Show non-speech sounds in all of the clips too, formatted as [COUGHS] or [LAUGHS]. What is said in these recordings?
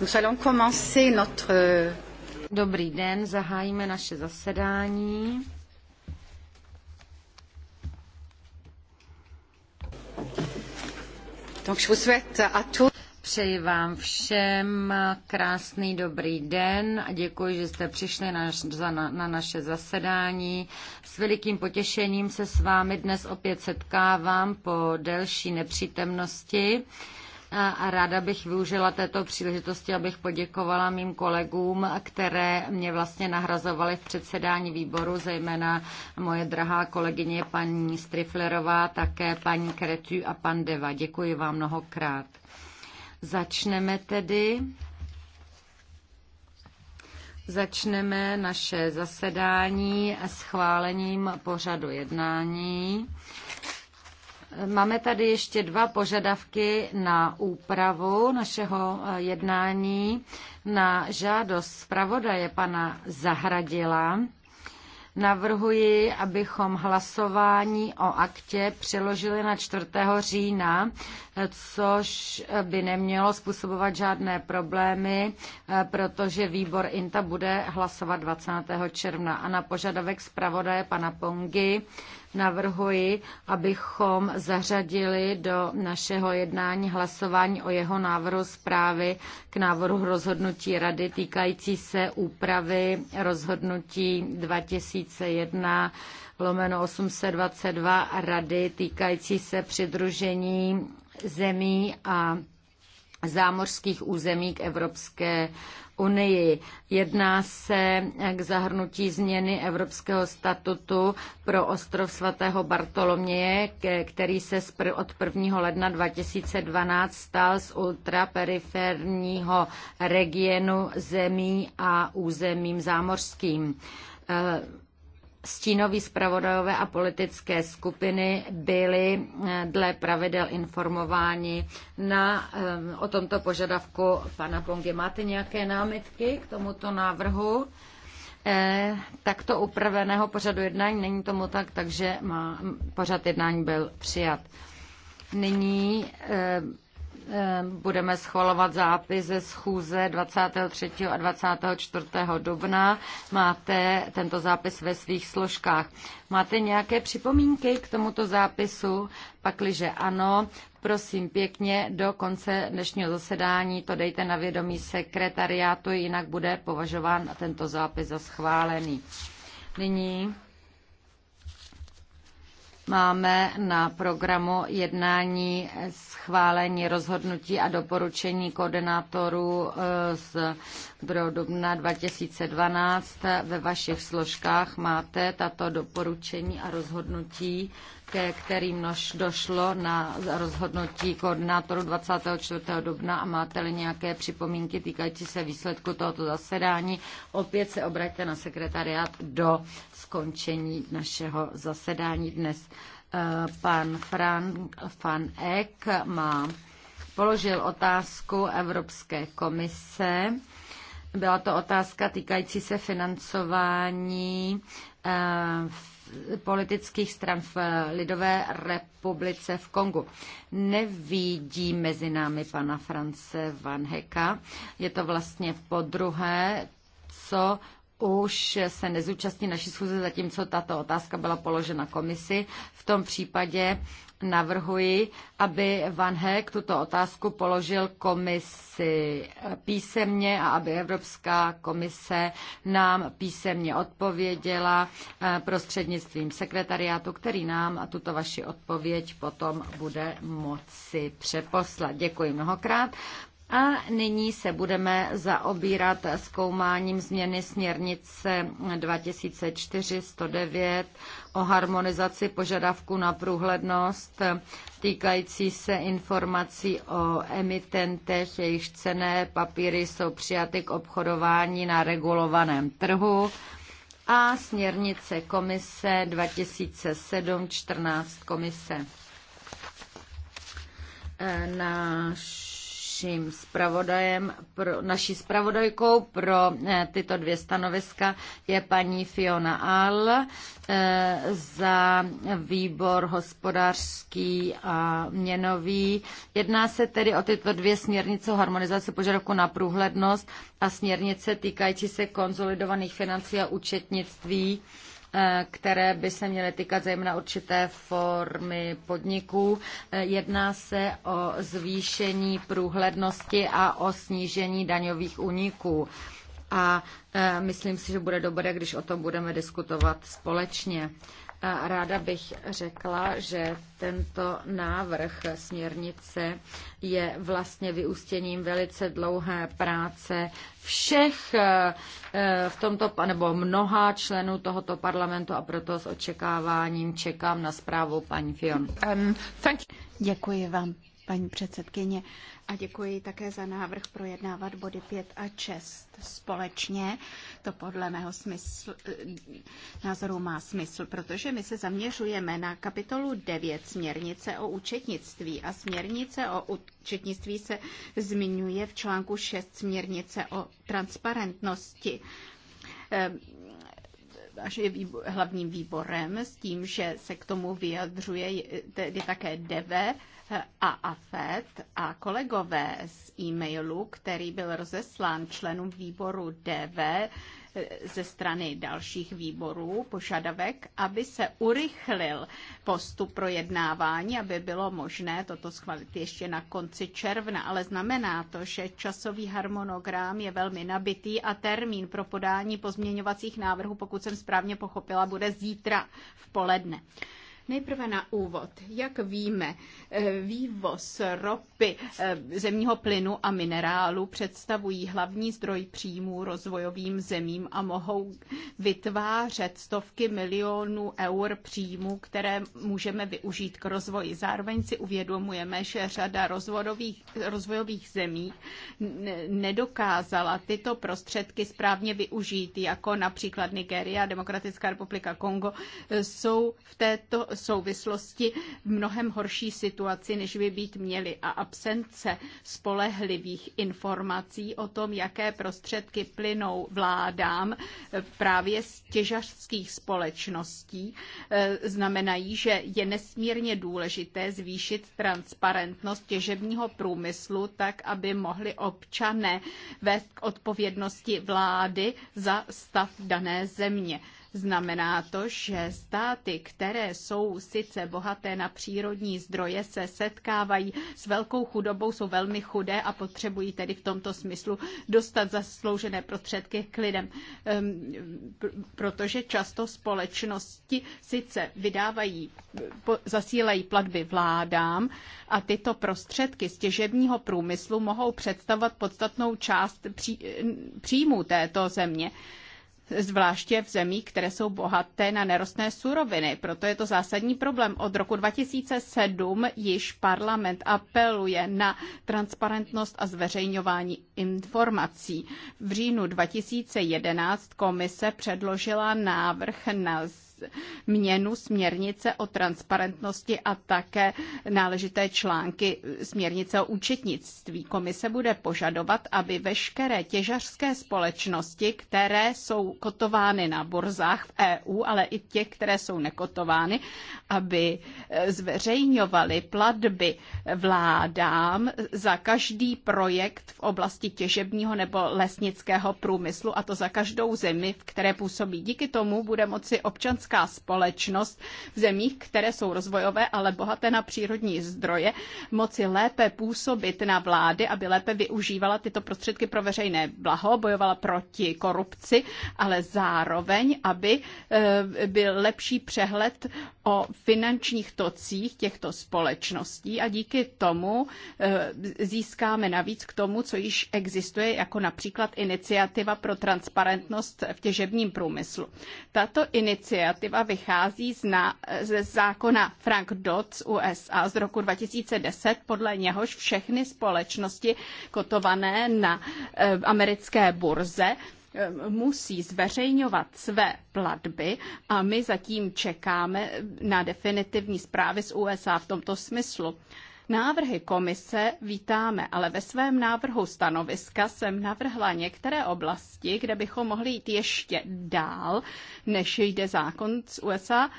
Nous allons commencer notre... Euh, dobrý den, zahájíme naše zasedání. Donc je vous souhaite à tous... Přeji vám všem krásný dobrý den a děkuji, že jste přišli na, na, na naše zasedání. S velikým potěšením se s vámi dnes opět setkávám po delší nepřítomnosti a ráda bych využila této příležitosti, abych poděkovala mým kolegům, které mě vlastně nahrazovaly v předsedání výboru, zejména moje drahá kolegyně paní Striflerová, také paní Kretu a pan Deva. Děkuji vám mnohokrát. Začneme tedy. Začneme naše zasedání schválením pořadu jednání. Máme tady ještě dva požadavky na úpravu našeho eh, jednání na žádost zpravodaje pana Zahradila. Navrhuji, abychom hlasování o aktě přeložili na 4. října, eh, což eh, by nemělo způsobovat žádné problémy, protože výbor INTA bude hlasovat 20. června. A na požadavek zpravodaje pana Pongy Navrhuji, abychom zařadili do našeho jednání hlasování o jeho návrhu zprávy k návrhu rozhodnutí Rady týkající se úpravy rozhodnutí 2001 lomeno 822 Rady týkající se přidružení zemí a zámořských území k Evropské unii. Jedná se k zahrnutí změny Evropského statutu pro ostrov svatého Bartoloměje, který se od 1. ledna 2012 stal z ultraperiferního regionu zemí a územím zámořským eh, stínoví zpravodajové a politické skupiny byly eh, dle pravidel informováni na, eh, o tomto požadavku pana Pongy. Máte nějaké námitky k tomuto návrhu? Eh, takto upraveného pořadu jednání není tomu tak, takže má, pořad jednání byl přijat. Nyní Eh, budeme schvalovat zápis ze schůze 23. a 24. dubna. Máte tento zápis ve svých složkách. Máte nějaké připomínky k tomuto zápisu? Pakliže ano, prosím pěkně, do konce dnešního zasedání to dejte na vědomí sekretariátu, jinak bude považován tento zápis za schválený. Nyní máme na programu jednání schválení rozhodnutí a doporučení koordinátorů eh, z pro dubna 2012. Ve vašich složkách máte tato doporučení a rozhodnutí, ke kterým došlo na rozhodnutí koordinátoru 24. dubna a máte-li nějaké připomínky týkající se výsledku tohoto zasedání, opět se obraťte na sekretariat do skončení našeho zasedání dnes. Eh, pan Frank van Eck má položil otázku Evropské komise byla to otázka týkající se financování eh, politických stran v Lidové republice v Kongu. Nevidí mezi námi pana France Van Heka. Je to vlastně po druhé, co už se nezúčastní naší schůze, zatímco tato otázka byla položena komisi. V tom případě navrhuji, aby Van Heck tuto otázku položil komisi písemně a aby Evropská komise nám písemně odpověděla eh, prostřednictvím sekretariátu, který nám tuto vaši odpověď potom bude moci přeposlat. Děkuji mnohokrát. A nyní se budeme zaobírat zkoumáním změny směrnice 2004-109 o harmonizaci požadavku na průhlednost týkající se informací o emitentech, jejichž cené papíry jsou přijaty k obchodování na regulovaném trhu a směrnice komise 2007-14 komise. E, náš naším spravodajem, pro, naší spravodajkou pro eh, tyto dvě stanoviska je paní Fiona Al eh, za výbor hospodářský a měnový. Jedná se tedy o tyto dvě směrnice o harmonizaci požadavku na průhlednost a směrnice týkající se konzolidovaných financí a účetnictví. Eh, které by se měly týkat zejména určité formy podniků. Eh, jedná se o zvýšení průhlednosti a o snížení daňových úniků. A eh, myslím si, že bude dobré, když o tom budeme diskutovat společně. A ráda bych řekla, že tento návrh směrnice je vlastně vyústěním velice dlouhé práce všech eh, v tomto, nebo mnoha členů tohoto parlamentu a proto s očekáváním čekám na zprávu paní Fion. Um, Děkuji vám, paní předsedkyně. A děkuji také za návrh projednávat body 5 a 6 společně. To podle mého smysl, názoru má smysl, protože my se zaměřujeme na kapitolu 9 směrnice o účetnictví a směrnice o účetnictví se zmiňuje v článku 6 směrnice o transparentnosti ehm, až je hlavním výborem s tím, že se k tomu vyjadřuje tedy také DEVE a AFET a kolegové z e-mailu, který byl rozeslán členům výboru DV eh, ze strany dalších výborů, požadavek, aby se urychlil postup projednávání, aby bylo možné toto schválit ještě na konci června, ale znamená to, že časový harmonogram je velmi nabitý a termín pro podání pozměňovacích návrhů, pokud jsem správně pochopila, bude zítra v poledne. Nejprve na úvod. Jak víme, eh, vývoz ropy, eh, zemního plynu a minerálu představují hlavní zdroj příjmů rozvojovým zemím a mohou vytvářet stovky milionů eur příjmů, které můžeme využít k rozvoji. Zároveň si uvědomujeme, že řada rozvojových, zemí nedokázala tyto prostředky správně využít, jako například Nigeria, Demokratická republika Kongo, eh, jsou v této souvislosti v mnohem horší situaci, než by být měli. A absence spolehlivých informací o tom, jaké prostředky plynou vládám právě z těžařských společností, eh, znamenají, že je nesmírně důležité zvýšit transparentnost těžebního průmyslu tak, aby mohli občané vést k odpovědnosti vlády za stav dané země. Znamená to, že státy, které jsou sice bohaté na přírodní zdroje, se setkávají s velkou chudobou, jsou velmi chudé a potřebují tedy v tomto smyslu dostat zasloužené prostředky k lidem. Ehm, protože často společnosti sice vydávají, zasílají platby vládám a tyto prostředky z těžebního průmyslu mohou představovat podstatnou část příjmů této země zvláště v zemích, které jsou bohaté na nerostné suroviny. Proto je to zásadní problém. Od roku 2007 již parlament apeluje na transparentnost a zveřejňování informací. V říjnu 2011 komise předložila návrh na změnu směrnice o transparentnosti a také náležité články směrnice o účetnictví. Komise bude požadovat, aby veškeré těžařské společnosti, které jsou kotovány na burzách v EU, ale i těch, které jsou nekotovány, aby eh, zveřejňovaly platby vládám za každý projekt v oblasti těžebního nebo lesnického průmyslu, a to za každou zemi, v které působí. Díky tomu bude moci občanská občanská společnost v zemích, které jsou rozvojové, ale bohaté na přírodní zdroje, moci lépe působit na vlády, aby lépe využívala tyto prostředky pro veřejné blaho, bojovala proti korupci, ale zároveň, aby eh, byl lepší přehled o finančních tocích těchto společností a díky tomu eh, získáme navíc k tomu, co již existuje, jako například iniciativa pro transparentnost v těžebním průmyslu. Tato iniciativa legislativa vychází z na, ze zákona Frank Dodds USA z roku 2010, podle něhož všechny společnosti kotované na eh, americké burze eh, musí zveřejňovat své platby a my zatím čekáme na definitivní zprávy z USA v tomto smyslu. Návrhy komise vítáme, ale ve svém návrhu stanoviska jsem navrhla některé oblasti, kde bychom mohli jít ještě dál, než jde zákon z USA,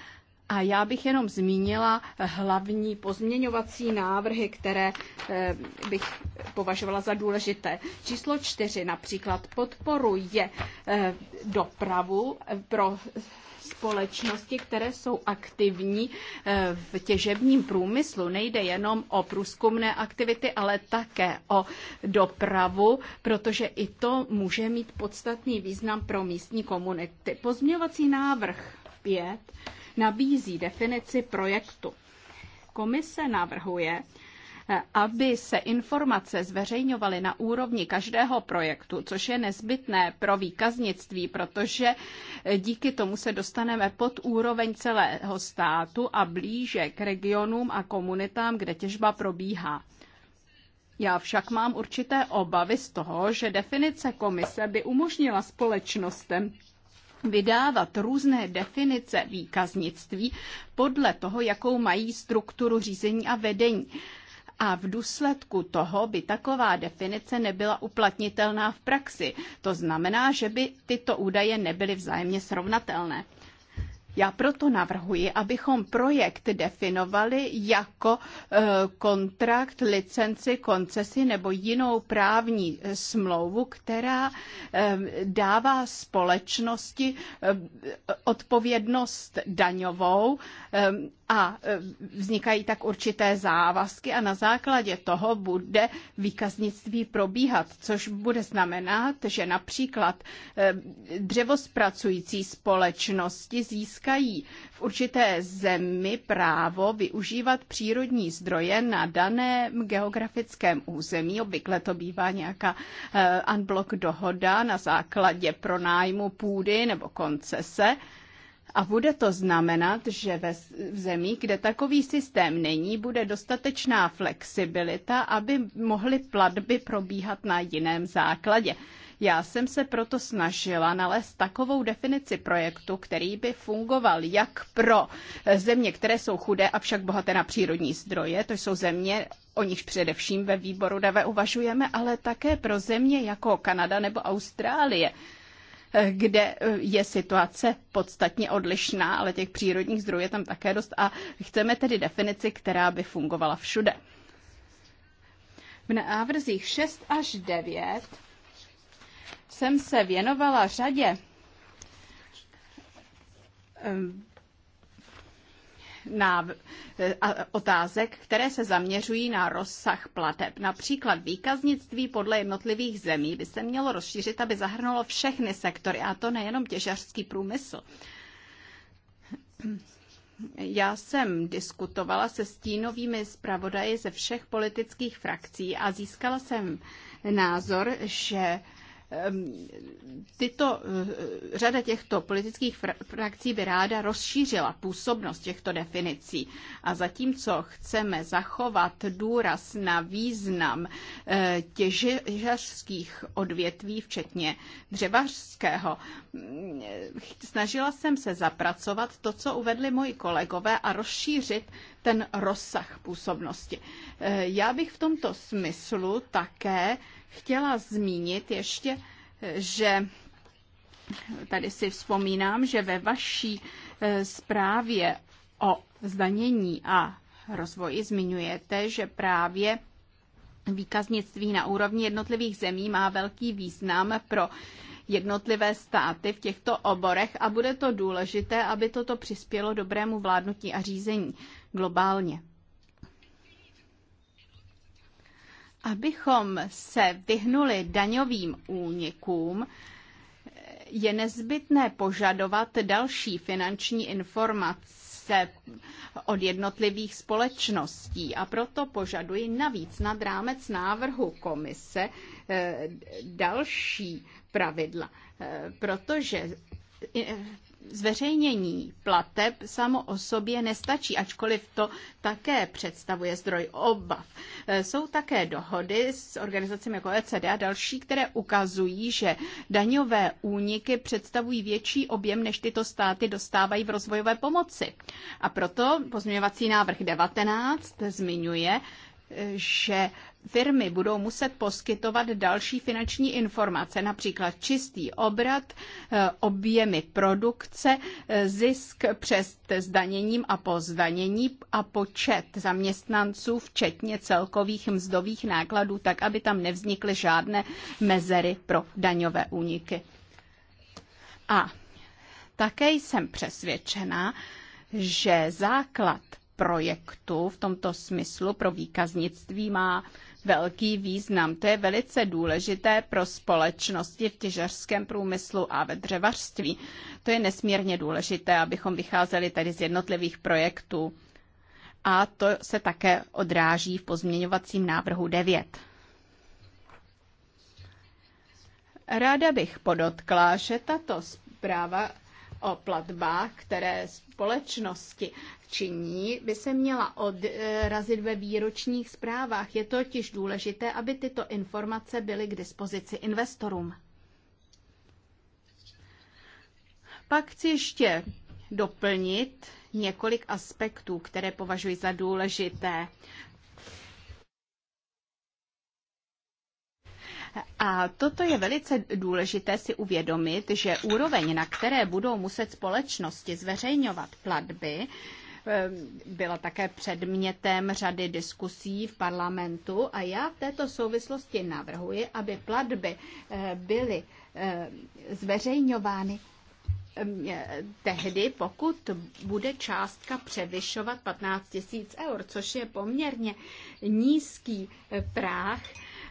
a já bych jenom zmínila hlavní pozměňovací návrhy, které eh, bych považovala za důležité. Číslo čtyři například podporuje eh, dopravu eh, pro společnosti, které jsou aktivní v těžebním průmyslu. Nejde jenom o průzkumné aktivity, ale také o dopravu, protože i to může mít podstatný význam pro místní komunity. Pozměňovací návrh 5 nabízí definici projektu. Komise navrhuje, eh, aby se informace zveřejňovaly na úrovni každého projektu, což je nezbytné pro výkaznictví, protože eh, díky tomu se dostaneme pod úroveň celého státu a blíže k regionům a komunitám, kde těžba probíhá. Já však mám určité obavy z toho, že definice komise by umožnila společnostem vydávat různé definice výkaznictví podle toho, jakou mají strukturu řízení a vedení. A v důsledku toho by taková definice nebyla uplatnitelná v praxi. To znamená, že by tyto údaje nebyly vzájemně srovnatelné. Já proto navrhuji, abychom projekt definovali jako eh, kontrakt, licenci, koncesi nebo jinou právní smlouvu, která eh, dává společnosti eh, odpovědnost daňovou a e, vznikají tak určité závazky a na základě toho bude výkaznictví probíhat, což bude znamenat, že například e, dřevospracující společnosti získají v určité zemi právo využívat přírodní zdroje na daném geografickém území. Obvykle to bývá nějaká unblock e, dohoda na základě pronájmu půdy nebo koncese a bude to znamenat, že ve, v zemích, kde takový systém není, bude dostatečná flexibilita, aby mohly platby probíhat na jiném základě. Já jsem se proto snažila nalézt takovou definici projektu, který by fungoval jak pro země, které jsou chudé, avšak bohaté na přírodní zdroje, to jsou země, o nichž především ve výboru DAVE uvažujeme, ale také pro země jako Kanada nebo Austrálie, kde eh, je situace podstatně odlišná, ale těch přírodních zdrojů je tam také dost a chceme tedy definici, která by fungovala všude. V návrzích 6 až 9 jsem se věnovala řadě eh, na eh, otázek, které se zaměřují na rozsah plateb. Například výkaznictví podle jednotlivých zemí by se mělo rozšířit, aby zahrnulo všechny sektory, a to nejenom těžařský průmysl. Já jsem diskutovala se stínovými zpravodaji ze všech politických frakcí a získala jsem názor, že Ehm, tyto, eh, řada těchto politických frakcí by ráda rozšířila působnost těchto definicí. A zatímco chceme zachovat důraz na význam eh, těžařských odvětví, včetně dřevařského, mm, eh, snažila jsem se zapracovat to, co uvedli moji kolegové a rozšířit ten rozsah působnosti. Já bych v tomto smyslu také chtěla zmínit ještě, že tady si vzpomínám, že ve vaší e, zprávě o zdanění a rozvoji zmiňujete, že právě výkaznictví na úrovni jednotlivých zemí má velký význam pro jednotlivé státy v těchto oborech a bude to důležité, aby toto přispělo dobrému vládnutí a řízení globálně. Abychom se vyhnuli daňovým únikům, je nezbytné požadovat další finanční informace od jednotlivých společností a proto požaduji navíc nad rámec návrhu komise eh, další pravidla, eh, protože eh, zveřejnění plateb samo o sobě nestačí, ačkoliv to také představuje zdroj obav. E, jsou také dohody s organizacemi jako ECD a další, které ukazují, že daňové úniky představují větší objem, než tyto státy dostávají v rozvojové pomoci. A proto pozměňovací návrh 19 zmiňuje, e, že firmy budou muset poskytovat další finanční informace, například čistý obrat, eh, objemy produkce, eh, zisk přes zdaněním a po zdanění a počet zaměstnanců, včetně celkových mzdových nákladů, tak aby tam nevznikly žádné mezery pro daňové úniky. A také jsem přesvědčena, že základ projektu v tomto smyslu pro výkaznictví má velký význam. To je velice důležité pro společnosti v těžařském průmyslu a ve dřevařství. To je nesmírně důležité, abychom vycházeli tady z jednotlivých projektů. A to se také odráží v pozměňovacím návrhu 9. Ráda bych podotkla, že tato zpráva o platbách, které společnosti činí, by se měla odrazit ve výročních zprávách. Je totiž důležité, aby tyto informace byly k dispozici investorům. Pak chci ještě doplnit několik aspektů, které považuji za důležité. A toto je velice důležité si uvědomit, že úroveň, na které budou muset společnosti zveřejňovat platby, Eh, byla také předmětem řady diskusí v parlamentu a já v této souvislosti navrhuji, aby platby eh, byly eh, zveřejňovány tehdy, pokud bude částka převyšovat 15 000 eur, což je poměrně nízký práh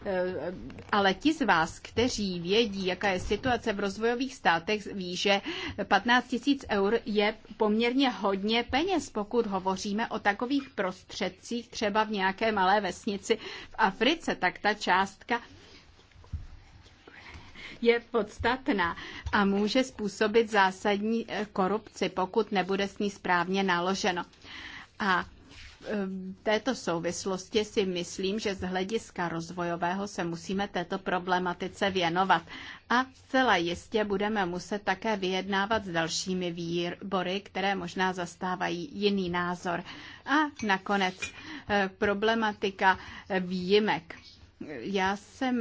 Eh, ale ti z vás, kteří vědí, jaká je situace v rozvojových státech, ví, že 15 tisíc eur je poměrně hodně peněz, pokud hovoříme o takových prostředcích, třeba v nějaké malé vesnici v Africe, tak ta částka je podstatná a může způsobit zásadní eh, korupci, pokud nebude s ní správně naloženo. A této souvislosti si myslím, že z hlediska rozvojového se musíme této problematice věnovat. A zcela jistě budeme muset také vyjednávat s dalšími výbory, které možná zastávají jiný názor. A nakonec eh, problematika výjimek. Já jsem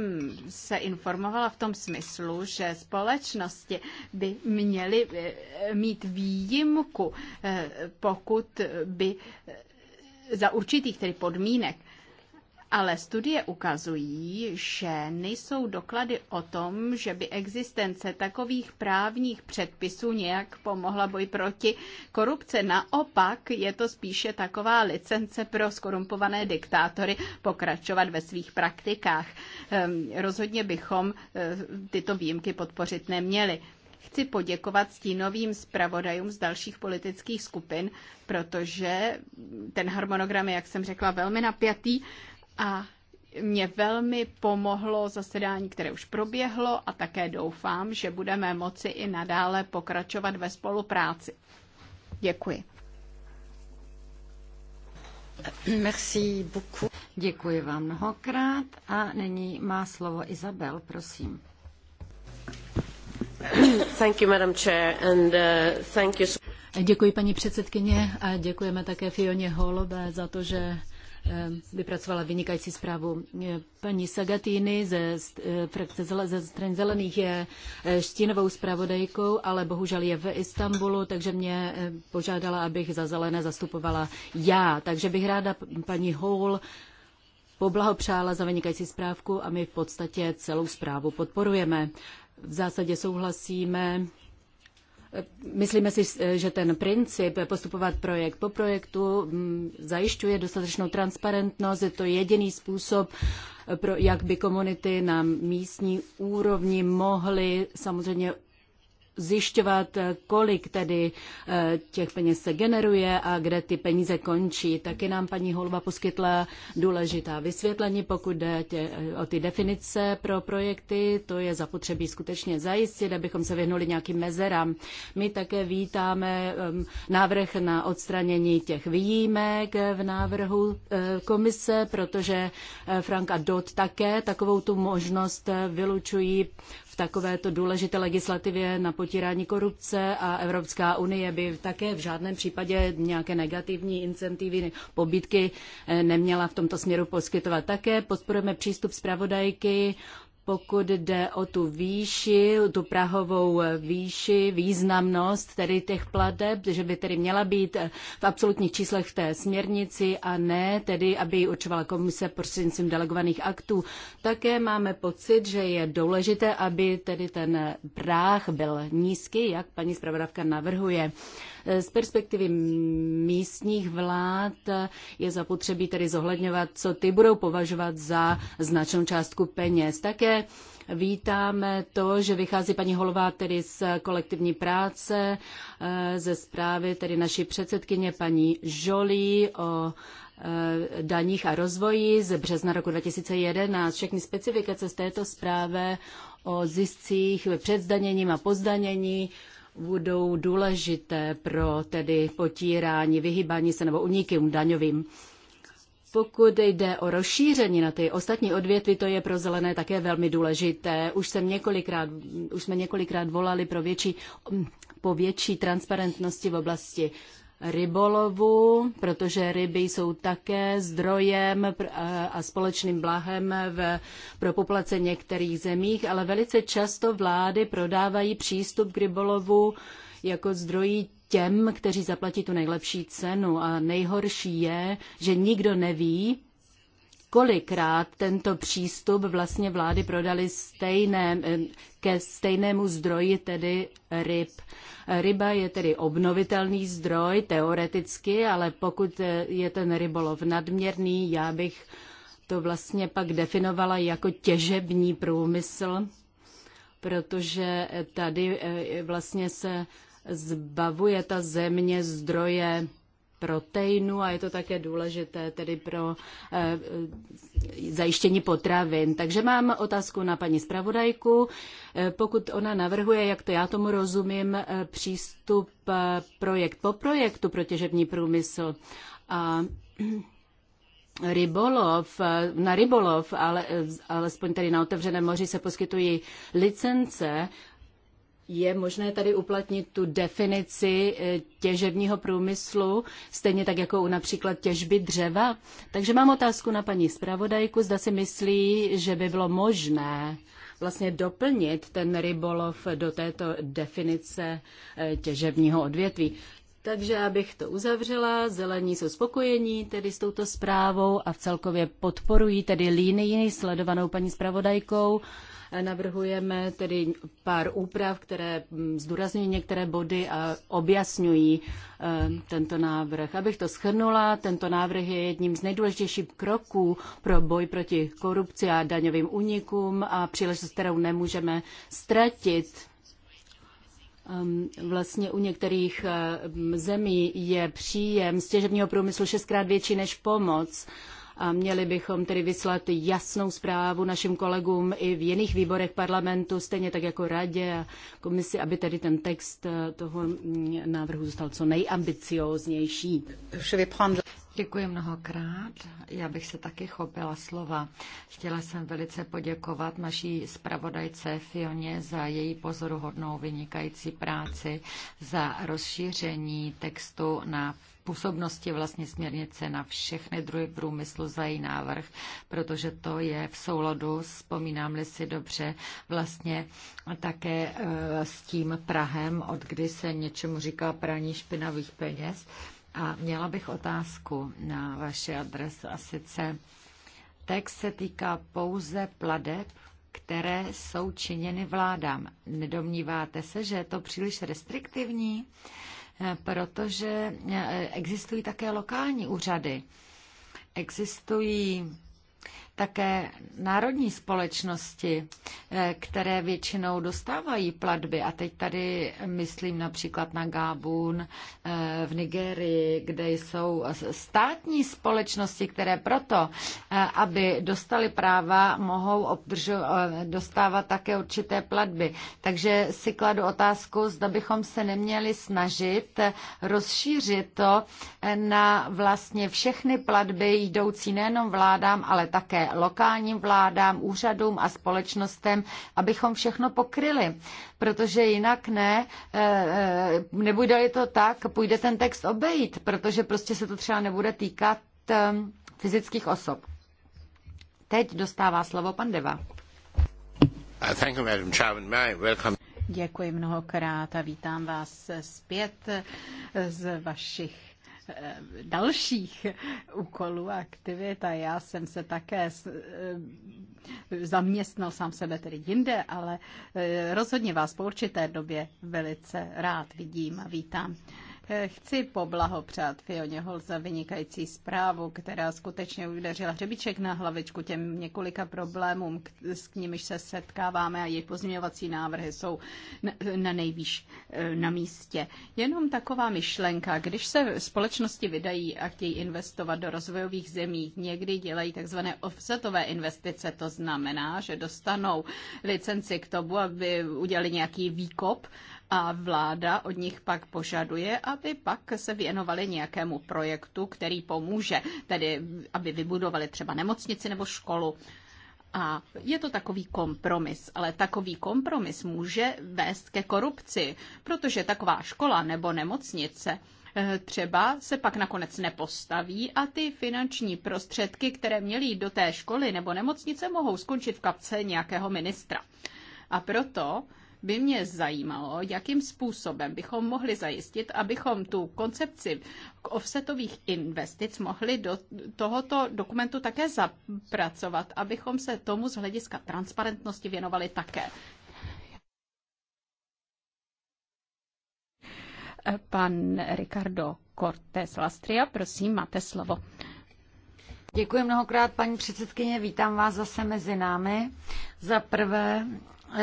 se informovala v tom smyslu, že společnosti by měly eh, mít výjimku, eh, pokud by za určitých tedy podmínek. Ale studie ukazují, že nejsou doklady o tom, že by existence takových právních předpisů nějak pomohla boj proti korupce. Naopak je to spíše taková licence pro skorumpované diktátory pokračovat ve svých praktikách. Ehm, rozhodně bychom eh, tyto výjimky podpořit neměli. Chci poděkovat stínovým zpravodajům z dalších politických skupin, protože ten harmonogram je, jak jsem řekla, velmi napjatý a mě velmi pomohlo zasedání, které už proběhlo a také doufám, že budeme moci i nadále pokračovat ve spolupráci. Děkuji. Merci beaucoup. Děkuji vám mnohokrát a nyní má slovo Izabel, prosím. Uh, Děkuji paní předsedkyně a děkujeme také Fioně Holobe za to, že eh, vypracovala vynikající zprávu. Paní Sagatini ze, eh, frakce ze stran zelených je štínovou eh, zpravodajkou, ale bohužel je v Istanbulu, takže mě požádala, abych za zelené zastupovala já. Takže bych ráda paní Hall poblahopřála za vynikající zprávku a my v podstatě celou zprávu podporujeme v zásadě souhlasíme. Myslíme si, že ten princip postupovat projekt po projektu mm, zajišťuje dostatečnou transparentnost. Je to jediný způsob, pro, jak by komunity na místní úrovni mohly samozřejmě zjišťovat, kolik tedy eh, těch peněz se generuje a kde ty peníze končí. Taky nám paní Holva poskytla důležitá vysvětlení, pokud jde tě, eh, o ty definice pro projekty. To je zapotřebí skutečně zajistit, abychom se vyhnuli nějakým mezerám. My také vítáme ehm, návrh na odstranění těch výjimek eh, v návrhu komise, protože Frank Dot také takovou tu možnost vylučují takovéto důležité legislativě na potírání korupce a Evropská unie by také v žádném případě nějaké negativní incentivy, pobídky eh, neměla v tomto směru poskytovat. Také podporujeme přístup zpravodajky pokud jde o tu výši, tu prahovou výši, významnost tedy těch plateb, že by tedy měla být v absolutních číslech v té směrnici a ne tedy, aby ji určovala komise prostřednictvím delegovaných aktů. Také máme pocit, že je důležité, aby tedy ten práh byl nízký, jak paní zpravodavka navrhuje. Z perspektivy místních vlád je zapotřebí tedy zohledňovat, co ty budou považovat za značnou částku peněz. Také vítáme to, že vychází paní Holová tedy z kolektivní práce, eh, ze zprávy tedy naší předsedkyně paní Žolí o eh, daních a rozvoji z března roku 2011. Všechny specifikace z této zprávy o ziscích před zdaněním a pozdanění budou důležité pro tedy potírání, vyhýbání se nebo unikům daňovým. Pokud jde o rozšíření na ty ostatní odvětví, to je pro zelené také velmi důležité. Už, jsem několikrát, už jsme několikrát volali pro větší, po větší transparentnosti v oblasti rybolovu, protože ryby jsou také zdrojem a společným blahem v, pro populace některých zemích, ale velice často vlády prodávají přístup k rybolovu jako zdrojí těm, kteří zaplatí tu nejlepší cenu. A nejhorší je, že nikdo neví, kolikrát tento přístup vlastně vlády prodali stejné, eh, ke stejnému zdroji, tedy ryb. Ryba je tedy obnovitelný zdroj teoreticky, ale pokud eh, je ten rybolov nadměrný, já bych to vlastně pak definovala jako těžební průmysl, protože eh, tady eh, vlastně se zbavuje ta země zdroje proteinu a je to také důležité tedy pro e, zajištění potravin. Takže mám otázku na paní zpravodajku. E, pokud ona navrhuje, jak to já tomu rozumím, e, přístup e, projekt po projektu pro těžební průmysl a [CLEARS THROAT] rybolov, na rybolov, ale alespoň tady na otevřeném moři se poskytují licence je možné tady uplatnit tu definici eh, těžebního průmyslu, stejně tak jako u například těžby dřeva. Takže mám otázku na paní zpravodajku, zda si myslí, že by bylo možné vlastně doplnit ten rybolov do této definice eh, těžebního odvětví. Takže abych to uzavřela, zelení jsou spokojení tedy s touto zprávou a v celkově podporují tedy línii sledovanou paní zpravodajkou. Navrhujeme tedy pár úprav, které mm, zdůrazňují některé body a objasňují ehm, tento návrh. Abych to schrnula, tento návrh je jedním z nejdůležitějších kroků pro boj proti korupci a daňovým únikům a příležitost, kterou nemůžeme ztratit Ehm, vlastně u některých ehm, zemí je příjem z těžebního průmyslu šestkrát větší než pomoc. A měli bychom tedy vyslat jasnou zprávu našim kolegům i v jiných výborech parlamentu, stejně tak jako radě a komisi, aby tedy ten text eh, toho mm, návrhu zůstal co nejambicióznější. Děkuji mnohokrát. Já bych se taky chopila slova. Chtěla jsem velice poděkovat naší zpravodajce Fioně za její pozoruhodnou vynikající práci, za rozšíření textu na působnosti vlastně směrnice na všechny druhy průmyslu za její návrh, protože to je v souladu, vzpomínám-li si dobře, vlastně také eh, s tím Prahem, od kdy se něčemu říká praní špinavých peněz. A měla bych otázku na vaši adresu a sice text se týká pouze pladeb, které jsou činěny vládám. Nedomníváte se, že je to příliš restriktivní, eh, protože eh, existují také lokální úřady. Existují také národní společnosti, eh, které většinou dostávají platby, a teď tady myslím například na Gábun eh, v Nigerii, kde jsou státní společnosti, které proto, eh, aby dostali práva, mohou obdržu, dostávat také určité platby. Takže si kladu otázku, zda bychom se neměli snažit rozšířit to na vlastně všechny platby jdoucí nejenom vládám, ale také lokálním vládám, úřadům a společnostem, abychom všechno pokryli, protože jinak ne, eh, eh, nebude to tak, půjde ten text obejít, protože prostě se to třeba nebude týkat ehm, fyzických osob. Teď dostává slovo pan Deva. Uh, Děkuji mnohokrát a vítám vás zpět z vašich Eh, dalších úkolů a aktivit a já jsem se také eh, zaměstnal sám sebe tedy jinde, ale eh, rozhodně vás po určité době velice rád vidím a vítám. Eh, chci poblahopřát Fioně Hol za vynikající zprávu, která skutečně udeřila hřebíček na hlavičku těm několika problémům, s nimiž se setkáváme a její pozměňovací návrhy jsou na nejvýš eh, na místě. Jenom taková myšlenka, když se společnosti vydají a chtějí investovat do rozvojových zemí, někdy dělají takzvané offsetové investice, to znamená, že dostanou licenci k tomu, aby udělali nějaký výkop a vláda od nich pak požaduje, aby pak se věnovali nějakému projektu, který pomůže, tedy aby vybudovali třeba nemocnici nebo školu. A je to takový kompromis, ale takový kompromis může vést ke korupci, protože taková škola nebo nemocnice eh, třeba se pak nakonec nepostaví a ty finanční prostředky, které měly jít do té školy nebo nemocnice, mohou skončit v kapce nějakého ministra. A proto by mě zajímalo, jakým způsobem bychom mohli zajistit, abychom tu koncepci offsetových investic mohli do tohoto dokumentu také zapracovat, abychom se tomu z hlediska transparentnosti věnovali také. Pan Ricardo Cortés Lastria, prosím, máte slovo. Děkuji mnohokrát, paní předsedkyně. Vítám vás zase mezi námi. Za prvé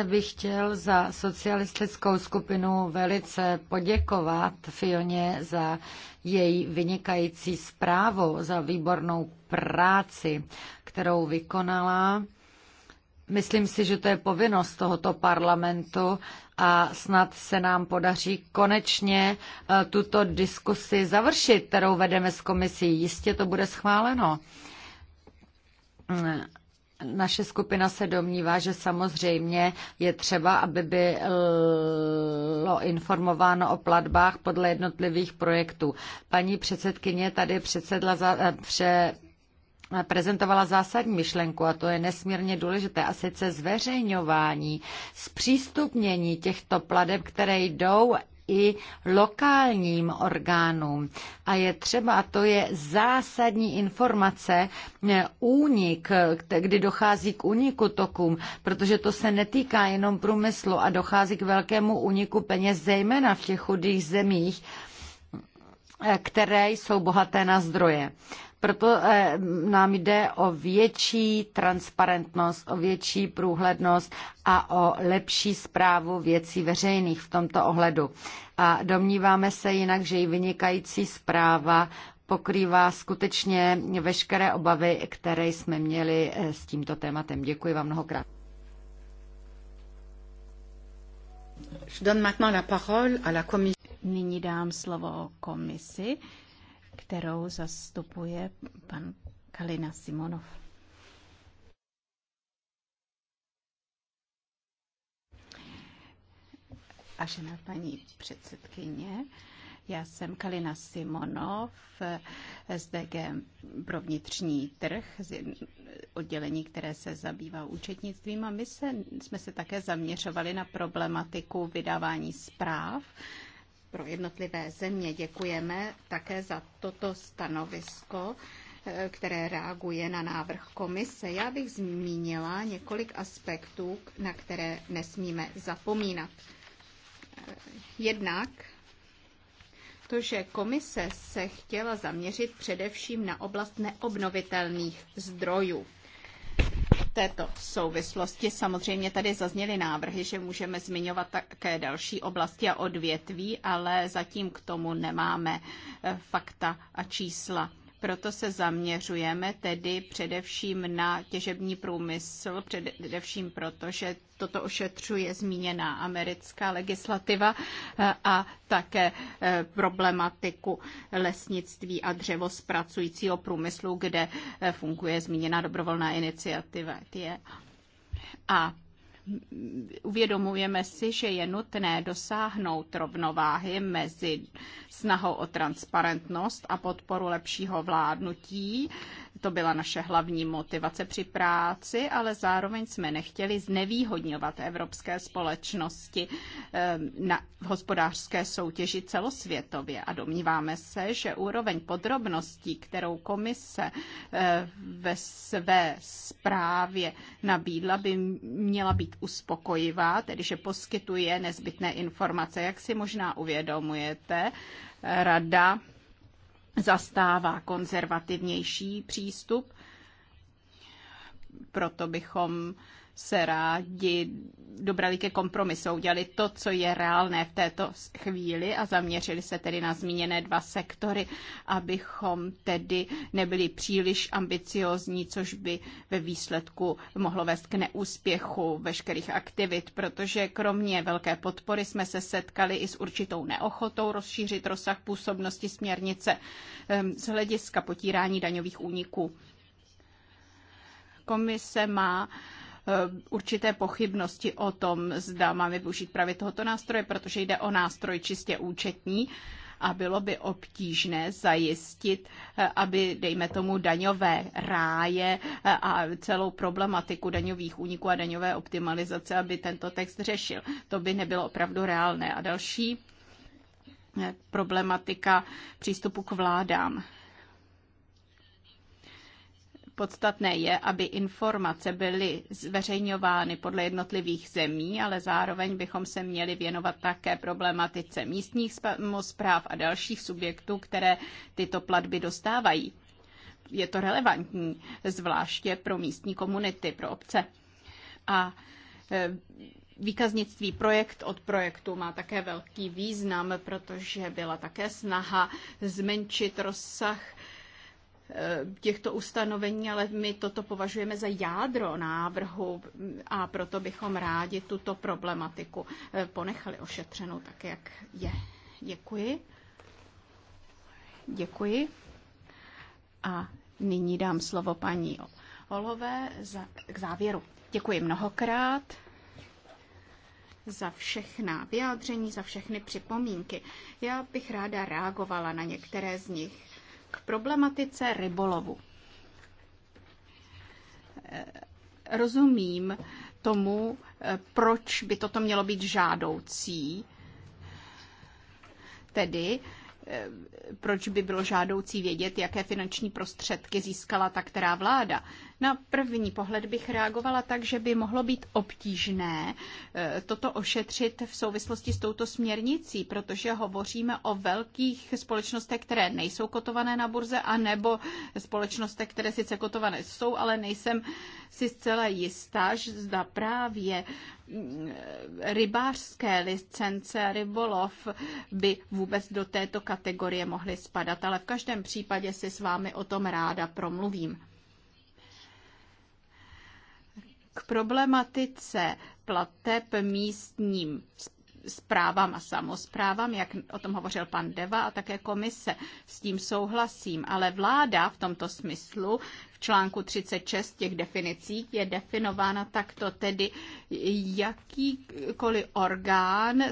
bych chtěl za socialistickou skupinu velice poděkovat Fioně za její vynikající zprávu, za výbornou práci, kterou vykonala. Myslím si, že to je povinnost tohoto parlamentu a snad se nám podaří konečně eh, tuto diskusi završit, kterou vedeme s komisí. Jistě to bude schváleno naše skupina se domnívá, že samozřejmě je třeba, aby bylo informováno o platbách podle jednotlivých projektů. Paní předsedkyně tady předsedla za, pře, prezentovala zásadní myšlenku a to je nesmírně důležité a sice zveřejňování, zpřístupnění těchto pladeb, které jdou i lokálním orgánům. A je třeba, a to je zásadní informace, eh, únik, eh, kdy dochází k úniku tokům, protože to se netýká jenom průmyslu a dochází k velkému úniku peněz, zejména v těch chudých zemích, eh, které jsou bohaté na zdroje. Proto eh, nám jde o větší transparentnost, o větší průhlednost a o lepší zprávu věcí veřejných v tomto ohledu. A domníváme se jinak, že i vynikající zpráva pokrývá skutečně veškeré obavy, které jsme měli eh, s tímto tématem. Děkuji vám mnohokrát. Nyní dám slovo komisi kterou zastupuje pan Kalina Simonov. Vážená paní předsedkyně, já jsem Kalina Simonov z DG pro vnitřní trh, z oddělení, které se zabývá účetnictvím a my se, jsme se také zaměřovali na problematiku vydávání zpráv pro jednotlivé země. Děkujeme také za toto stanovisko, eh, které reaguje na návrh komise. Já bych zmínila několik aspektů, na které nesmíme zapomínat. Eh, jednak to, že komise se chtěla zaměřit především na oblast neobnovitelných zdrojů této souvislosti samozřejmě tady zazněly návrhy, že můžeme zmiňovat také další oblasti a odvětví, ale zatím k tomu nemáme eh, fakta a čísla. Proto se zaměřujeme tedy především na těžební průmysl, především proto, že toto ošetřuje zmíněná americká legislativa eh, a také eh, problematiku lesnictví a dřevospracujícího průmyslu, kde eh, funguje zmíněná dobrovolná iniciativa. A Uvědomujeme si, že je nutné dosáhnout rovnováhy mezi snahou o transparentnost a podporu lepšího vládnutí to byla naše hlavní motivace při práci, ale zároveň jsme nechtěli znevýhodňovat evropské společnosti ehm, na hospodářské soutěži celosvětově. A domníváme se, že úroveň podrobností, kterou komise eh, ve své zprávě nabídla, by měla být uspokojivá, tedy že poskytuje nezbytné informace. Jak si možná uvědomujete, Rada zastává konzervativnější přístup, proto bychom se rádi dobrali ke kompromisu, udělali to, co je reálné v této chvíli a zaměřili se tedy na zmíněné dva sektory, abychom tedy nebyli příliš ambiciozní, což by ve výsledku mohlo vést k neúspěchu veškerých aktivit, protože kromě velké podpory jsme se setkali i s určitou neochotou rozšířit rozsah působnosti směrnice ehm, z hlediska potírání daňových úniků. Komise má Eh, určité pochybnosti o tom, zda máme využít právě tohoto nástroje, protože jde o nástroj čistě účetní a bylo by obtížné zajistit, eh, aby, dejme tomu, daňové ráje eh, a celou problematiku daňových úniků a daňové optimalizace, aby tento text řešil. To by nebylo opravdu reálné. A další problematika přístupu k vládám. Podstatné je, aby informace byly zveřejňovány podle jednotlivých zemí, ale zároveň bychom se měli věnovat také problematice místních zpráv a dalších subjektů, které tyto platby dostávají. Je to relevantní, zvláště pro místní komunity, pro obce. A e, Výkaznictví projekt od projektu má také velký význam, protože byla také snaha zmenšit rozsah Eh, těchto ustanovení, ale my toto považujeme za jádro návrhu a proto bychom rádi tuto problematiku eh, ponechali ošetřenou tak, jak je. Děkuji. Děkuji. A nyní dám slovo paní Olové za, k závěru. Děkuji mnohokrát za všechna vyjádření, za všechny připomínky. Já bych ráda reagovala na některé z nich problematice rybolovu. Rozumím tomu, proč by toto mělo být žádoucí, tedy proč by bylo žádoucí vědět, jaké finanční prostředky získala ta která vláda. Na první pohled bych reagovala tak, že by mohlo být obtížné eh, toto ošetřit v souvislosti s touto směrnicí, protože hovoříme o velkých společnostech, které nejsou kotované na burze, anebo společnostech, které sice kotované jsou, ale nejsem si zcela jistá, že zda právě mm, rybářské licence rybolov by vůbec do této kategorie mohly spadat, ale v každém případě si s vámi o tom ráda promluvím. K problematice plateb místním zprávám a samozprávám, jak o tom hovořil pan Deva a také komise. S tím souhlasím, ale vláda v tomto smyslu v článku 36 těch definicí je definována takto tedy jakýkoliv orgán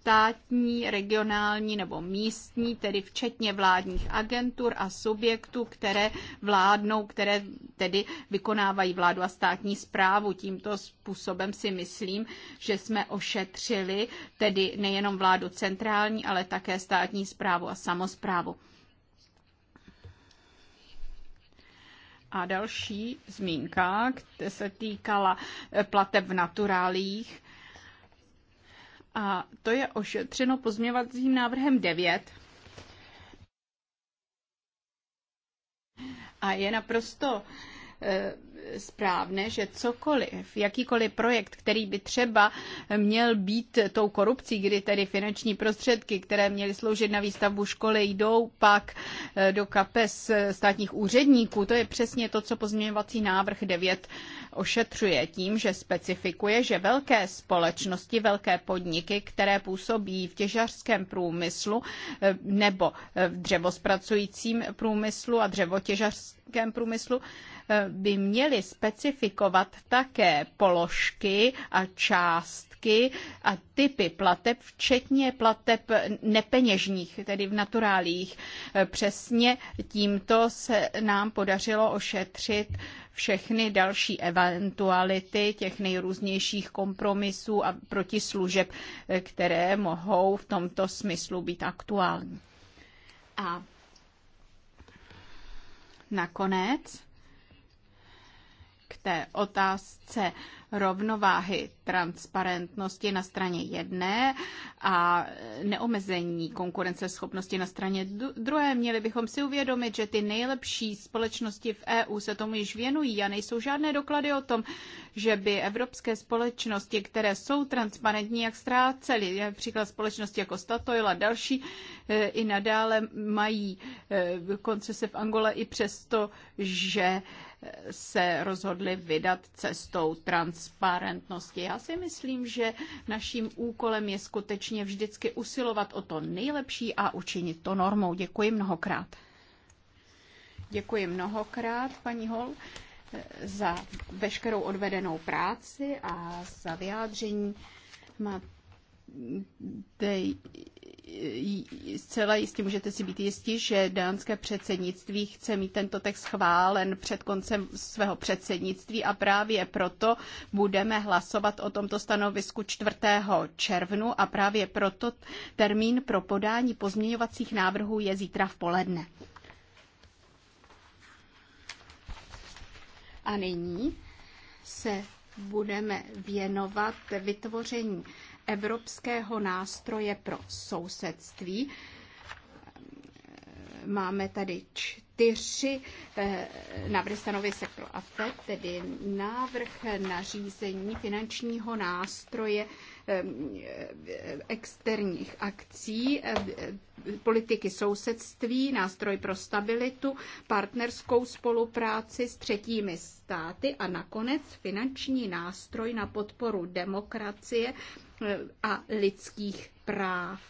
státní, regionální nebo místní, tedy včetně vládních agentur a subjektů, které vládnou, které tedy vykonávají vládu a státní zprávu. Tímto způsobem si myslím, že jsme ošetřili tedy nejenom vládu centrální, ale také státní zprávu a samozprávu. A další zmínka která se týkala eh, plateb v naturálích. A to je ošetřeno pozměvacím návrhem 9. A je naprosto Eh, správné, že cokoliv, jakýkoliv projekt, který by třeba měl být tou korupcí, kdy tedy finanční prostředky, které měly sloužit na výstavbu školy, jdou pak eh, do kapes eh, státních úředníků, to je přesně to, co pozměňovací návrh 9 ošetřuje tím, že specifikuje, že velké společnosti, velké podniky, které působí v těžařském průmyslu nebo v dřevospracujícím průmyslu a dřevotěžařském průmyslu, by měly specifikovat také položky a částky a typy plateb, včetně plateb nepeněžních, tedy v naturálích. Přesně tímto se nám podařilo ošetřit všechny další eventuality těch nejrůznějších kompromisů a protislužeb, které mohou v tomto smyslu být aktuální. A nakonec té otázce rovnováhy transparentnosti na straně jedné a neomezení konkurenceschopnosti na straně druhé, měli bychom si uvědomit, že ty nejlepší společnosti v EU se tomu již věnují a nejsou žádné doklady o tom, že by evropské společnosti, které jsou transparentní, jak ztrácely, například společnosti jako Statoil a další, e, i nadále mají e, koncese v Angole i přesto, že se rozhodli vydat cestou transparentnosti. Já si myslím, že naším úkolem je skutečně vždycky usilovat o to nejlepší a učinit to normou. Děkuji mnohokrát. Děkuji mnohokrát, paní Hol, za veškerou odvedenou práci a za vyjádření. Máte zcela jistě můžete si být jistí, že dánské předsednictví chce mít tento text schválen před koncem svého předsednictví a právě proto budeme hlasovat o tomto stanovisku 4. červnu a právě proto termín pro podání pozměňovacích návrhů je zítra v poledne. A nyní se budeme věnovat vytvoření Evropského nástroje pro sousedství. Máme tady čtyři eh, návrhy stanovisek pro AFE, tedy návrh nařízení finančního nástroje eh, externích akcí, eh, politiky sousedství, nástroj pro stabilitu, partnerskou spolupráci s třetími státy a nakonec finanční nástroj na podporu demokracie a lidských práv.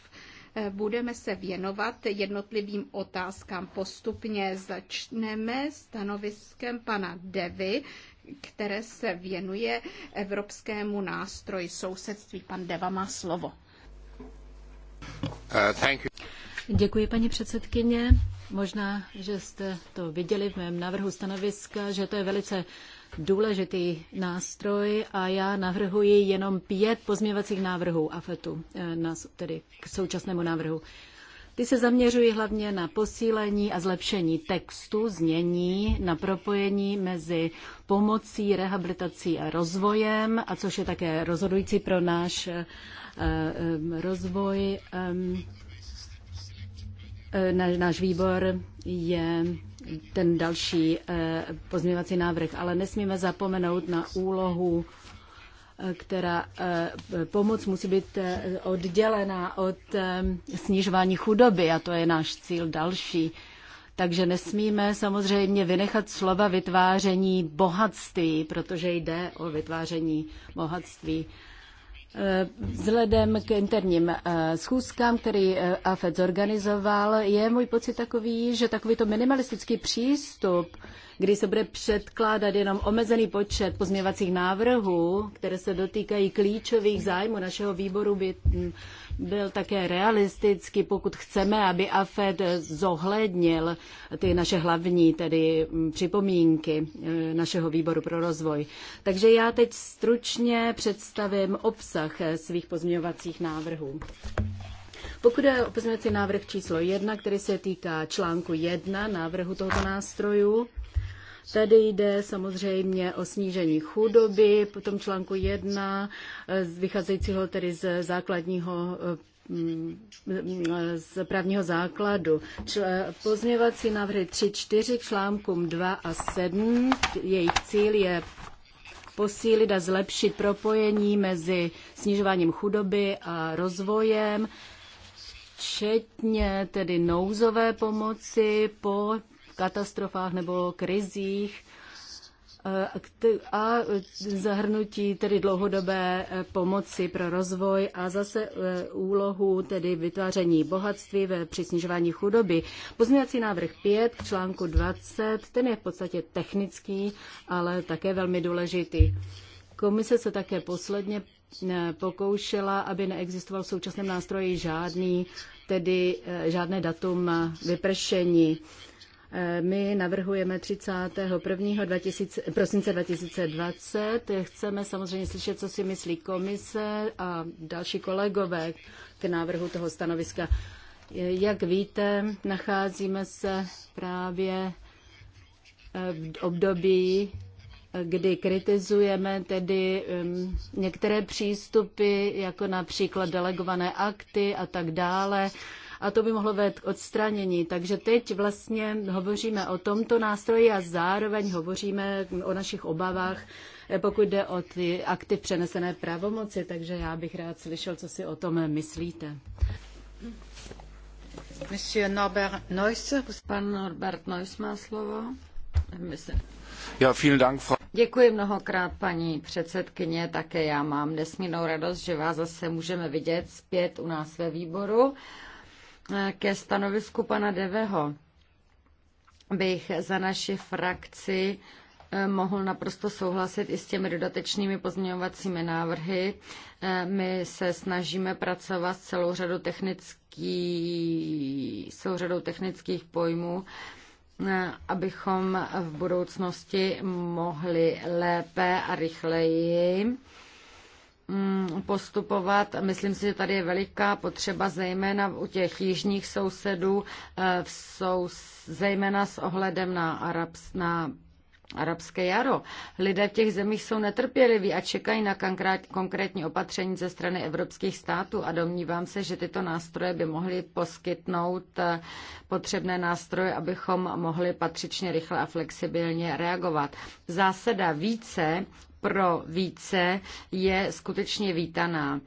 Budeme se věnovat jednotlivým otázkám postupně. Začneme stanoviskem pana Devy, které se věnuje evropskému nástroji sousedství. Pan Deva má slovo. Uh, Děkuji, paní předsedkyně. Možná, že jste to viděli v mém návrhu stanoviska, že to je velice důležitý nástroj a já navrhuji jenom pět pozměvacích návrhů AFETu, eh, na, tedy k současnému návrhu. Ty se zaměřují hlavně na posílení a zlepšení textu, znění, na propojení mezi pomocí, rehabilitací a rozvojem, a což je také rozhodující pro náš eh, eh, rozvoj. náš výbor je ten další eh, pozměňovací návrh, ale nesmíme zapomenout na úlohu eh, která eh, pomoc musí být oddělená od snižování chudoby a to je náš cíl další. Takže nesmíme samozřejmě vynechat slova vytváření bohatství, protože jde o vytváření bohatství. Eh, vzhledem k interním eh, schůzkám, který eh, AFED zorganizoval, je můj pocit takový, že takovýto minimalistický přístup, kdy se bude předkládat jenom omezený počet pozměvacích návrhů, které se dotýkají klíčových zájmů našeho výboru, by hm, byl také realistický, pokud chceme, aby AFED zohlednil ty naše hlavní tedy mm, připomínky eh, našeho výboru pro rozvoj. Takže já teď stručně představím obsah eh, svých pozměňovacích návrhů. Pokud je o pozměňovací návrh číslo 1, který se týká článku 1 návrhu tohoto nástroju, Tady jde samozřejmě o snížení chudoby, potom článku 1, eh, vycházejícího tedy z základního eh, mm, eh, z právního základu. Pozměvací návrhy 3, 4 k článkům 2 a 7. Jejich cíl je posílit a zlepšit propojení mezi snižováním chudoby a rozvojem, včetně tedy nouzové pomoci po katastrofách nebo krizích eh, a zahrnutí tedy dlouhodobé eh, pomoci pro rozvoj a zase eh, úlohu tedy vytváření bohatství ve přisnižování chudoby. Pozměňovací návrh 5 k článku 20, ten je v podstatě technický, ale také velmi důležitý. Komise se také posledně pokoušela, aby neexistoval v současném nástroji žádný, tedy žádné datum vypršení. Eh, my navrhujeme 31. 2000, prosince 2020. Chceme samozřejmě slyšet, co si myslí komise a další kolegové k návrhu toho stanoviska. Jak víte, nacházíme se právě eh, v období, kdy kritizujeme tedy některé přístupy, jako například delegované akty a tak dále a to by mohlo vést k odstranění. Takže teď vlastně hovoříme o tomto nástroji a zároveň hovoříme o našich obavách, eh, pokud jde o ty aktiv přenesené pravomoci, takže já bych rád slyšel, co si o tom myslíte. Monsieur Norbert Neuss, pan Norbert Neuss má slovo. Ja, vielen Dank, Frau Děkuji mnohokrát, paní předsedkyně. Také já mám nesmírnou radost, že vás zase můžeme vidět zpět u nás ve výboru. Ke stanovisku pana Deveho bych za naši frakci eh, mohl naprosto souhlasit i s těmi dodatečnými pozměňovacími návrhy. Eh, my se snažíme pracovat s celou řadou, technický, celou řadou technických pojmů, eh, abychom v budoucnosti mohli lépe a rychleji Mm, postupovat. Myslím si, že tady je veliká potřeba, zejména u těch jižních sousedů, eh, zejména s ohledem na, Arabs, na arabské jaro. Lidé v těch zemích jsou netrpěliví a čekají na konkrétní opatření ze strany evropských států a domnívám se, že tyto nástroje by mohly poskytnout eh, potřebné nástroje, abychom mohli patřičně rychle a flexibilně reagovat. Zásada více pro více je skutečně vítaná.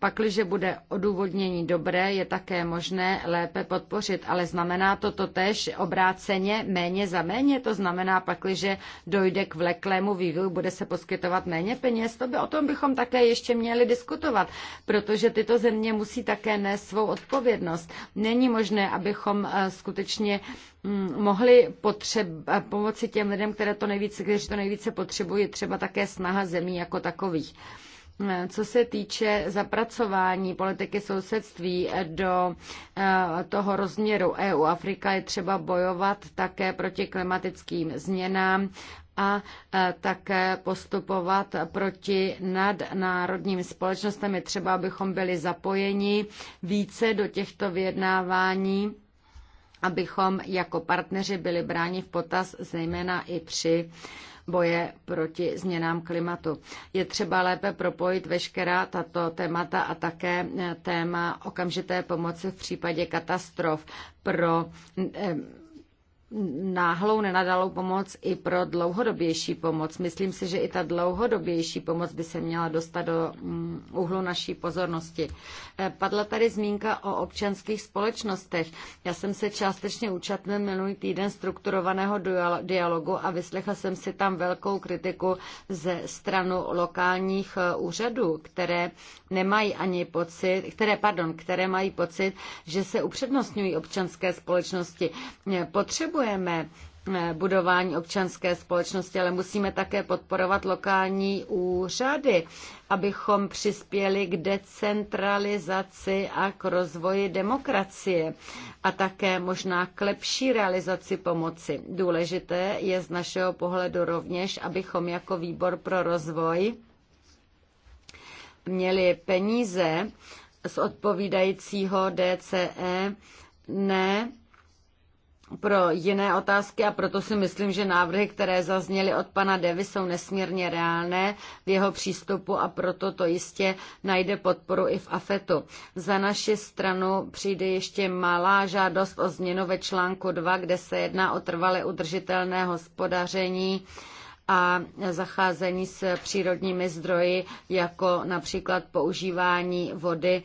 Pakliže bude odůvodnění dobré, je také možné lépe podpořit, ale znamená to totéž obráceně méně za méně. To znamená, pakliže dojde k vleklému vývoji, bude se poskytovat méně peněz. To by, o tom bychom také ještě měli diskutovat, protože tyto země musí také nést svou odpovědnost. Není možné, abychom eh, skutečně hm, mohli potřeb, eh, pomoci těm lidem, které to nejvíce, kteří to nejvíce potřebují, třeba také snaha zemí jako takových co se týče zapracování politiky sousedství do eh, toho rozměru EU-Afrika, je třeba bojovat také proti klimatickým změnám a eh, také postupovat proti nadnárodním společnostem. Je třeba, abychom byli zapojeni více do těchto vyjednávání abychom jako partneři byli bráni v potaz, zejména i při uh, boje proti změnám klimatu. Je třeba lépe propojit veškerá tato témata a také eh, téma okamžité pomoci v případě katastrof pro eh, náhlou nenadalou pomoc i pro dlouhodobější pomoc. Myslím si, že i ta dlouhodobější pomoc by se měla dostat do mm, úhlu naší pozornosti. Eh, padla tady zmínka o občanských společnostech. Já jsem se částečně účastnil minulý týden strukturovaného dialogu a vyslechla jsem si tam velkou kritiku ze stranu lokálních eh, úřadů, které nemají ani pocit, které, pardon, které mají pocit, že se upřednostňují občanské společnosti. Eh, Potřebují podporujeme eh, budování občanské společnosti, ale musíme také podporovat lokální úřady, abychom přispěli k decentralizaci a k rozvoji demokracie a také možná k lepší realizaci pomoci. Důležité je z našeho pohledu rovněž, abychom jako výbor pro rozvoj měli peníze z odpovídajícího DCE, ne pro jiné otázky a proto si myslím, že návrhy, které zazněly od pana Devy, jsou nesmírně reálné v jeho přístupu a proto to jistě najde podporu i v AFETu. Za naši stranu přijde ještě malá žádost o změnu ve článku 2, kde se jedná o trvale udržitelné hospodaření a zacházení s přírodními zdroji, jako například používání vody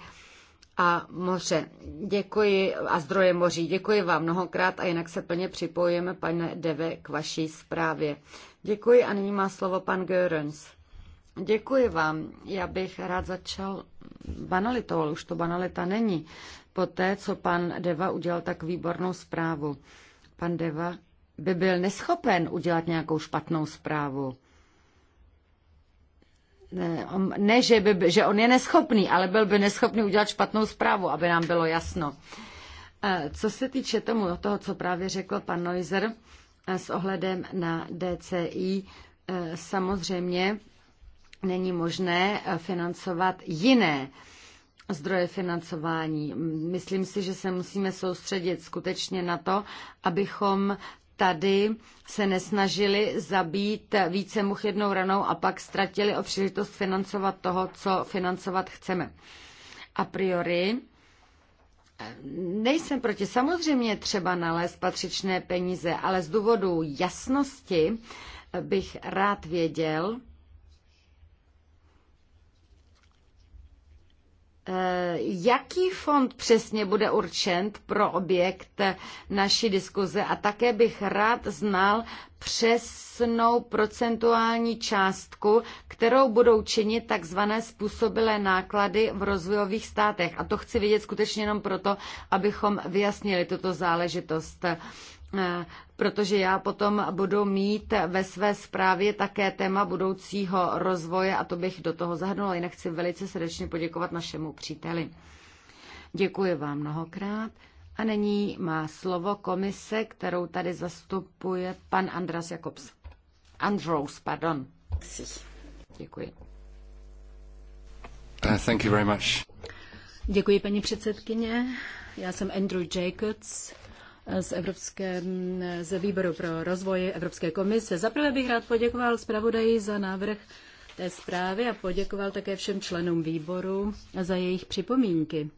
a moře. Děkuji a zdroje moří. Děkuji vám mnohokrát a jinak se plně připojujeme, pane Deve, k vaší zprávě. Děkuji a nyní má slovo pan Görens. Děkuji vám. Já bych rád začal banalitou, ale už to banalita není. Poté, co pan Deva udělal tak výbornou zprávu. Pan Deva by byl neschopen udělat nějakou špatnou zprávu ne, že, by, že on je neschopný, ale byl by neschopný udělat špatnou zprávu, aby nám bylo jasno. E, co se týče tomu, toho, co právě řekl pan Neuser e, s ohledem na DCI, e, samozřejmě není možné financovat jiné zdroje financování. Myslím si, že se musíme soustředit skutečně na to, abychom tady se nesnažili zabít více much jednou ranou a pak ztratili o příležitost financovat toho, co financovat chceme. A priori eh, nejsem proti. Samozřejmě třeba nalézt patřičné peníze, ale z důvodu jasnosti eh, bych rád věděl, Eh, jaký fond přesně bude určen pro objekt naší diskuze a také bych rád znal přesnou procentuální částku, kterou budou činit takzvané způsobilé náklady v rozvojových státech. A to chci vědět skutečně jenom proto, abychom vyjasnili tuto záležitost eh, protože já potom budu mít ve své zprávě také téma budoucího rozvoje a to bych do toho zahrnula. Jinak chci velice srdečně poděkovat našemu příteli. Děkuji vám mnohokrát. A nyní má slovo komise, kterou tady zastupuje pan Andras Jakobs. Andros, pardon. Děkuji. Uh, thank you very much. Děkuji, paní předsedkyně. Já jsem Andrew Jacobs z, Evropské, z výboru pro rozvoj Evropské komise. Zaprvé bych rád poděkoval zpravodaji za návrh té zprávy a poděkoval také všem členům výboru za jejich připomínky.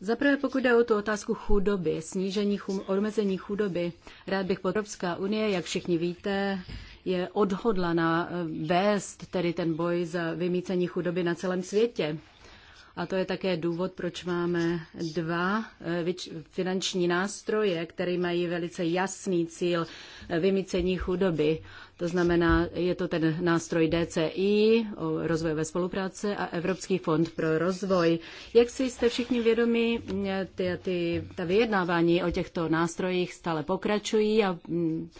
Zaprvé pokud jde o tu otázku chudoby, snížení chum, omezení chudoby, rád bych Evropská unie, jak všichni víte, je odhodlaná eh, vést tedy ten boj za vymícení chudoby na celém světě. A to je také důvod, proč máme dva eh, finanční nástroje, které mají velice jasný cíl eh, vymícení chudoby. To znamená, je to ten nástroj DCI, o rozvojové spolupráce a Evropský fond pro rozvoj. Jak si jste všichni vědomi, ty, ty, ta vyjednávání o těchto nástrojích stále pokračují a mm,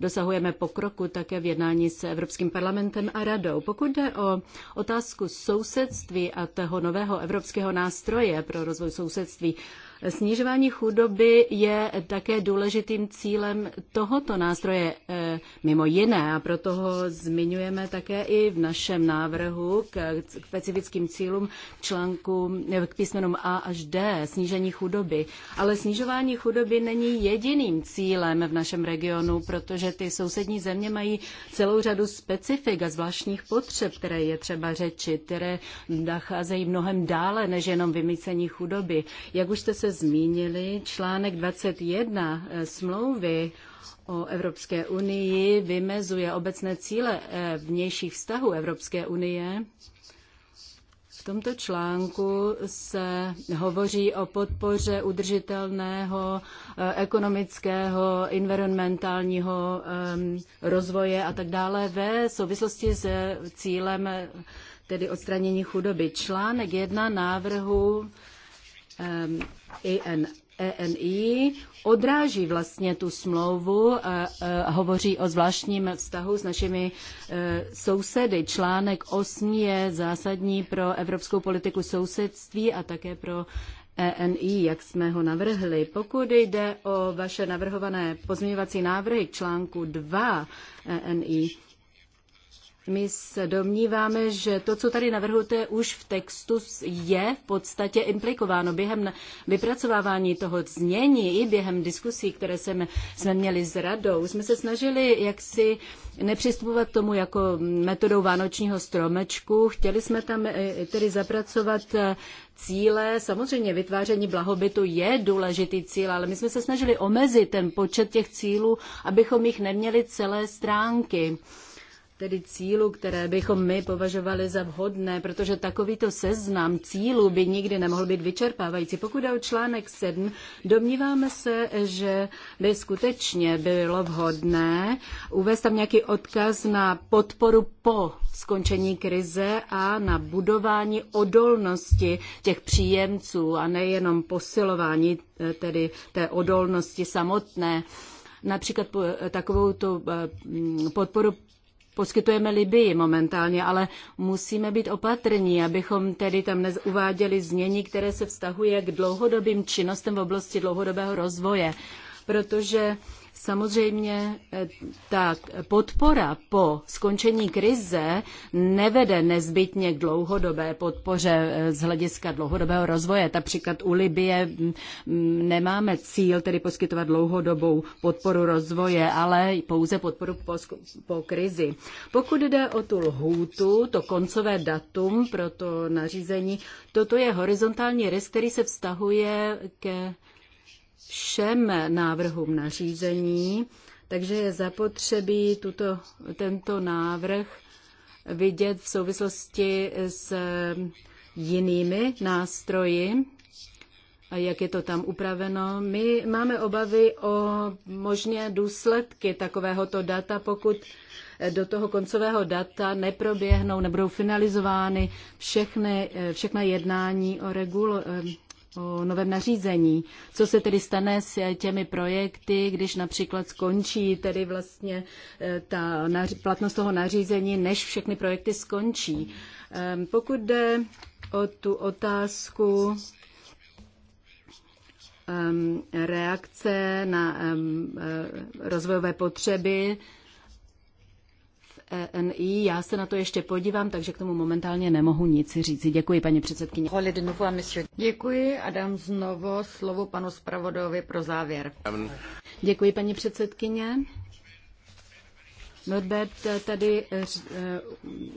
dosahujeme pokroku také v jednání s Evropským parlamentem a radou. Pokud jde o otázku sousedství a toho nového evropského nástroje pro rozvoj sousedství, Snižování chudoby je také důležitým cílem tohoto nástroje eh, mimo jiné a proto ho zmiňujeme také i v našem návrhu k specifickým cílům článku eh, k písmenům A až D, snížení chudoby. Ale snižování chudoby není jediným cílem v našem regionu, protože ty sousední země mají celou řadu specifik a zvláštních potřeb, které je třeba řečit, které nacházejí mnohem dále než jenom vymícení chudoby. Jak už jste se zmínili, článek 21 eh, smlouvy o Evropské unii vymezuje obecné cíle eh, vnějších vztahů Evropské unie. V tomto článku se hovoří o podpoře udržitelného eh, ekonomického, environmentálního rozvoje a tak dále ve souvislosti s cílem tedy odstranění chudoby. Článek 1 návrhu IN ENI odráží vlastně tu smlouvu a, eh, a eh, hovoří o zvláštním vztahu s našimi e, sousedy. Článek 8 je zásadní pro evropskou politiku sousedství a také pro ENI, jak jsme ho navrhli. Pokud jde o vaše navrhované pozměňovací návrhy k článku 2 ENI, my se domníváme, že to, co tady navrhujete už v textu, je v podstatě implikováno během vypracovávání toho znění i během diskusí, které jsme, jsme měli s radou. Jsme se snažili jaksi nepřistupovat tomu jako metodou vánočního stromečku. Chtěli jsme tam e, tedy zapracovat e, cíle. Samozřejmě vytváření blahobytu je důležitý cíl, ale my jsme se snažili omezit ten počet těch cílů, abychom jich neměli celé stránky tedy cílů, které bychom my považovali za vhodné, protože takovýto seznam cílů by nikdy nemohl být vyčerpávající. Pokud jde o článek 7, domníváme se, že by skutečně bylo vhodné uvést tam nějaký odkaz na podporu po skončení krize a na budování odolnosti těch příjemců a nejenom posilování eh, tedy té odolnosti samotné například eh, takovou tu eh, podporu poskytujeme Libii momentálně, ale musíme být opatrní, abychom tedy tam neuváděli změní, které se vztahuje k dlouhodobým činnostem v oblasti dlouhodobého rozvoje, protože Samozřejmě eh, ta podpora po skončení krize nevede nezbytně k dlouhodobé podpoře eh, z hlediska dlouhodobého rozvoje. Například u Libie mm, mm, nemáme cíl tedy poskytovat dlouhodobou podporu rozvoje, ale pouze podporu po, po krizi. Pokud jde o tu lhůtu, to koncové datum pro to nařízení, toto je horizontální risk, který se vztahuje ke všem návrhům nařízení, takže je zapotřebí tuto, tento návrh vidět v souvislosti s jinými nástroji, a jak je to tam upraveno. My máme obavy o možné důsledky takovéhoto data, pokud do toho koncového data neproběhnou, nebudou finalizovány všechny, eh, všechna jednání o regul- eh, novém nařízení. Co se tedy stane s těmi projekty, když například skončí tedy vlastně eh, ta platnost toho nařízení, než všechny projekty skončí? Ehm, pokud jde o tu otázku ehm, reakce na ehm, eh, rozvojové potřeby, ENI. Já se na to ještě podívám, takže k tomu momentálně nemohu nic říct. Děkuji, paní předsedkyně. Děkuji a dám znovu slovo panu zpravodovi pro závěr. Děkuji, paní předsedkyně. Norbert tady e,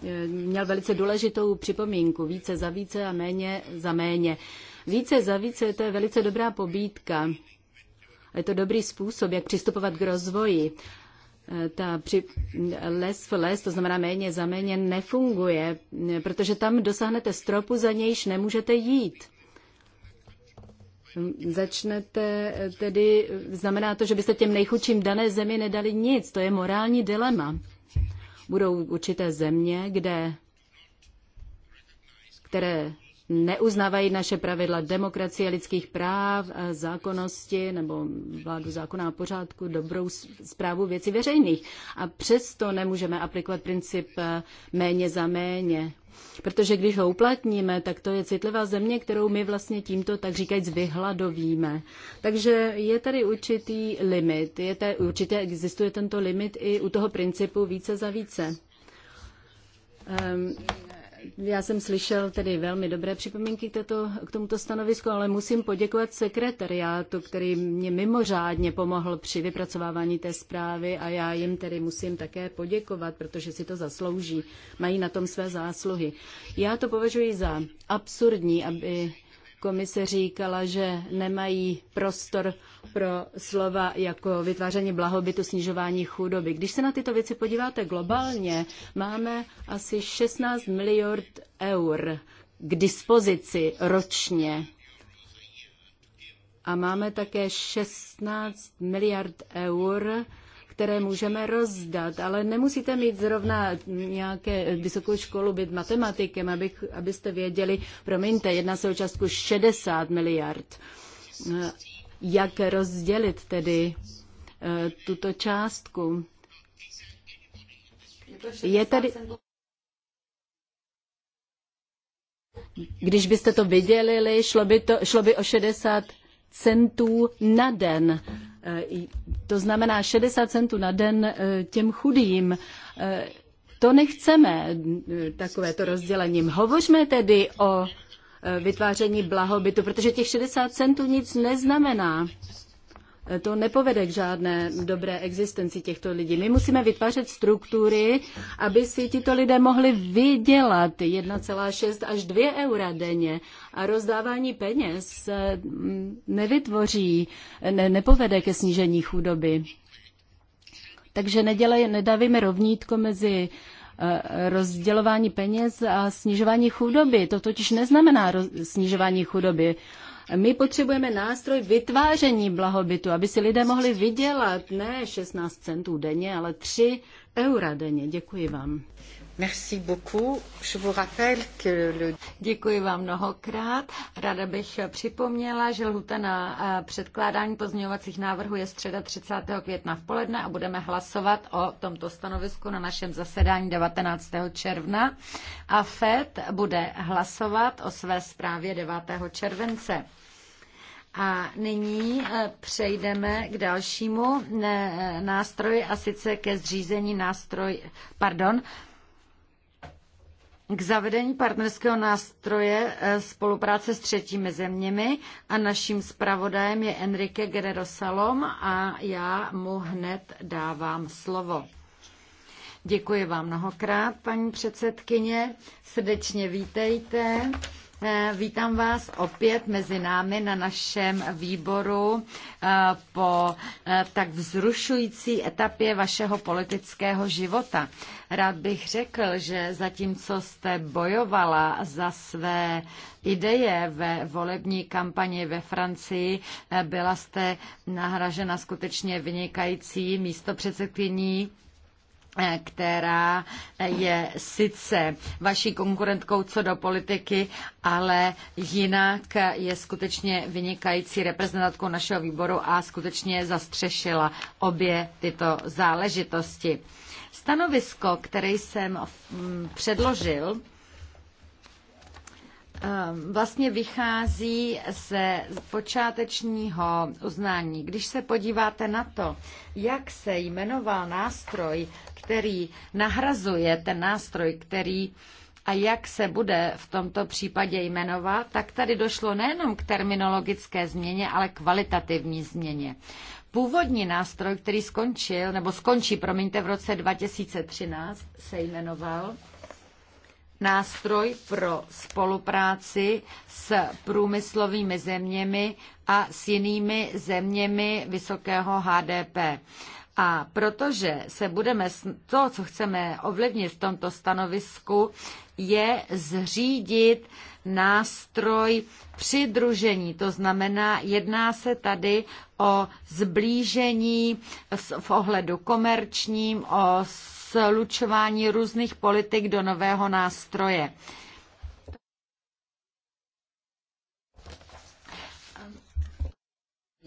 e, měl velice důležitou připomínku. Více za více a méně za méně. Více za více to je velice dobrá pobídka. Je to dobrý způsob, jak přistupovat k rozvoji ta při, les v les, to znamená méně za méně, nefunguje, protože tam dosáhnete stropu, za nějž nemůžete jít. Začnete tedy, znamená to, že byste těm nejchudším dané zemi nedali nic. To je morální dilema. Budou určité země, kde, které neuznávají naše pravidla demokracie, lidských práv, zákonnosti nebo vládu zákona a pořádku, dobrou zprávu věcí veřejných. A přesto nemůžeme aplikovat princip e, méně za méně. Protože když ho uplatníme, tak to je citlivá země, kterou my vlastně tímto, tak říkajíc, vyhladovíme. Takže je tady určitý limit. Je tady, určitě existuje tento limit i u toho principu více za více. Um, já jsem slyšel tedy velmi dobré připomínky k, této, k tomuto stanovisku, ale musím poděkovat sekretariátu, který mě mimořádně pomohl při vypracovávání té zprávy a já jim tedy musím také poděkovat, protože si to zaslouží. Mají na tom své zásluhy. Já to považuji za absurdní, aby komise říkala, že nemají prostor pro slova jako vytváření blahobytu, snižování chudoby. Když se na tyto věci podíváte globálně, máme asi 16 miliard eur k dispozici ročně. A máme také 16 miliard eur které můžeme rozdat, ale nemusíte mít zrovna nějaké vysokou školu být matematikem, abych, abyste věděli, promiňte, jedná se o částku 60 miliard. Jak rozdělit tedy eh, tuto částku? Je tady... Když byste to vydělili, šlo by, to, šlo by o 60 centů na den. To znamená 60 centů na den eh, těm chudým. Eh, to nechceme, eh, takovéto rozdělením. Hovořme tedy o vytváření blahobytu, protože těch 60 centů nic neznamená to nepovede k žádné dobré existenci těchto lidí. My musíme vytvářet struktury, aby si tito lidé mohli vydělat 1,6 až 2 eura denně a rozdávání peněz mm, nevytvoří, ne, nepovede ke snížení chudoby. Takže nedělej, nedávíme rovnítko mezi eh, rozdělování peněz a snižování chudoby. To totiž neznamená snižování chudoby. My potřebujeme nástroj vytváření blahobytu, aby si lidé mohli vydělat ne 16 centů denně, ale 3 eura denně. Děkuji vám. Merci beaucoup. Je vous rappelle que le... Děkuji vám mnohokrát. Rada bych připomněla, že lhuta na eh, předkládání pozměňovacích návrhů je středa 30. května v poledne a budeme hlasovat o tomto stanovisku na našem zasedání 19. června a FED bude hlasovat o své zprávě 9. července. A nyní eh, přejdeme k dalšímu eh, nástroji a sice ke zřízení nástroj, pardon, k zavedení partnerského nástroje eh, spolupráce s třetími zeměmi a naším zpravodajem je Enrique Guerrero Salom a já mu hned dávám slovo. Děkuji vám mnohokrát, paní předsedkyně. Srdečně vítejte. Eh, vítám vás opět mezi námi na našem výboru eh, po eh, tak vzrušující etapě vašeho politického života. Rád bych řekl, že zatímco jste bojovala za své ideje ve volební kampani ve Francii, byla jste nahražena skutečně vynikající místo předsedkyní která je sice vaší konkurentkou co do politiky, ale jinak je skutečně vynikající reprezentantkou našeho výboru a skutečně zastřešila obě tyto záležitosti. Stanovisko, které jsem mm, předložil, Ehm, vlastně vychází ze počátečního uznání. Když se podíváte na to, jak se jmenoval nástroj, který nahrazuje ten nástroj, který a jak se bude v tomto případě jmenovat, tak tady došlo nejenom k terminologické změně, ale kvalitativní změně. Původní nástroj, který skončil, nebo skončí, promiňte, v roce 2013, se jmenoval nástroj pro spolupráci s průmyslovými zeměmi a s jinými zeměmi vysokého HDP. A protože se budeme, to, co chceme ovlivnit v tomto stanovisku, je zřídit nástroj přidružení. To znamená, jedná se tady o zblížení v ohledu komerčním, o slučování různých politik do nového nástroje.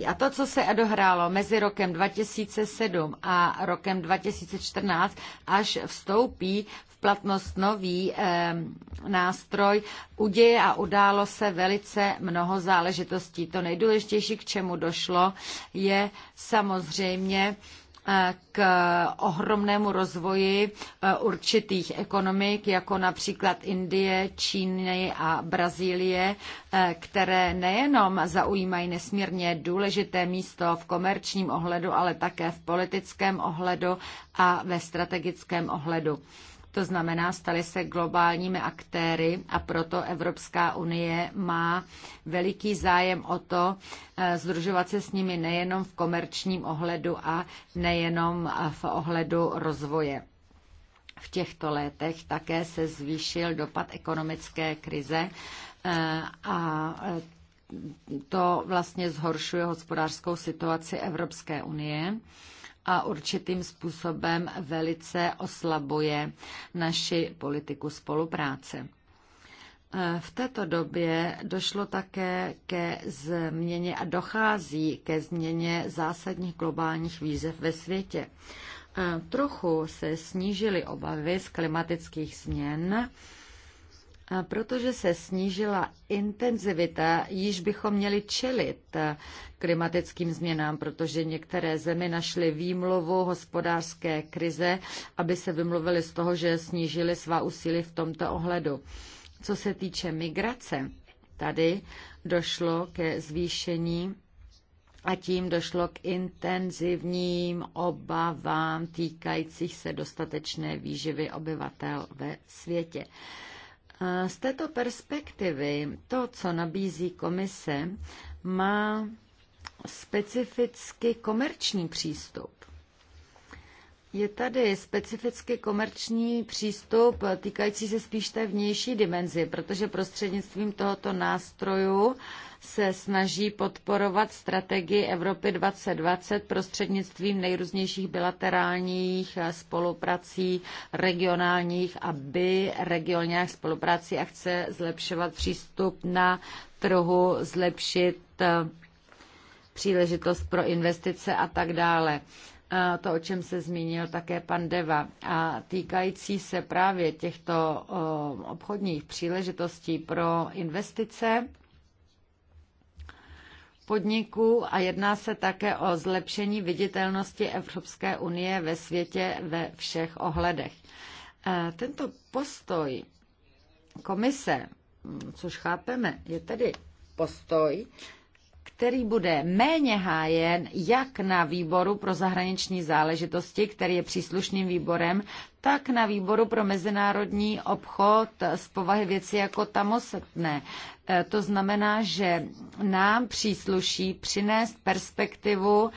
A to, co se dohrálo mezi rokem 2007 a rokem 2014, až vstoupí v platnost nový eh, nástroj, uděje a událo se velice mnoho záležitostí. To nejdůležitější, k čemu došlo, je samozřejmě eh, Eh, k ohromnému rozvoji eh, určitých ekonomik, jako například Indie, Číny a Brazílie, eh, které nejenom zaujímají nesmírně důležité místo v komerčním ohledu, ale také v politickém ohledu a ve strategickém ohledu. To znamená, stali se globálními aktéry a proto Evropská unie má veliký zájem o to, eh, združovat se s nimi nejenom v komerčním ohledu a nejenom eh, v ohledu rozvoje. V těchto letech také se zvýšil dopad ekonomické krize eh, a to vlastně zhoršuje hospodářskou situaci Evropské unie a určitým způsobem velice oslabuje naši politiku spolupráce. E, v této době došlo také ke změně a dochází ke změně zásadních globálních výzev ve světě. E, trochu se snížily obavy z klimatických změn, a protože se snížila intenzivita, již bychom měli čelit klimatickým změnám, protože některé zemi našly výmluvu hospodářské krize, aby se vymluvili z toho, že snížili svá úsilí v tomto ohledu. Co se týče migrace, tady došlo ke zvýšení a tím došlo k intenzivním obavám týkajících se dostatečné výživy obyvatel ve světě. Z této perspektivy to, co nabízí komise, má specificky komerční přístup. Je tady specificky komerční přístup týkající se spíš té vnější dimenzi, protože prostřednictvím tohoto nástroju se snaží podporovat strategii Evropy 2020 prostřednictvím nejrůznějších bilaterálních spoluprací, regionálních a by regionálních spoluprací a chce zlepšovat přístup na trhu, zlepšit příležitost pro investice a tak dále to, o čem se zmínil také pan Deva, a týkající se právě těchto obchodních příležitostí pro investice podniků a jedná se také o zlepšení viditelnosti Evropské unie ve světě ve všech ohledech. E, tento postoj komise, což chápeme, je tedy postoj, který bude méně hájen jak na výboru pro zahraniční záležitosti, který je příslušným výborem, tak na výboru pro mezinárodní obchod z povahy věci jako tamosetné. E, to znamená, že nám přísluší přinést perspektivu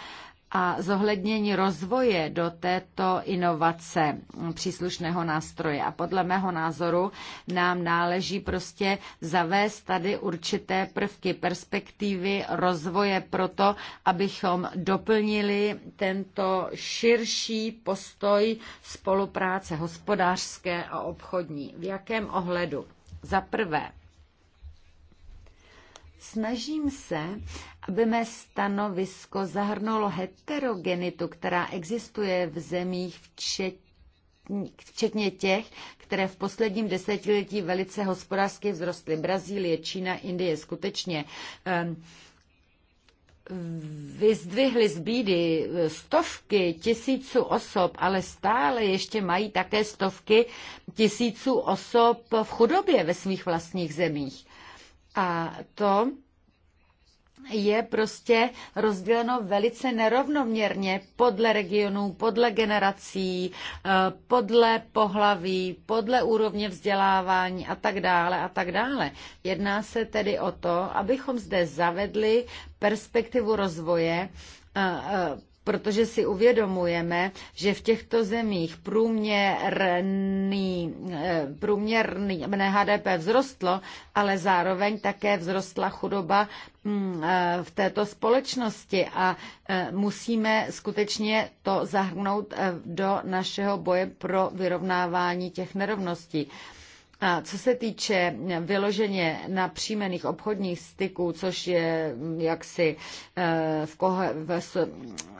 a zohlednění rozvoje do této inovace příslušného nástroje. A podle mého názoru nám náleží prostě zavést tady určité prvky perspektivy rozvoje proto, abychom doplnili tento širší postoj spolupráce hospodářské a obchodní. V jakém ohledu? Za prvé, snažím se, aby mé stanovisko zahrnulo heterogenitu, která existuje v zemích, včetně, včetně těch, které v posledním desetiletí velice hospodářsky vzrostly. Brazílie, Čína, Indie skutečně um, vyzdvihly z bídy eh, stovky tisíců osob, ale stále ještě mají také stovky tisíců osob v chudobě ve svých vlastních zemích. A to je prostě rozděleno velice nerovnoměrně podle regionů, podle generací, eh, podle pohlaví, podle úrovně vzdělávání a tak dále a tak dále. Jedná se tedy o to, abychom zde zavedli perspektivu rozvoje eh, eh, protože si uvědomujeme, že v těchto zemích průměrný, eh, průměrný HDP vzrostlo, ale zároveň také vzrostla chudoba mm, eh, v této společnosti a eh, musíme skutečně to zahrnout do našeho boje pro vyrovnávání těch nerovností co se týče vyloženě napřímených obchodních styků, což je mm, jaksi eh, v, kohe, v,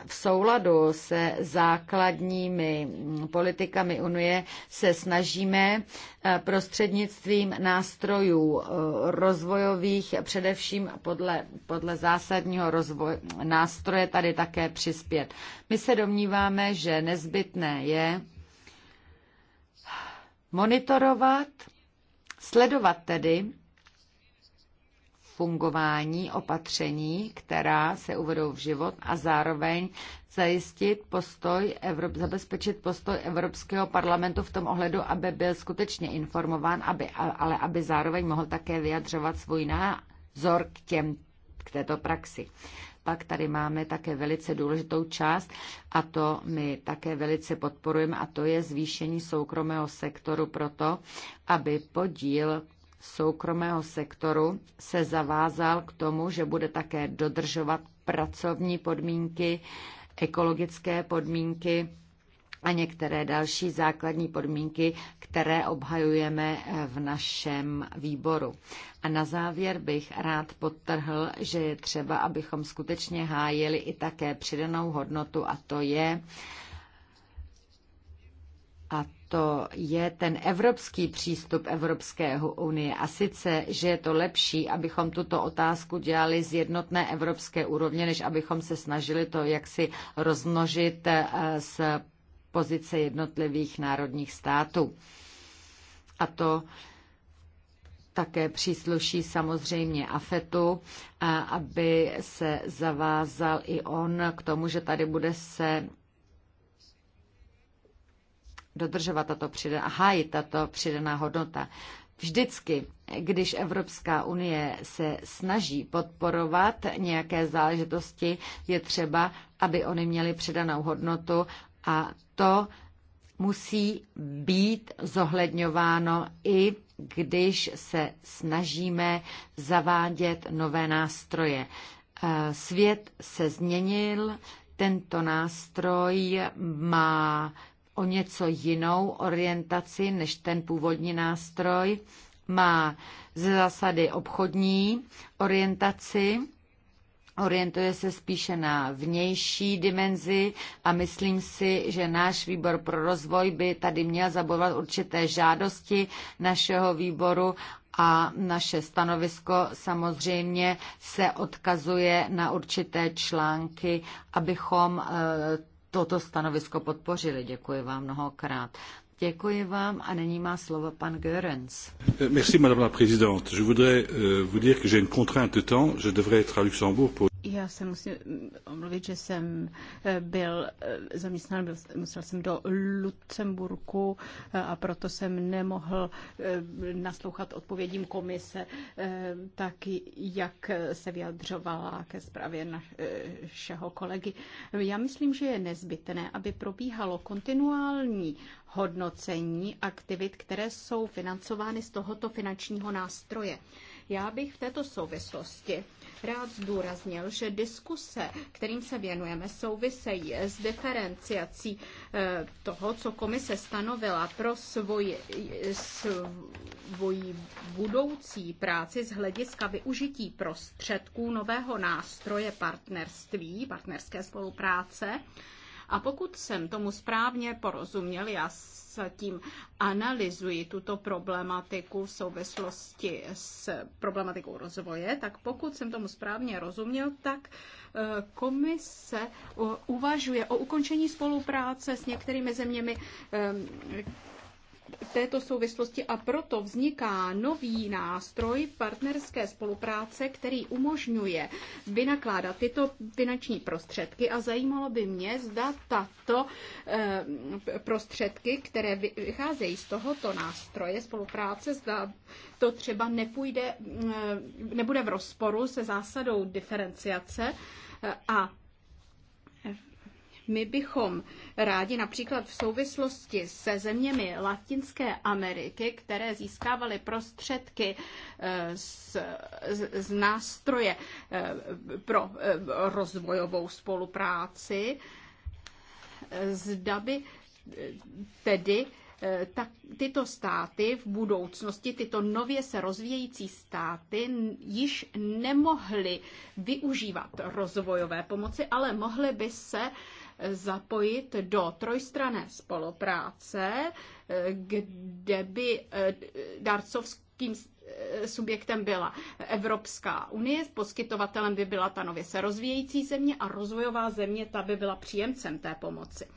v souladu se základními mm, politikami Unie, se snažíme eh, prostřednictvím nástrojů eh, rozvojových, především podle, podle zásadního rozvoj, nástroje tady také přispět. My se domníváme, že nezbytné je monitorovat Sledovat tedy fungování opatření, která se uvedou v život a zároveň zajistit postoj, Evrop, zabezpečit postoj Evropského parlamentu v tom ohledu, aby byl skutečně informován, aby, ale aby zároveň mohl také vyjadřovat svůj názor k těm k této praxi pak tady máme také velice důležitou část a to my také velice podporujeme a to je zvýšení soukromého sektoru proto, aby podíl soukromého sektoru se zavázal k tomu, že bude také dodržovat pracovní podmínky, ekologické podmínky a některé další základní podmínky, které obhajujeme eh, v našem výboru. A na závěr bych rád podtrhl, že je třeba, abychom skutečně hájili i také přidanou hodnotu a to je a to je ten evropský přístup Evropské unie. A sice, že je to lepší, abychom tuto otázku dělali z jednotné evropské úrovně, než abychom se snažili to jaksi rozmnožit eh, s pozice jednotlivých národních států. A to také přísluší samozřejmě AFETu, aby se zavázal i on k tomu, že tady bude se dodržovat tato přidaná, hájit tato přidaná hodnota. Vždycky, když Evropská unie se snaží podporovat nějaké záležitosti, je třeba, aby oni měli přidanou hodnotu a to musí být zohledňováno i když se snažíme zavádět nové nástroje. E, svět se změnil, tento nástroj má o něco jinou orientaci než ten původní nástroj. Má ze zásady obchodní orientaci orientuje se spíše na vnější dimenzi a myslím si, že náš výbor pro rozvoj by tady měl zabovat určité žádosti našeho výboru a naše stanovisko samozřejmě se odkazuje na určité články, abychom eh, toto stanovisko podpořili. Děkuji vám mnohokrát. Děkuji vám a nyní má slovo pan Görens. Merci, madame la présidente. Je voudrais euh, vous dire que j'ai une contrainte de temps. Je devrais être à Luxembourg pour... Já se musím mm, omluvit, že jsem eh, byl eh, zaměstnán, byl, musel jsem do Lucemburku eh, a proto jsem nemohl naslouchat odpovědím komise, tak jak se vyjadřovala ke zprávě našeho kolegy. Já myslím, že je nezbytné, aby probíhalo kontinuální hodnocení aktivit, které jsou financovány z tohoto finančního nástroje. Já bych v této souvislosti rád zdůraznil, že diskuse, kterým se věnujeme, souvisejí s diferenciací eh, toho, co komise stanovila pro svoji, svoji budoucí práci z hlediska využití prostředků nového nástroje partnerství, partnerské spolupráce, a pokud jsem tomu správně porozuměl, já zatím analyzuji tuto problematiku v souvislosti s problematikou rozvoje, tak pokud jsem tomu správně rozuměl, tak eh, komise eh, uvažuje o ukončení spolupráce s některými zeměmi, eh, této souvislosti a proto vzniká nový nástroj partnerské spolupráce, který umožňuje vynakládat tyto finanční prostředky a zajímalo by mě, zda tato eh, prostředky, které vycházejí z tohoto nástroje spolupráce, zda to třeba nepůjde, eh, nebude v rozporu se zásadou diferenciace eh, a my bychom rádi například v souvislosti se zeměmi Latinské Ameriky, které získávaly prostředky eh, z, z, z nástroje eh, pro eh, rozvojovou spolupráci, zda by tedy tak tyto státy v budoucnosti, tyto nově se rozvíjející státy již nemohly využívat rozvojové pomoci, ale mohly by se uh, zapojit do trojstrané spolupráce, kde by eh, darcovským eh, subjektem byla Evropská unie, poskytovatelem by byla ta nově se rozvíjející země a rozvojová země ta by byla příjemcem té pomoci.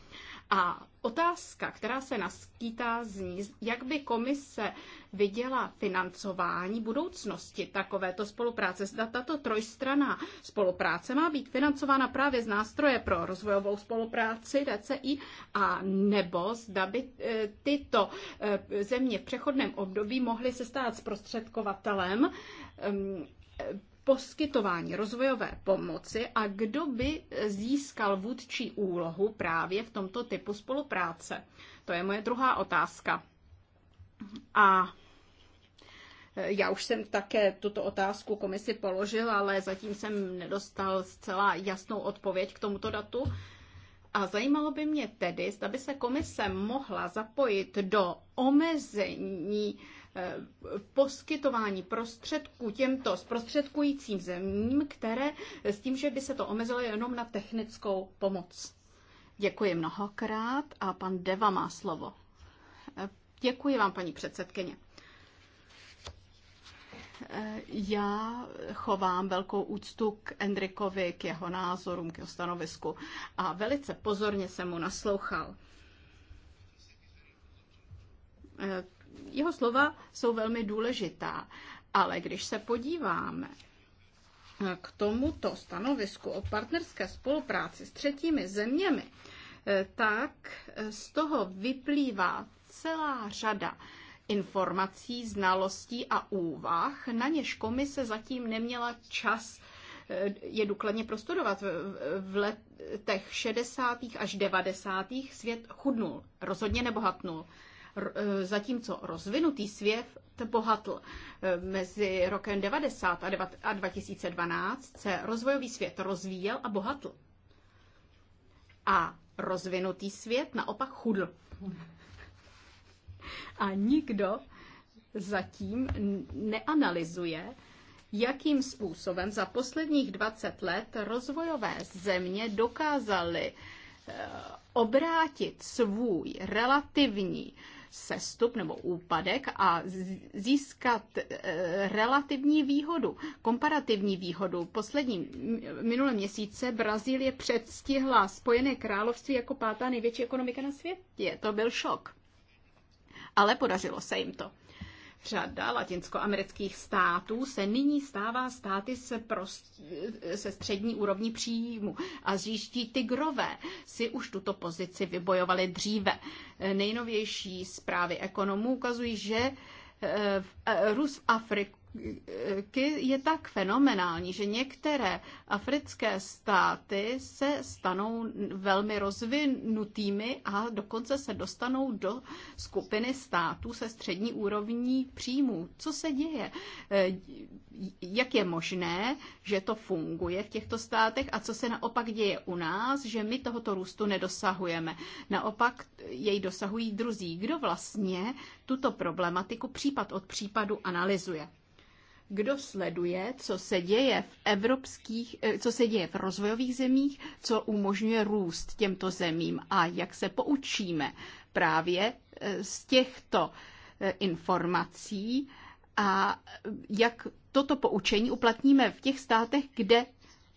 A Otázka, která se naskýtá, z ní, jak by komise viděla financování budoucnosti takovéto spolupráce. Zda tato trojstraná spolupráce má být financována právě z nástroje pro rozvojovou spolupráci DCI a nebo zda by eh, tyto eh, země v přechodném období mohly se stát zprostředkovatelem ehm, poskytování rozvojové pomoci a kdo by získal vůdčí úlohu právě v tomto typu spolupráce? To je moje druhá otázka. A e, já už jsem také tuto otázku komisi položil, ale zatím jsem nedostal zcela jasnou odpověď k tomuto datu. A zajímalo by mě tedy, zda by se komise mohla zapojit do omezení poskytování prostředků těmto zprostředkujícím zemím, které s tím, že by se to omezilo jenom na technickou pomoc. Děkuji mnohokrát a pan Deva má slovo. Děkuji vám, paní předsedkyně. Já chovám velkou úctu k Endrikovi, k jeho názorům, k jeho stanovisku a velice pozorně jsem mu naslouchal jeho slova jsou velmi důležitá. Ale když se podíváme eh, k tomuto stanovisku o partnerské spolupráci s třetími zeměmi, eh, tak eh, z toho vyplývá celá řada informací, znalostí a úvah, na něž komise zatím neměla čas je důkladně prostudovat. V letech 60. až 90. svět chudnul, rozhodně nebohatnul. E, zatímco rozvinutý svět bohatl. E, mezi rokem 90 a 2012 se rozvojový svět rozvíjel a bohatl. A rozvinutý svět naopak chudl. A nikdo zatím neanalyzuje, jakým způsobem za posledních 20 let rozvojové země dokázaly e, obrátit svůj relativní sestup nebo úpadek a získat eh, relativní výhodu, komparativní výhodu. Poslední minulé měsíce Brazílie předstihla Spojené království jako pátá největší ekonomika na světě. To byl šok. Ale podařilo se jim to. Řada latinskoamerických států se nyní stává státy se, prost, se střední úrovní příjmu a zjiští tigrové si už tuto pozici vybojovali dříve. Nejnovější zprávy ekonomů ukazují, že eh, eh, Rus v Afriku je tak fenomenální, že některé africké státy se stanou velmi rozvinutými a dokonce se dostanou do skupiny států se střední úrovní příjmů. Co se děje? E, jak je možné, že to funguje v těchto státech a co se naopak děje u nás, že my tohoto růstu nedosahujeme? Naopak jej dosahují druzí. Kdo vlastně tuto problematiku případ od případu analyzuje? kdo sleduje, co se děje v evropských, eh, co se děje v rozvojových zemích, co umožňuje růst těmto zemím a jak se poučíme právě eh, z těchto eh, informací a jak toto poučení uplatníme v těch státech, kde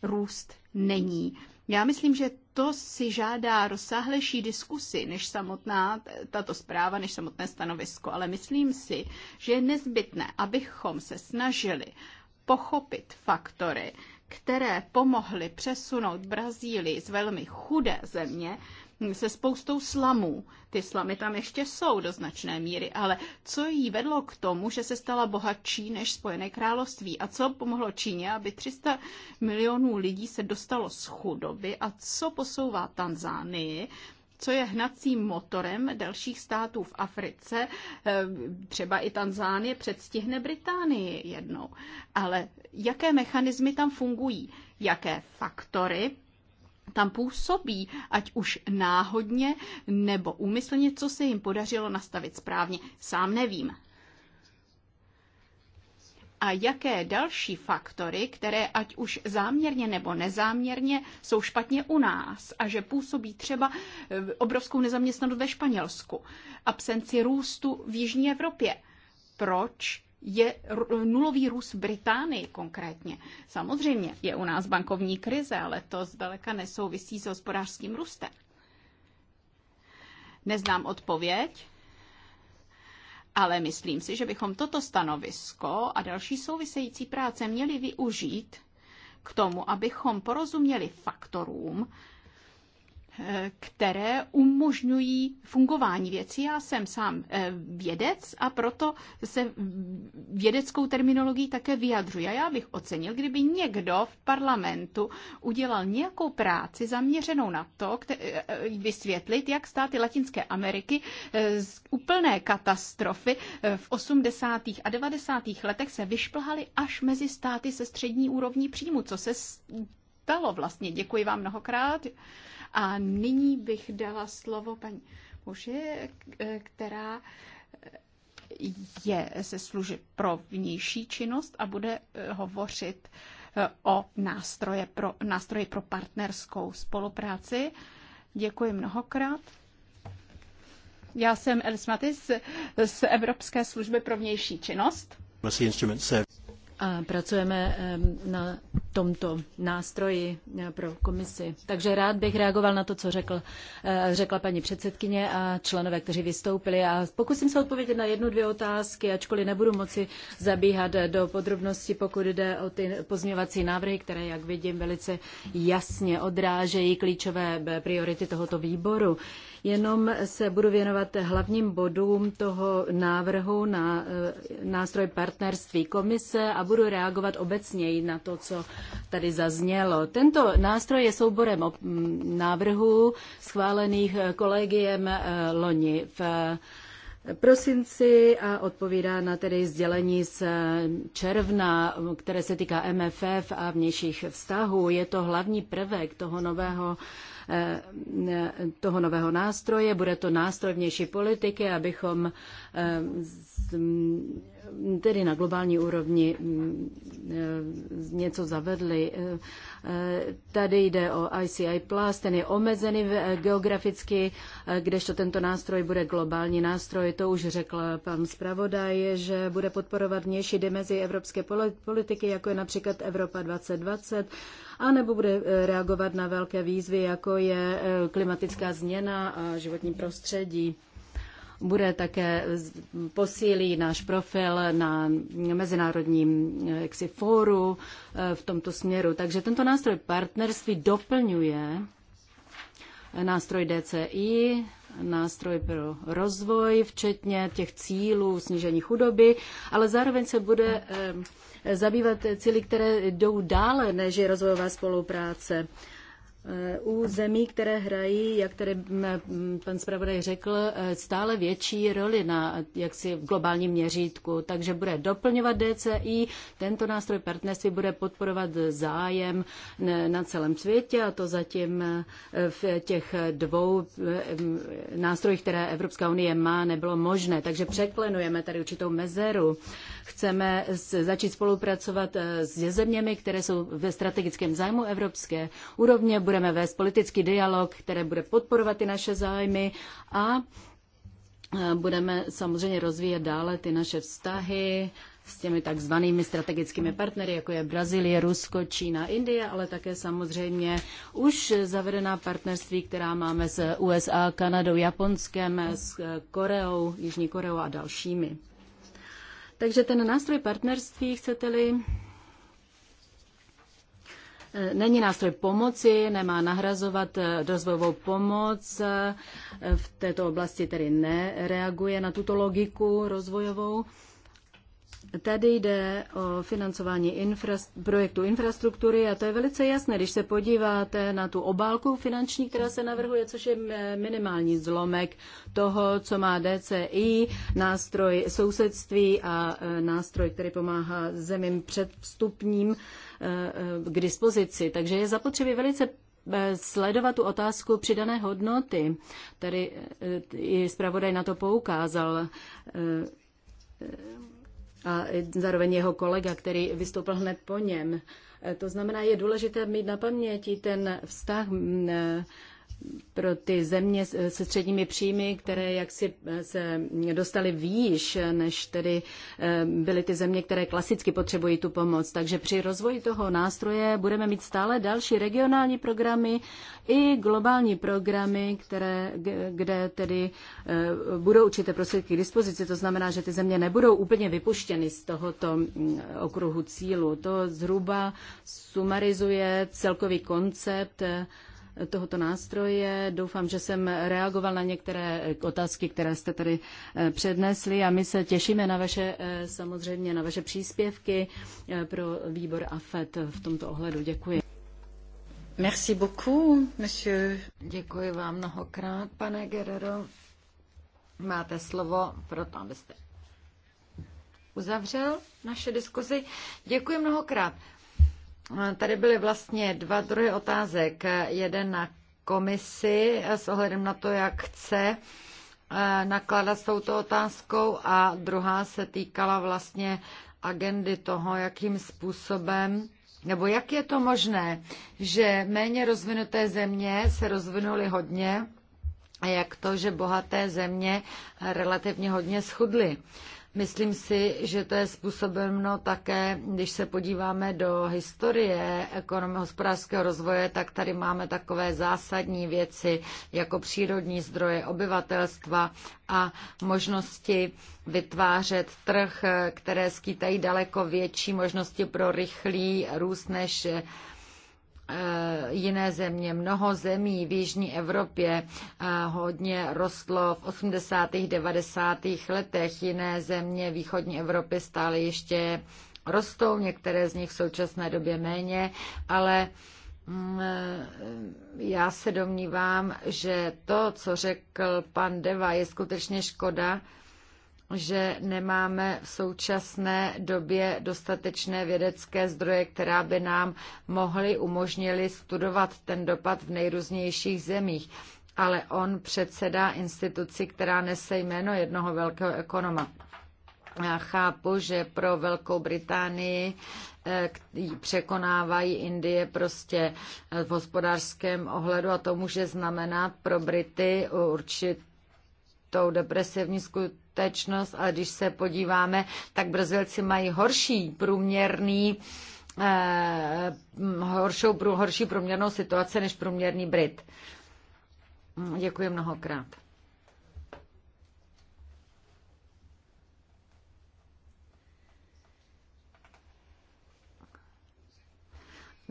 růst není. Já myslím, že to si žádá rozsáhlejší diskusy než samotná tato zpráva, než samotné stanovisko, ale myslím si, že je nezbytné, abychom se snažili pochopit faktory, které pomohly přesunout Brazílii z velmi chudé země se spoustou slamů. Ty slamy tam ještě jsou do značné míry, ale co jí vedlo k tomu, že se stala bohatší než Spojené království? A co pomohlo Číně, aby 300 milionů lidí se dostalo z chudoby? A co posouvá Tanzánii? co je hnacím motorem dalších států v Africe. Ehm, třeba i Tanzánie předstihne Británii jednou. Ale jaké mechanismy tam fungují? Jaké faktory tam působí, ať už náhodně nebo úmyslně, co se jim podařilo nastavit správně, sám nevím. A jaké další faktory, které ať už záměrně nebo nezáměrně jsou špatně u nás a že působí třeba e, obrovskou nezaměstnanost ve Španělsku, absenci růstu v Jižní Evropě. Proč je nulový růst Británii konkrétně. Samozřejmě je u nás bankovní krize, ale to zdaleka nesouvisí s hospodářským růstem. Neznám odpověď, ale myslím si, že bychom toto stanovisko a další související práce měli využít k tomu, abychom porozuměli faktorům, které umožňují fungování věcí. Já jsem sám eh, vědec a proto se vědeckou terminologií také vyjadřuji. A já bych ocenil, kdyby někdo v parlamentu udělal nějakou práci zaměřenou na to, eh, eh, vysvětlit, jak státy Latinské Ameriky z úplné katastrofy v 80. a 90. letech se vyšplhaly až mezi státy se střední úrovní příjmu. Co se stalo vlastně? Děkuji vám mnohokrát. A nyní bych dala slovo paní muži, eh, která eh, je ze služeb pro vnější činnost a bude eh, hovořit o nástroje pro, nástroji pro partnerskou spolupráci. Děkuji mnohokrát. Já jsem Elis Matis z Evropské služby pro vnější činnost. A Pracujeme na tomto nástroji eh, pro komisi. Takže rád bych reagoval na to, co řekl, eh, řekla paní předsedkyně a členové, kteří vystoupili. A pokusím se odpovědět na jednu, dvě otázky, ačkoliv nebudu moci zabíhat do podrobností, pokud jde o ty pozměvací návrhy, které, jak vidím, velice jasně odrážejí klíčové eh, priority tohoto výboru. Jenom se budu věnovat hlavním bodům toho návrhu na nástroj partnerství komise a budu reagovat obecněji na to, co tady zaznělo. Tento nástroj je souborem návrhů schválených eh, kolegiem eh, loni v eh, prosinci a odpovídá na tedy sdělení z června, které se týká MFF a vnějších vztahů. Je to hlavní prvek toho nového toho nového nástroje. Bude to nástroj vnější politiky, abychom tedy na globální úrovni mm, e, něco zavedli. E, e, tady jde o ICI+, Plus, ten je omezený geograficky, kdežto tento nástroj bude globální nástroj. To už řekl pan zpravodaj, že bude podporovat vnější dimenzi evropské politiky, jako je například Evropa 2020, anebo bude reagovat na velké výzvy, jako je klimatická změna a životní prostředí bude také posílí náš profil na mezinárodním eh, jaksi, fóru eh, v tomto směru. Takže tento nástroj partnerství doplňuje eh, nástroj DCI, nástroj pro rozvoj, včetně těch cílů snížení chudoby, ale zároveň se bude zabývat cíly, které jdou dále než je rozvojová spolupráce u zemí, které hrají, jak tady mm, mm, pan zpravodaj řekl, eh, stále větší roli na jaksi v globálním měřítku. Takže bude doplňovat DCI, tento nástroj partnerství bude podporovat zájem na celém světě a to zatím eh, v těch dvou eh, nástrojích, které Evropská unie má, nebylo možné. Takže překlenujeme tady určitou mezeru. Chceme začít spolupracovat s zeměmi, které jsou ve strategickém zájmu evropské úrovně, budeme vést politický dialog, které bude podporovat ty naše zájmy a e, budeme samozřejmě rozvíjet dále ty naše vztahy s těmi takzvanými strategickými partnery, jako je Brazílie, Rusko, Čína, Indie, ale také samozřejmě už zavedená partnerství, která máme s USA, Kanadou, Japonskem, s e, Koreou, Jižní Koreou a dalšími. Takže ten nástroj partnerství, chcete-li, není nástroj pomoci, nemá nahrazovat rozvojovou eh, pomoc. Eh, v této oblasti tedy nereaguje na tuto logiku rozvojovou. Tady jde o financování infra, projektu infrastruktury a to je velice jasné, když se podíváte na tu obálku finanční, která se navrhuje, což je minimální zlomek toho, co má DCI, nástroj sousedství a eh, nástroj, který pomáhá zemím předstupním k dispozici. Takže je zapotřebí velice eh, sledovat tu otázku přidané hodnoty. Tady eh, i zpravodaj na to poukázal eh, a zároveň jeho kolega, který vystoupil hned po něm. To znamená, je důležité mít na paměti ten vztah pro ty země se středními příjmy, které jaksi eh, se dostaly výš, eh, než tedy eh, byly ty země, které klasicky potřebují tu pomoc. Takže při rozvoji toho nástroje budeme mít stále další regionální programy i globální programy, které, kde tedy budou určité prostředky k dispozici. To znamená, že ty země nebudou úplně vypuštěny z tohoto mm, okruhu cílu. To zhruba sumarizuje celkový koncept tohoto nástroje. Doufám, že jsem reagoval na některé otázky, které jste tady eh, přednesli a my se těšíme na vaše, eh, samozřejmě na vaše příspěvky eh, pro výbor AFET v tomto ohledu. Děkuji. Merci beaucoup, monsieur. Děkuji vám mnohokrát, pane Guerrero. Máte slovo pro to, abyste uzavřel naše diskuzi. Děkuji mnohokrát. Tady byly vlastně dva druhy otázek. Jeden na komisi s ohledem na to, jak chce eh, nakládat s touto otázkou a druhá se týkala vlastně agendy toho, jakým způsobem nebo jak je to možné, že méně rozvinuté země se rozvinuly hodně a jak to, že bohaté země relativně hodně schudly. Myslím si, že to je způsobeno také, když se podíváme do historie ekonomie hospodářského rozvoje, tak tady máme takové zásadní věci jako přírodní zdroje obyvatelstva a možnosti vytvářet trh, které skýtají daleko větší možnosti pro rychlý růst než Eh, jiné země. Mnoho zemí v Jižní Evropě eh, hodně rostlo v 80. 90. letech. Jiné země východní Evropy stále ještě rostou, některé z nich v současné době méně, ale mm, eh, já se domnívám, že to, co řekl pan Deva, je skutečně škoda, že nemáme v současné době dostatečné vědecké zdroje, která by nám mohly umožnili studovat ten dopad v nejrůznějších zemích. Ale on předsedá instituci, která nese jméno jednoho velkého ekonoma. Já chápu, že pro Velkou Británii eh, překonávají Indie prostě eh, v hospodářském ohledu a to může znamenat pro Brity určit tou depresivní skutečnost, ale když se podíváme, tak Brazilci mají horší průměrný eh, horšou, horší průměrnou situaci než průměrný Brit. Děkuji mnohokrát.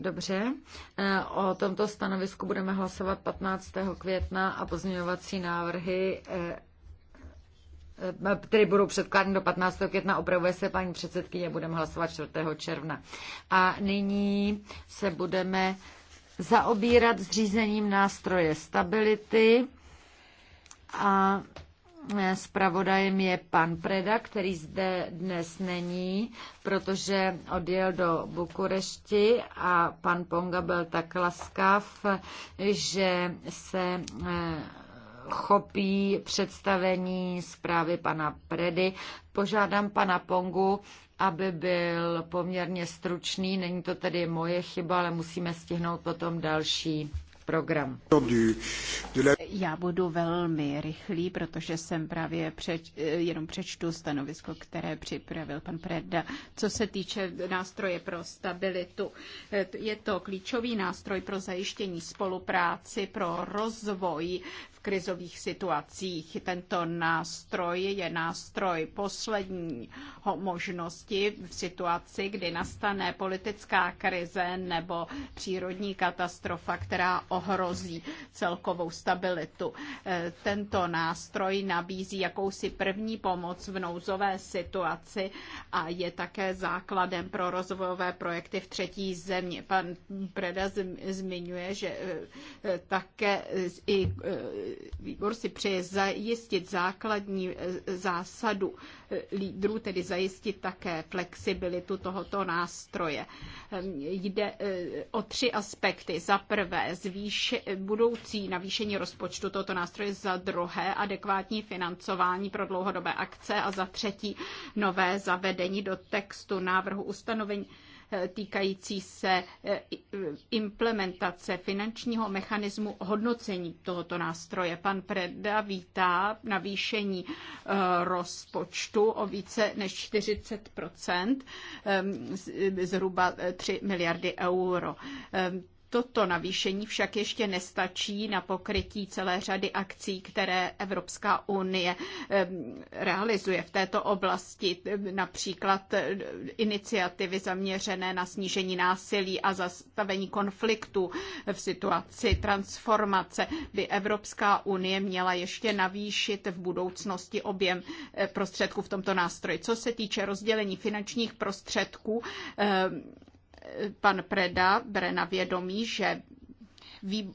Dobře, eh, o tomto stanovisku budeme hlasovat 15. května a pozměňovací návrhy eh, které eh, budou předkládány do 15. května, opravuje se paní předsedkyně, budeme hlasovat 4. června. A nyní se budeme zaobírat zřízením nástroje stability a eh, zpravodajem je pan Preda, který zde dnes není, protože odjel do Bukurešti a pan Ponga byl tak laskav, že se eh, chopí představení zprávy pana Predy. Požádám pana Pongu, aby byl poměrně stručný. Není to tedy moje chyba, ale musíme stihnout potom další program. Já budu velmi rychlý, protože jsem právě přeč, eh, jenom přečtu stanovisko, které připravil pan Preda. Co se týče nástroje pro stabilitu, eh, je to klíčový nástroj pro zajištění spolupráci, pro rozvoj krizových situacích. Tento nástroj je nástroj posledního možnosti v situaci, kdy nastane politická krize nebo přírodní katastrofa, která ohrozí celkovou stabilitu. E, tento nástroj nabízí jakousi první pomoc v nouzové situaci a je také základem pro rozvojové projekty v třetí zemi. Pan Preda zmiňuje, že e, e, také i výbor si přeje zajistit základní eh, zásadu eh, lídrů, tedy zajistit také flexibilitu tohoto nástroje. Ehm, jde eh, o tři aspekty. Za prvé budoucí navýšení rozpočtu tohoto nástroje, za druhé adekvátní financování pro dlouhodobé akce a za třetí nové zavedení do textu návrhu ustanovení týkající se eh, eh, implementace finančního mechanismu hodnocení tohoto nástroje. Pan Preda vítá navýšení eh, rozpočtu o více než 40 zhruba 3 miliardy euro. Toto navýšení však ještě nestačí na pokrytí celé řady akcí, které Evropská unie realizuje v této oblasti, například e, iniciativy zaměřené na snížení násilí a zastavení konfliktu v situaci transformace by Evropská unie měla ještě navýšit v budoucnosti objem e, prostředků v tomto nástroji. Co se týče rozdělení finančních prostředků, pan Preda bere na vědomí, že vý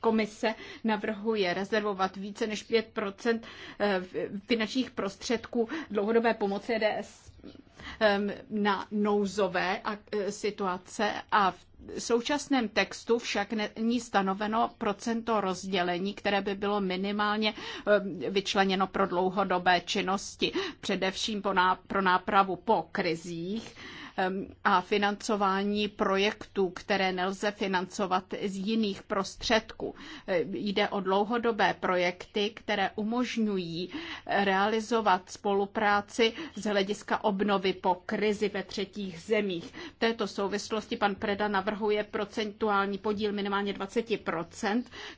komise navrhuje rezervovat více než 5 eh, finančních prostředků dlouhodobé pomoci EDS na nouzové eh, situace a v současném textu však není stanoveno procento rozdělení, které by bylo minimálně vyčleněno pro dlouhodobé činnosti, především pro nápravu po krizích a financování projektů, které nelze financovat z jiných prostředků. E, jde o dlouhodobé projekty, které umožňují realizovat spolupráci z hlediska obnovy po krizi ve třetích zemích. V této souvislosti pan Preda navrhuje procentuální podíl minimálně 20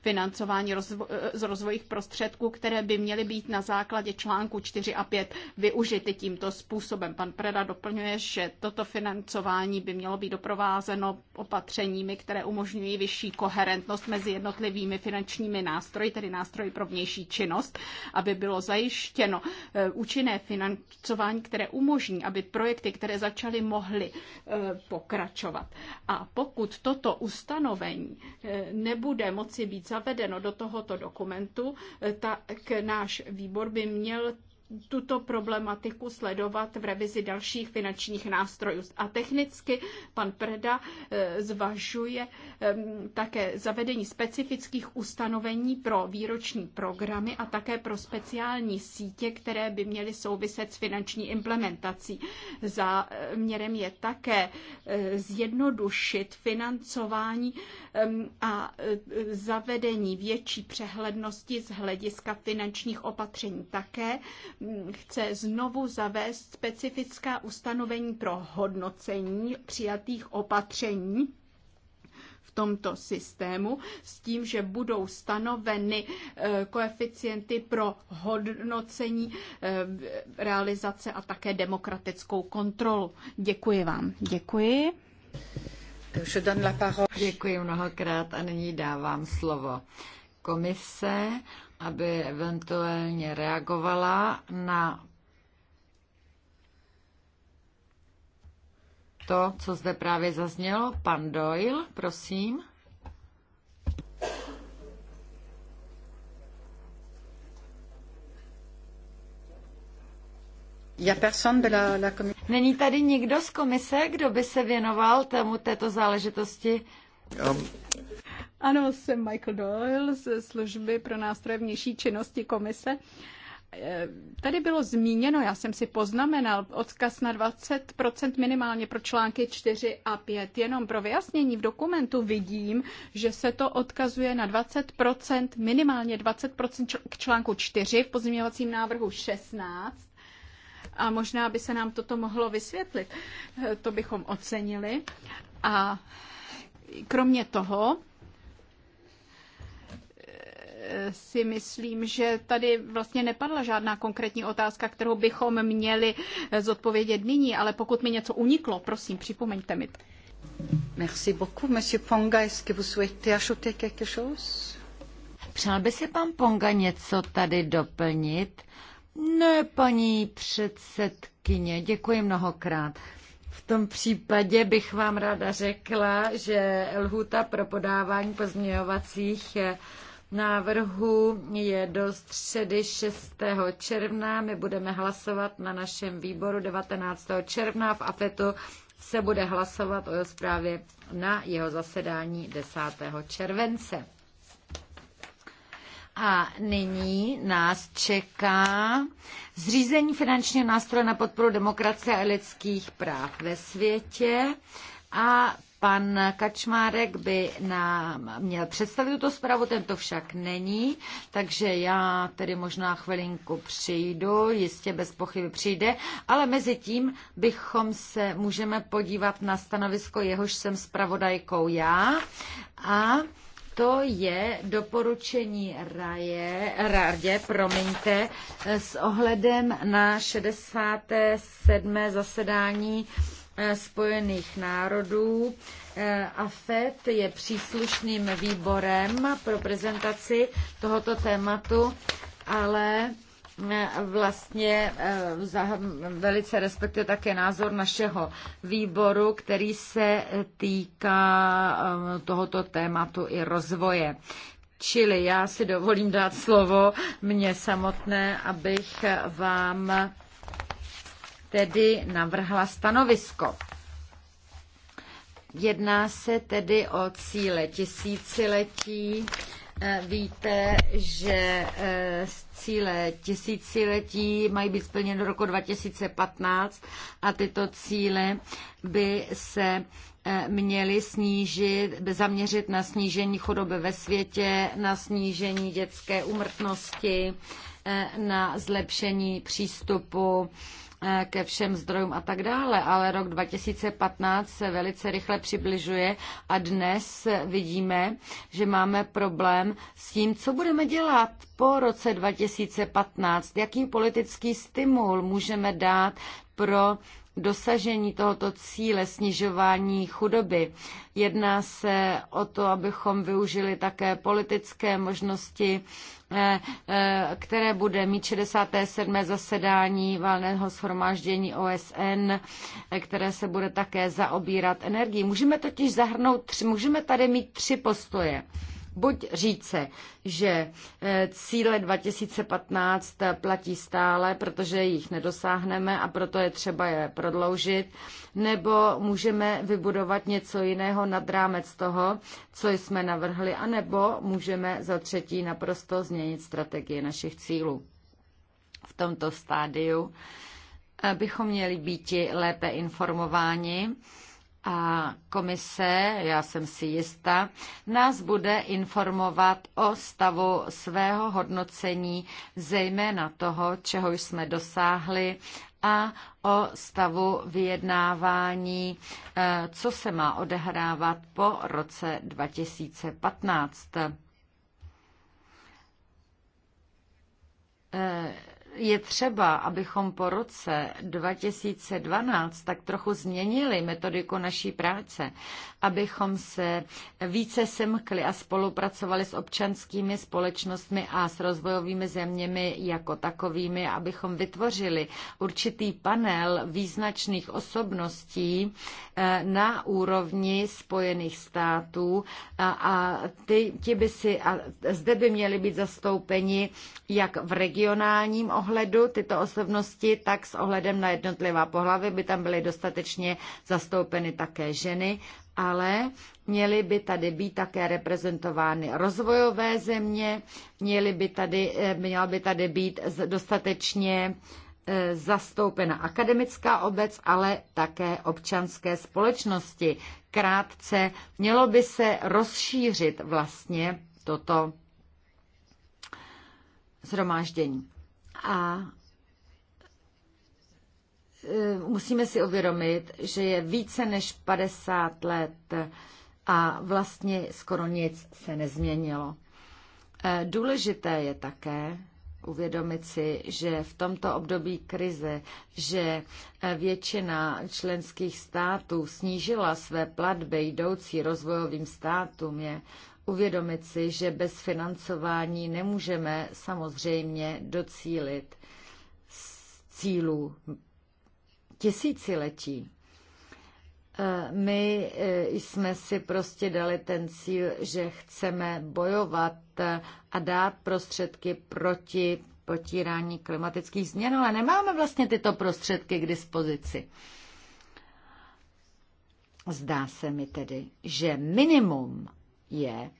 financování rozvo- z rozvojích prostředků, které by měly být na základě článku 4 a 5 využity tímto způsobem. Pan Preda doplňuje, že toto financování by mělo být doprovázeno opatřeními, které umožňují vyšší koherentnost mezi jednotlivými finančními nástroji, tedy nástroji pro vnější činnost, aby bylo zajištěno eh, účinné financování, které umožní, aby projekty, které začaly, mohly eh, pokračovat. A pokud toto ustanovení eh, nebude moci být zavedeno do tohoto dokumentu, tak náš výbor by měl tuto problematiku sledovat v revizi dalších finančních nástrojů. A technicky pan Preda eh, zvažuje ehm, také zavedení specifických ustanovení pro výroční programy a také pro speciální sítě, které by měly souviset s finanční implementací. Záměrem je také eh, zjednodušit financování a e, zavedení větší přehlednosti z hlediska finančních opatření. Také chce znovu zavést specifická ustanovení pro hodnocení přijatých opatření tomto systému s tím, že budou stanoveny e, koeficienty pro hodnocení e, realizace a také demokratickou kontrolu. Děkuji vám. Děkuji. Děkuji mnohokrát a nyní dávám slovo komise, aby eventuálně reagovala na to, co zde právě zaznělo. Pan Doyle, prosím. Il n'y a personne de la, la commission. Není tady nikdo z komise, kdo by se věnoval tomu této záležitosti? Um. Ano, jsem Michael Doyle ze služby pro nástroje vnější činnosti komise. E, tady bylo zmíněno, já jsem si poznamenal, odkaz na 20% minimálně pro články 4 a 5. Jenom pro vyjasnění v dokumentu vidím, že se to odkazuje na 20%, minimálně 20% k článku 4 v pozměňovacím návrhu 16 a možná by se nám toto mohlo vysvětlit. To bychom ocenili. A kromě toho, eh, si myslím, že tady vlastně nepadla žádná konkrétní otázka, kterou bychom měli eh, zodpovědět nyní, ale pokud mi něco uniklo, prosím, připomeňte mi. Merci beaucoup, monsieur Ponga. Est-ce que vous souhaitez ajouter quelque chose? Přál by si pan Ponga něco tady doplnit? Ne, paní předsedkyně, děkuji mnohokrát. V tom případě bych vám ráda řekla, že lhuta pro podávání pozměňovacích eh, návrhů je do středy 6. června. My budeme hlasovat na našem výboru 19. června v AFETu se bude hlasovat o jeho zprávě na jeho zasedání 10. července. A nyní nás čeká zřízení finančního nástroje na podporu demokracie a lidských práv ve světě. A pan Kačmárek by nám měl představit tuto zprávu, tento však není, takže já tedy možná chvilinku přijdu, jistě bez pochyby přijde, ale mezi tím bychom se můžeme podívat na stanovisko, jehož jsem zpravodajkou já a to je doporučení raje, rádě, promiňte, s ohledem na 67. zasedání eh, Spojených národů. Eh, AFET je příslušným výborem pro prezentaci tohoto tématu, ale vlastně eh, velice respektuje také názor našeho výboru, který se týká eh, tohoto tématu i rozvoje. Čili já si dovolím dát slovo mně samotné, abych vám tedy navrhla stanovisko. Jedná se tedy o cíle tisíciletí. Eh, víte, že cíle tisíciletí mají být splněny do roku 2015 a tyto cíle by se eh, měly snížit, zaměřit na snížení chudoby ve světě, na snížení dětské umrtnosti, eh, na zlepšení přístupu Eh, ke všem zdrojům a tak dále, ale rok 2015 se velice rychle přibližuje a dnes vidíme, že máme problém s tím, co budeme dělat po roce 2015, jaký politický stimul můžeme dát pro dosažení tohoto cíle snižování chudoby. Jedná se o to, abychom využili také politické možnosti, eh, eh, které bude mít 67. zasedání válného shromáždění OSN, eh, které se bude také zaobírat energií. Můžeme totiž zahrnout, můžeme tady mít tři postoje. Buď říce, že eh, cíle 2015 platí stále, protože jich nedosáhneme a proto je třeba je prodloužit, nebo můžeme vybudovat něco jiného nad rámec toho, co jsme navrhli, anebo můžeme za třetí naprosto změnit strategii našich cílů. V tomto stádiu eh, bychom měli být lépe informováni a komise, já jsem si jistá, nás bude informovat o stavu svého hodnocení, zejména toho, čeho jsme dosáhli a o stavu vyjednávání, eh, co se má odehrávat po roce 2015 je třeba, abychom po roce 2012 tak trochu změnili metodiku naší práce, abychom se více semkli a spolupracovali s občanskými společnostmi a s rozvojovými zeměmi jako takovými, abychom vytvořili určitý panel význačných osobností eh, na úrovni Spojených států a, a ty, ti by si, a zde by měli být zastoupeni jak v regionálním ohledu, ohledu tyto osobnosti, tak s ohledem na jednotlivá pohlavy by tam byly dostatečně zastoupeny také ženy, ale měly by tady být také reprezentovány rozvojové země, měly by tady, eh, měla by tady být dostatečně eh, zastoupena akademická obec, ale také občanské společnosti. Krátce, mělo by se rozšířit vlastně toto zhromáždění. A e, musíme si uvědomit, že je více než 50 let a vlastně skoro nic se nezměnilo. E, důležité je také uvědomit si, že v tomto období krize, že e, většina členských států snížila své platby jdoucí rozvojovým státům, je uvědomit si, že bez financování nemůžeme samozřejmě docílit cílů tisíciletí. E, my e, jsme si prostě dali ten cíl, že chceme bojovat a dát prostředky proti potírání klimatických změn, ale nemáme vlastně tyto prostředky k dispozici. Zdá se mi tedy, že minimum je,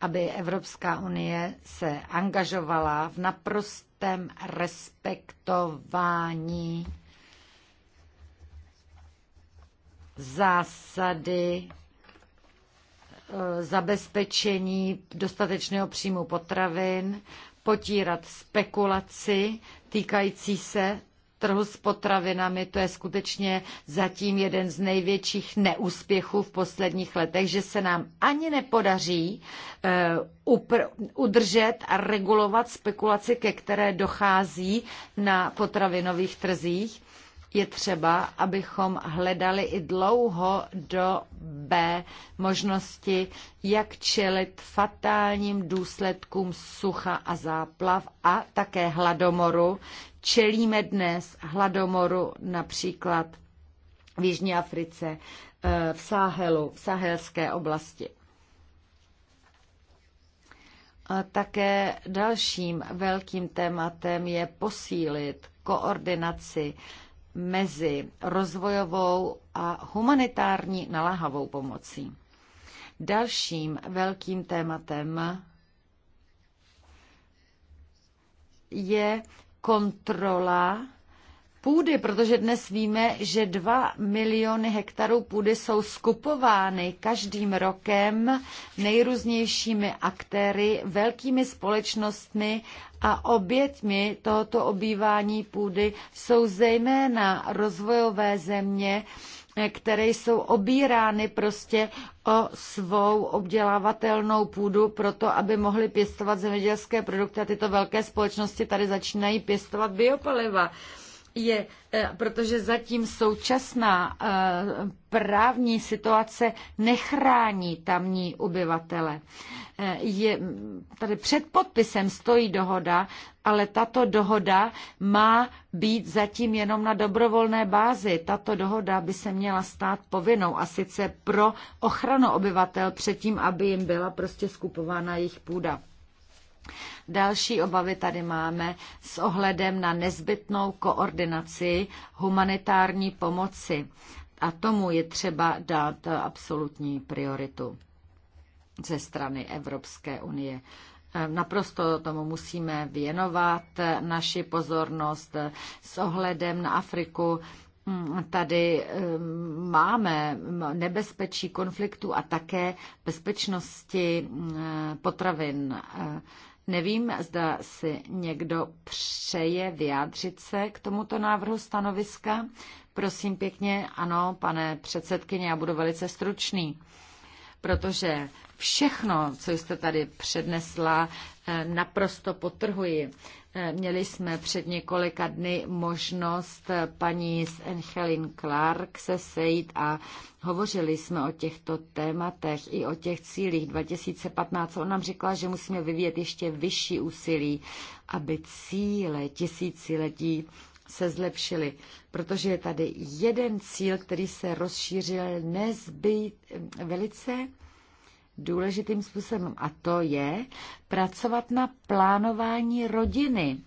aby Evropská unie se angažovala v naprostém respektování zásady eh, zabezpečení dostatečného příjmu potravin, potírat spekulaci týkající se trhu s potravinami, to je skutečně zatím jeden z největších neúspěchů v posledních letech, že se nám ani nepodaří eh, udržet a regulovat spekulaci, ke které dochází na potravinových trzích je třeba, abychom hledali i dlouho do B možnosti, jak čelit fatálním důsledkům sucha a záplav a také hladomoru. Čelíme dnes hladomoru například v Jižní Africe, eh, v Sáhelu, v sahelské oblasti. A také dalším velkým tématem je posílit koordinaci mezi rozvojovou a humanitární naláhavou pomocí. Dalším velkým tématem je kontrola půdy, protože dnes víme, že 2 miliony hektarů půdy jsou skupovány každým rokem nejrůznějšími aktéry, velkými společnostmi a oběťmi tohoto obývání půdy jsou zejména rozvojové země, které jsou obírány prostě o svou obdělávatelnou půdu proto, aby mohly pěstovat zemědělské produkty a tyto velké společnosti tady začínají pěstovat biopaliva je, eh, protože zatím současná eh, právní situace nechrání tamní obyvatele. Eh, je, tady před podpisem stojí dohoda, ale tato dohoda má být zatím jenom na dobrovolné bázi. Tato dohoda by se měla stát povinnou a sice pro ochranu obyvatel předtím, aby jim byla prostě skupována jejich půda. Další obavy tady máme s ohledem na nezbytnou koordinaci humanitární pomoci a tomu je třeba dát absolutní prioritu ze strany Evropské unie. Naprosto tomu musíme věnovat naši pozornost s ohledem na Afriku. Mm, tady mm, máme nebezpečí konfliktu a také bezpečnosti mm, potravin Nevím, zda si někdo přeje vyjádřit se k tomuto návrhu stanoviska. Prosím pěkně, ano, pane předsedkyně, já budu velice stručný, protože všechno, co jste tady přednesla, eh, naprosto potrhuji. Měli jsme před několika dny možnost paní s Angelin Clark se sejít a hovořili jsme o těchto tématech i o těch cílích 2015. Ona nám řekla, že musíme vyvíjet ještě vyšší úsilí, aby cíle tisíciletí se zlepšily, protože je tady jeden cíl, který se rozšířil nezbyt velice důležitým způsobem a to je pracovat na plánování rodiny.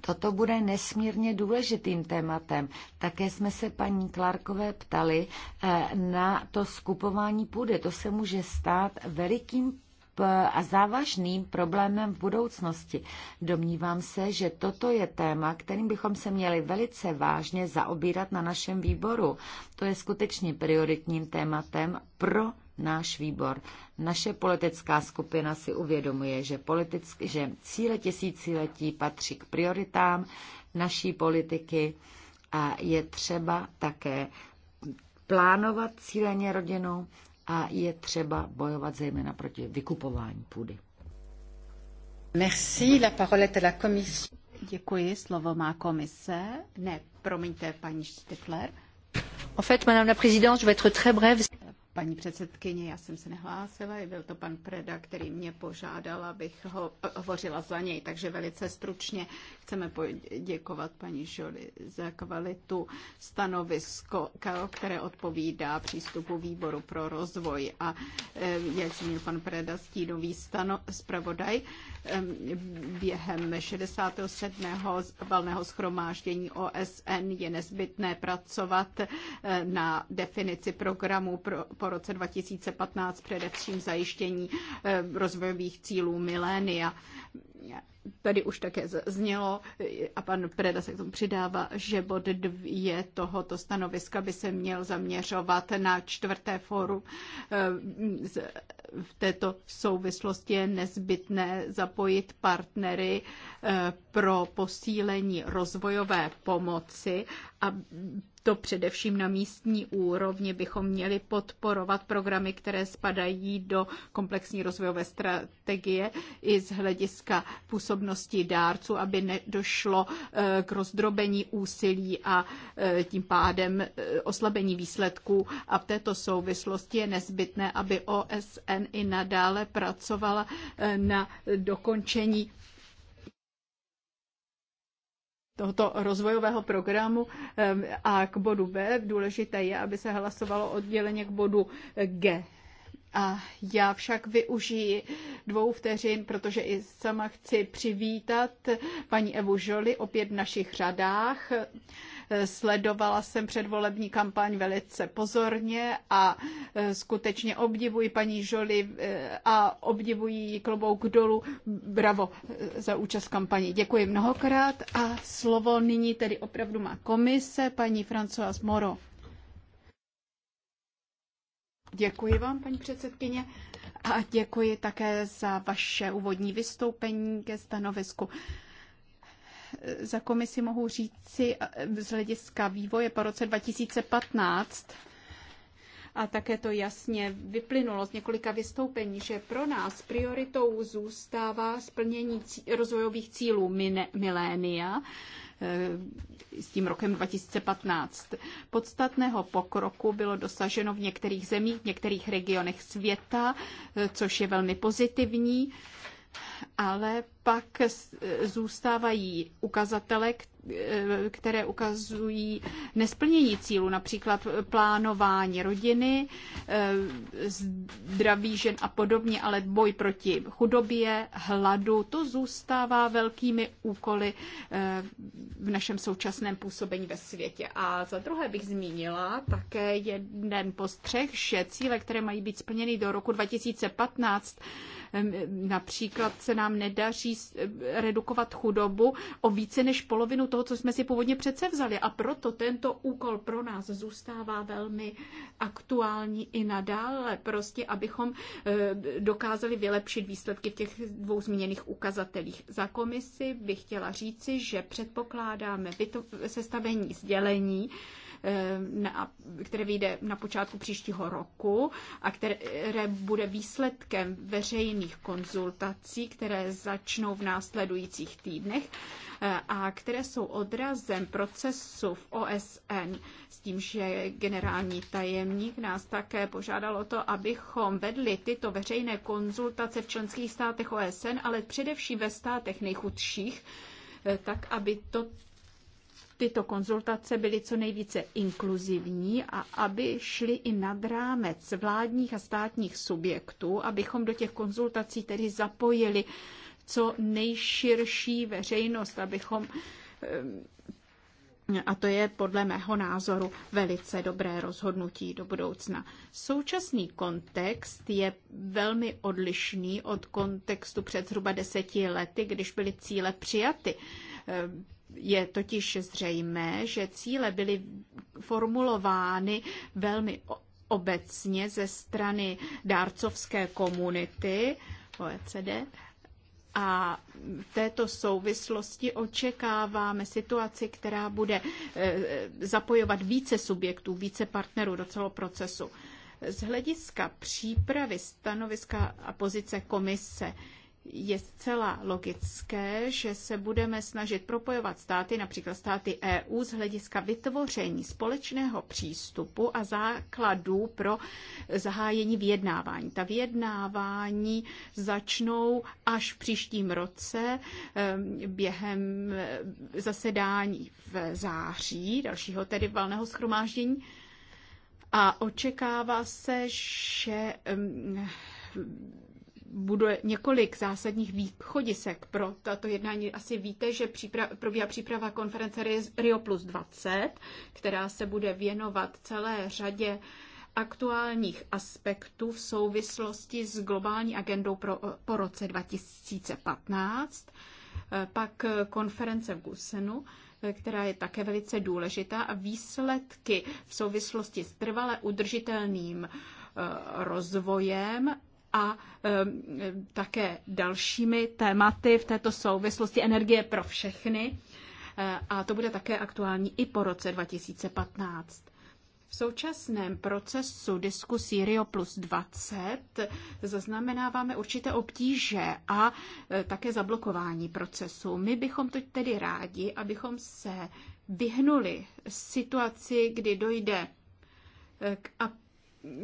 Toto bude nesmírně důležitým tématem. Také jsme se paní Klarkové ptali eh, na to skupování půdy. To se může stát velikým a závažným problémem v budoucnosti. Domnívám se, že toto je téma, kterým bychom se měli velice vážně zaobírat na našem výboru. To je skutečně prioritním tématem pro náš výbor. Naše politická skupina si uvědomuje, že, politick, že cíle tisíciletí patří k prioritám naší politiky a je třeba také plánovat cíleně rodinu a je třeba bojovat zejména proti vykupování půdy. Merci, la parole de la commission. Děkuji, slovo má komise. Ne, promiňte, paní Stifler. En fait, madame la présidente, je vais être très brève. Paní předsedkyně, já jsem se nehlásila, byl to pan Preda, který mě požádal, abych ho eh, hovořila za něj, takže velice stručně chceme poděkovat paní Žoli za kvalitu stanovisko, které odpovídá přístupu výboru pro rozvoj a eh, jak zmínil pan Preda, stínový stano, zpravodaj eh, během 67. valného schromáždění OSN je nezbytné pracovat na definici programu pro po roce 2015, především zajištění eh, rozvojových cílů milénia. Tady už také znělo, eh, a pan Preda se k tomu přidává, že bod dvě tohoto stanoviska by se měl zaměřovat na čtvrté fóru. Eh, v této souvislosti je nezbytné zapojit partnery pro posílení rozvojové pomoci a to především na místní úrovni bychom měli podporovat programy, které spadají do komplexní rozvojové strategie i z hlediska působnosti dárců, aby nedošlo eh, k rozdrobení úsilí a eh, tím pádem eh, oslabení výsledků. A v této souvislosti je nezbytné, aby OSN i nadále pracovala na dokončení tohoto rozvojového programu a k bodu B. Důležité je, aby se hlasovalo odděleně k bodu G. A já však využiji dvou vteřin, protože i sama chci přivítat paní Evu Žoli opět v našich řadách. Eh, sledovala jsem předvolební kampaň velice pozorně a eh, skutečně obdivuji paní Žoli eh, a obdivuji jí klobouk dolů. Bravo za účast kampaní. Děkuji mnohokrát a slovo nyní tedy opravdu má komise paní Françoise Moro. Děkuji vám, paní předsedkyně, a děkuji také za vaše úvodní vystoupení ke stanovisku za komisi mohu říci eh, z hlediska vývoje po roce 2015, a také to jasně vyplynulo z několika vystoupení, že pro nás prioritou zůstává splnění rozvojových cílů milénia eh, s tím rokem 2015. Podstatného pokroku bylo dosaženo v některých zemích, v některých regionech světa, eh, což je velmi pozitivní, ale pak zůstávají ukazatele, eh, které ukazují nesplnění cílu, například plánování rodiny, eh, zdraví žen a podobně, ale boj proti chudobě, hladu, to zůstává velkými úkoly eh, v našem současném působení ve světě. A za druhé bych zmínila také jeden postřeh, že cíle, které mají být splněny do roku 2015, například se nám nedaří redukovat chudobu o více než polovinu toho, co jsme si původně přece vzali. A proto tento úkol pro nás zůstává velmi aktuální i nadále, prostě abychom eh, dokázali vylepšit výsledky v těch dvou zmíněných ukazatelích. Za komisi bych chtěla říci, že předpokládáme sestavení sdělení, Eh, na, které vyjde na počátku příštího roku a které bude výsledkem veřejných konzultací, které začnou v následujících týdnech eh, a které jsou odrazem procesu v OSN s tím, že generální tajemník nás také požádal o to, abychom vedli tyto veřejné konzultace v členských státech OSN, ale především ve státech nejchudších, eh, tak aby to tyto konzultace byly co nejvíce inkluzivní a aby šly i nad rámec vládních a státních subjektů, abychom do těch konzultací tedy zapojili co nejširší veřejnost, abychom ehm, a to je podle mého názoru velice dobré rozhodnutí do budoucna. Současný kontext je velmi odlišný od kontextu před zhruba deseti lety, když byly cíle přijaty ehm, je totiž zřejmé, že cíle byly formulovány velmi obecně ze strany dárcovské komunity OECD a v této souvislosti očekáváme situaci, která bude e, zapojovat více subjektů, více partnerů do celého procesu. Z hlediska přípravy stanoviska a pozice komise je zcela logické, že se budeme snažit propojovat státy, například státy EU, z hlediska vytvoření společného přístupu a základů pro zahájení vyjednávání. Ta vyjednávání začnou až v příštím roce během eh, zasedání v září, dalšího tedy valného schromáždění. A očekává se, že bude několik zásadních východisek pro tato jednání. Asi víte, že přípra- probíhá příprava konference Rio plus 20, která se bude věnovat celé řadě aktuálních aspektů v souvislosti s globální agendou pro, po roce 2015, eh, pak eh, konference v Gusenu, eh, která je také velice důležitá a výsledky v souvislosti s trvale udržitelným rozvojem a e, také dalšími tématy v této souvislosti energie pro všechny. E, a to bude také aktuální i po roce 2015. V současném procesu diskusí Rio plus 20 zaznamenáváme určité obtíže a e, také zablokování procesu. My bychom to tedy rádi, abychom se vyhnuli situaci, kdy dojde k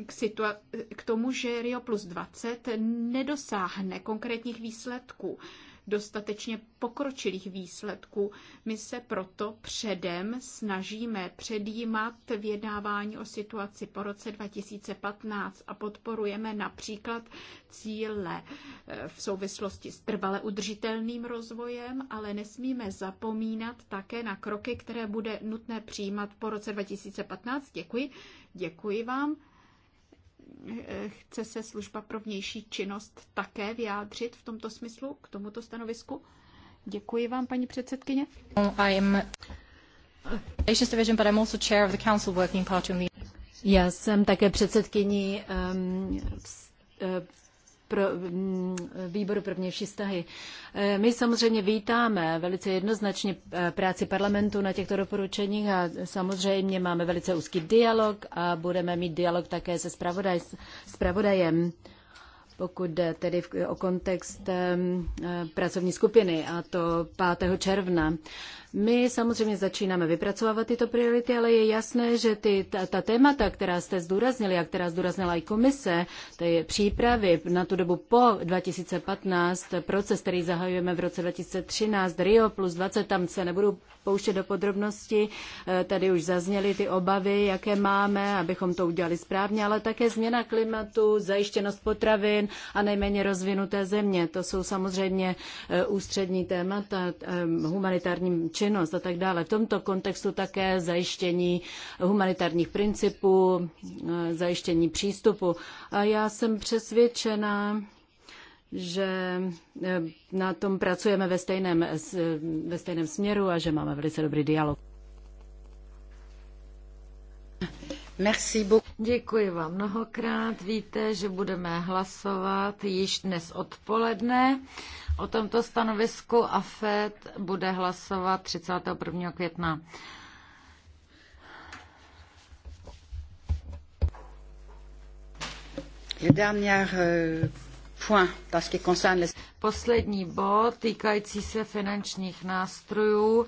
k, situa- k tomu, že Rio plus 20 nedosáhne konkrétních výsledků, dostatečně pokročilých výsledků. My se proto předem snažíme předjímat vědávání o situaci po roce 2015 a podporujeme například cíle eh, v souvislosti s trvale udržitelným rozvojem, ale nesmíme zapomínat také na kroky, které bude nutné přijímat po roce 2015. Děkuji. Děkuji vám. Chce se služba pro vnější činnost také vyjádřit v tomto smyslu k tomuto stanovisku? Děkuji vám, paní předsedkyně. Já jsem také předsedkyní um, pro, mm, výboru pro vnější vztahy. Eh, my samozřejmě vítáme velice jednoznačně eh, práci parlamentu na těchto doporučeních a samozřejmě máme velice úzký dialog a budeme mít dialog také se spravodaj, spravodajem pokud jde tedy o kontext eh, pracovní skupiny, a to 5. června. My samozřejmě začínáme vypracovávat tyto priority, ale je jasné, že ty, ta, ta témata, která jste zdůraznili a která zdůraznila i komise, to je přípravy na tu dobu po 2015, proces, který zahajujeme v roce 2013, Rio plus 20, tam se nebudu pouštět do podrobnosti. Eh, tady už zazněly ty obavy, jaké máme, abychom to udělali správně, ale také změna klimatu, zajištěnost potravin a nejméně rozvinuté země. To jsou samozřejmě eh, ústřední témata eh, humanitárním či činnost a tak dále. V tomto kontextu také zajištění humanitárních principů, eh, zajištění přístupu. A já jsem přesvědčena, že eh, na tom pracujeme ve stejném, ve stejném směru a že máme velice dobrý dialog. Merci beaucoup. Děkuji vám mnohokrát. Víte, že budeme hlasovat již dnes odpoledne. O tomto stanovisku a FED bude hlasovat 31. května. Euh, Poslední bod týkající se finančních nástrojů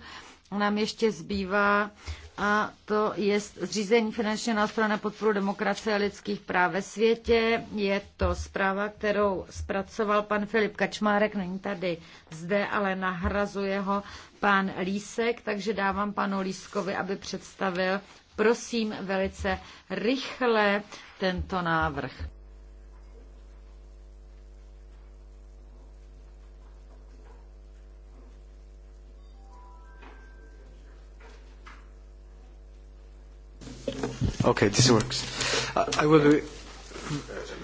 nám ještě zbývá a to je zřízení finančního nástroje na podporu demokracie a lidských práv ve světě. Je to zpráva, kterou zpracoval pan Filip Kačmárek, není tady zde, ale nahrazuje ho pan Lísek, takže dávám panu Lískovi, aby představil, prosím, velice rychle tento návrh. Okay, this works. I will be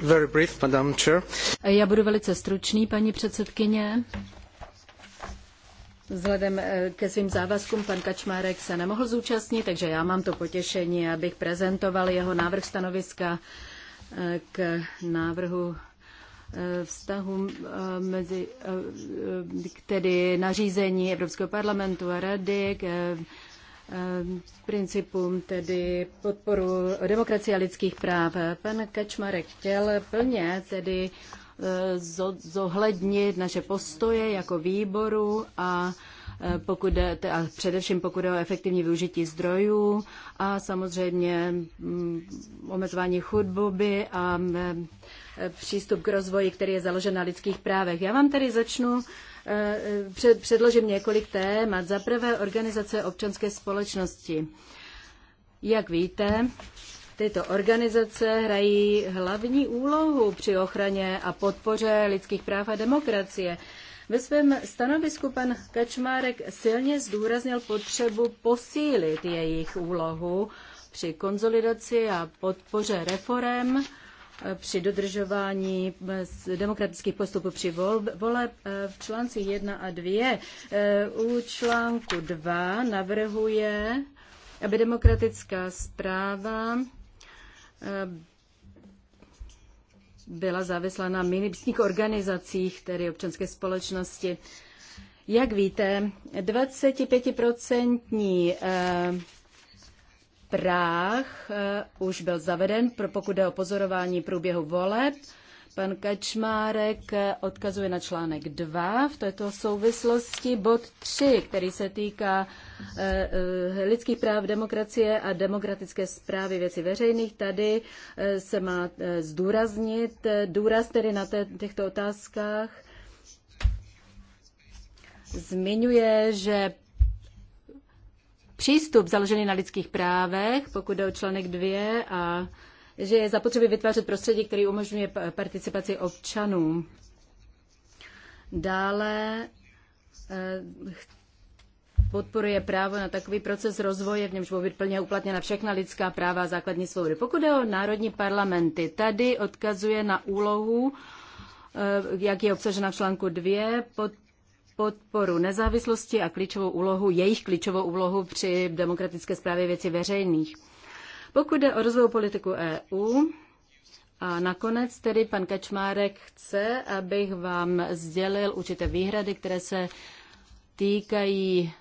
very brief, Madam Chair. Já budu velice stručný, paní předsedkyně. Vzhledem eh, ke svým závazkům pan Kačmárek se nemohl zúčastnit, takže já mám to potěšení, abych prezentoval jeho návrh stanoviska eh, k návrhu eh, vztahu mezi tedy nařízení Evropského parlamentu a rady k Eh, principům, tedy podporu demokracie a lidských práv. Pan Kačmarek chtěl plně tedy eh, zohlednit naše postoje jako výboru a eh, pokud jde, a především pokud jde o efektivní využití zdrojů a samozřejmě mm, omezování chudoby a přístup k rozvoji, který je založen na lidských právech. Já vám tedy začnu předložím několik témat. Za prvé organizace občanské společnosti. Jak víte, tyto organizace hrají hlavní úlohu při ochraně a podpoře lidských práv a demokracie. Ve svém stanovisku pan Kačmárek silně zdůraznil potřebu posílit jejich úlohu při konzolidaci a podpoře reform při dodržování eh, demokratických postupů při vole eh, v článcích 1 a 2. Eh, u článku 2 navrhuje, aby demokratická zpráva byla závislá na místních organizacích, tedy občanské společnosti. Jak víte, 25% práh eh, už byl zaveden, pro pokud je o pozorování průběhu voleb. Pan Kačmárek eh, odkazuje na článek 2 v této souvislosti bod 3, který se týká eh, lidských práv, demokracie a demokratické zprávy věcí veřejných. Tady se má zdůraznit důraz tedy na těchto otázkách zmiňuje, že přístup založený na lidských právech, pokud jde o článek 2, a že je zapotřebí vytvářet prostředí, které umožňuje participaci občanů. Dále eh, podporuje právo na takový proces rozvoje, v němž budou být plně uplatněna všechna lidská práva a základní svobody. Pokud je o národní parlamenty, tady odkazuje na úlohu, eh, jak je obsažena v článku 2, pod podporu nezávislosti a klíčovou úlohu, jejich klíčovou úlohu při demokratické zprávě věcí veřejných. Pokud jde o rozvoj politiku EU, a nakonec tedy pan Kačmárek chce, abych vám sdělil určité výhrady, které se týkají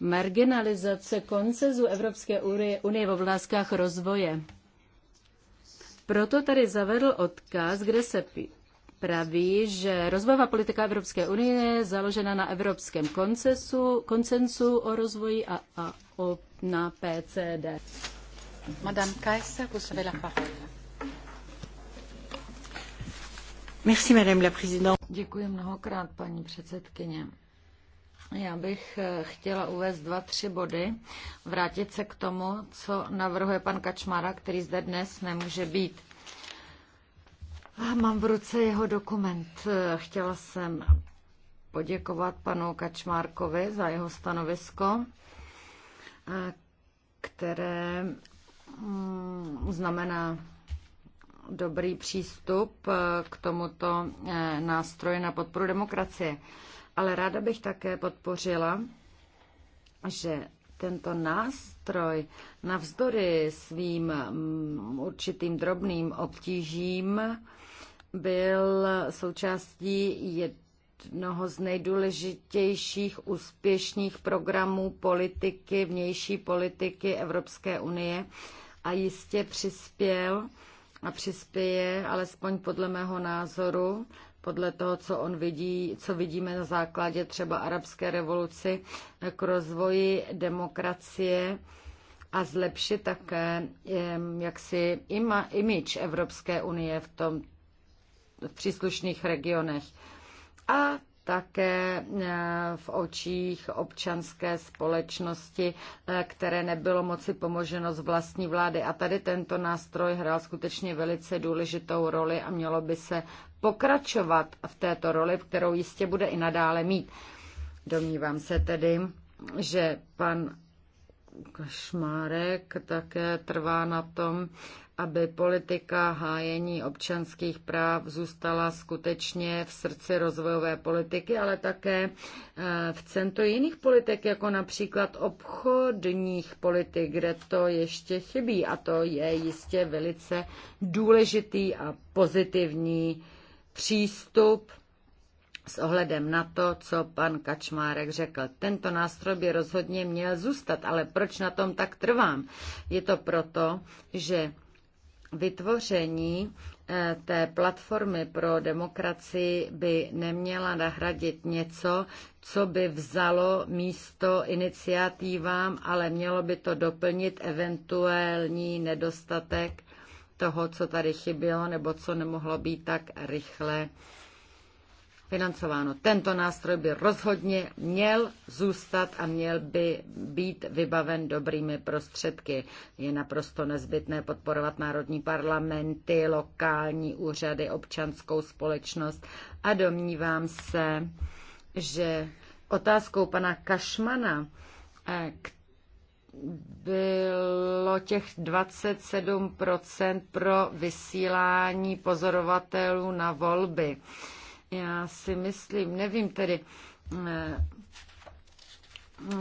marginalizace koncezu Evropské unie v oblastkách rozvoje. Proto tady zavedl odkaz, kde se praví, že rozvojová politika Evropské unie je založena na evropském koncesu, koncensu o rozvoji a, a o, na PCD. Madame Kaiser, vous avez la parole. Merci, madame la présidente. Děkuji mnohokrát, paní předsedkyně. Já bych eh, chtěla uvést dva, tři body, vrátit se k tomu, co navrhuje pan Kačmara, který zde dnes nemůže být. Ah, mám v ruce jeho dokument. Chtěla jsem poděkovat panu Kačmárkovi za jeho stanovisko, které mm, znamená dobrý přístup eh, k tomuto eh, nástroji na podporu demokracie. Ale ráda bych také podpořila, že tento nástroj navzdory svým mm, určitým drobným obtížím byl součástí jednoho z nejdůležitějších úspěšných programů politiky, vnější politiky Evropské unie a jistě přispěl a přispěje, alespoň podle mého názoru, podle toho, co on vidí, co vidíme na základě třeba arabské revoluci, k rozvoji demokracie a zlepšit také jaksi ima, imič Evropské unie v tom, v příslušných regionech. A také eh, v očích občanské společnosti, eh, které nebylo moci pomoženo z vlastní vlády. A tady tento nástroj hrál skutečně velice důležitou roli a mělo by se pokračovat v této roli, kterou jistě bude i nadále mít. Domnívám se tedy, že pan Kašmárek také trvá na tom, aby politika hájení občanských práv zůstala skutečně v srdci rozvojové politiky, ale také eh, v centru jiných politik, jako například obchodních politik, kde to ještě chybí. A to je jistě velice důležitý a pozitivní přístup s ohledem na to, co pan Kačmárek řekl. Tento nástroj by rozhodně měl zůstat, ale proč na tom tak trvám? Je to proto, že vytvoření eh, té platformy pro demokracii by neměla nahradit něco, co by vzalo místo iniciativám, ale mělo by to doplnit eventuální nedostatek toho, co tady chybělo nebo co nemohlo být tak rychle financováno. Tento nástroj by rozhodně měl zůstat a měl by být vybaven dobrými prostředky. Je naprosto nezbytné podporovat národní parlamenty, lokální úřady, občanskou společnost a domnívám se, že otázkou pana Kašmana, eh, bylo těch 27% pro vysílání pozorovatelů na volby. Já si myslím, nevím tedy, eh,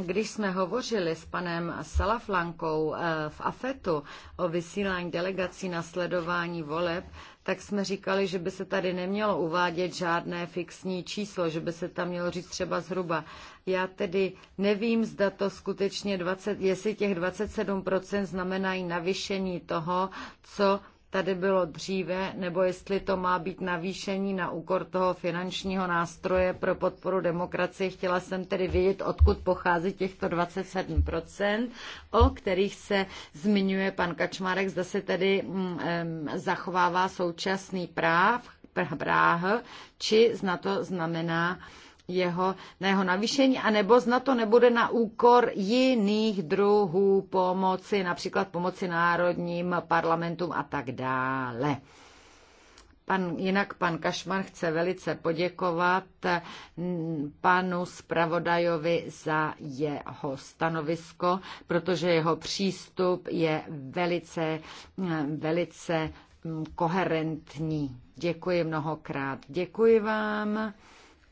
když jsme hovořili s panem Salaflankou eh, v AFETu o vysílání delegací na sledování voleb, tak jsme říkali, že by se tady nemělo uvádět žádné fixní číslo, že by se tam mělo říct třeba zhruba. Já tedy nevím, zda to skutečně 20, jestli těch 27% znamenají navýšení toho, co tady bylo dříve, nebo jestli to má být navýšení na úkor toho finančního nástroje pro podporu demokracie. Chtěla jsem tedy vědět, odkud pochází těchto 27%, o kterých se zmiňuje pan Kačmarek, zda se tedy um, zachovává současný práv, práh, či zna to znamená, jeho, na jeho navýšení, anebo zna to nebude na úkor jiných druhů pomoci, například pomoci národním parlamentům a tak dále. Pan, jinak pan Kašman chce velice poděkovat mm, panu Spravodajovi za jeho stanovisko, protože jeho přístup je velice, mm, velice mm, koherentní. Děkuji mnohokrát. Děkuji vám.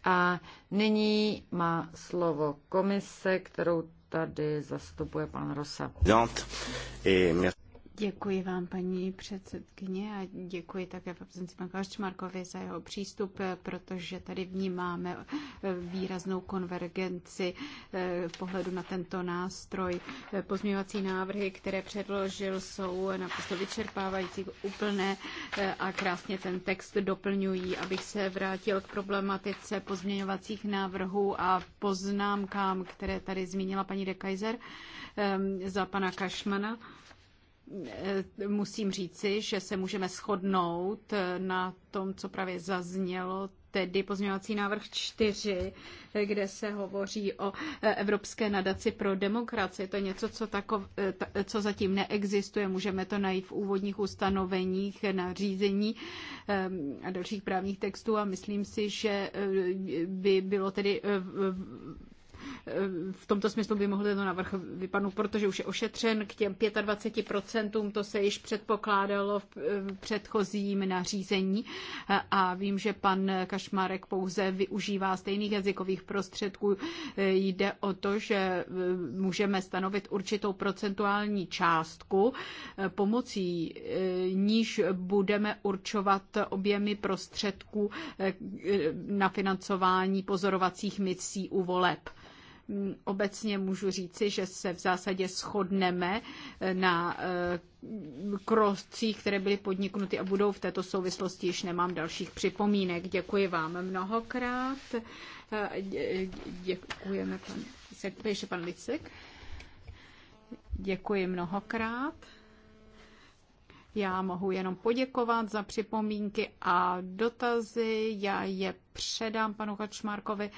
A nyní má slovo komise, kterou tady zastupuje pan Rosa. Děkuji vám, paní předsedkyně, a děkuji také absenci panu Kaščmarkovi za jeho přístup, protože tady vnímáme výraznou konvergenci eh, v pohledu na tento nástroj. Pozměňovací návrhy, které předložil, jsou naprosto vyčerpávající, úplné eh, a krásně ten text doplňují. Abych se vrátil k problematice pozměňovacích návrhů a poznámkám, které tady zmínila paní de Kaiser ehm, za pana Kašmana. Eh, musím říci, že se můžeme shodnout eh, na tom, co právě zaznělo, tedy pozměňovací návrh 4, eh, kde se hovoří o Evropské nadaci pro demokracii. To je něco, co, tako, co zatím neexistuje. Můžeme to najít v úvodních ustanoveních, nařízení ehm, a dalších právních textů a myslím si, že by bylo tedy Eh, v tomto smyslu by mohl tento návrh vypadnout, protože už je ošetřen k těm 25%, to se již předpokládalo eh, v předchozím nařízení a vím, že pan Kašmarek pouze využívá stejných jazykových prostředků. Eh, jde o to, že můžeme stanovit určitou procentuální částku, pomocí níž budeme určovat objemy prostředků na financování pozorovacích misí u voleb. Obecně můžu říci, že se v zásadě shodneme eh, na eh, krocích, které byly podniknuty a budou v této souvislosti. Již nemám dalších připomínek. Děkuji vám mnohokrát. Eh, děkujeme, pan Lisek. Píše pan Lisek. Děkuji mnohokrát. Já mohu jenom poděkovat za připomínky a dotazy. Já je předám panu Kačmárkovi.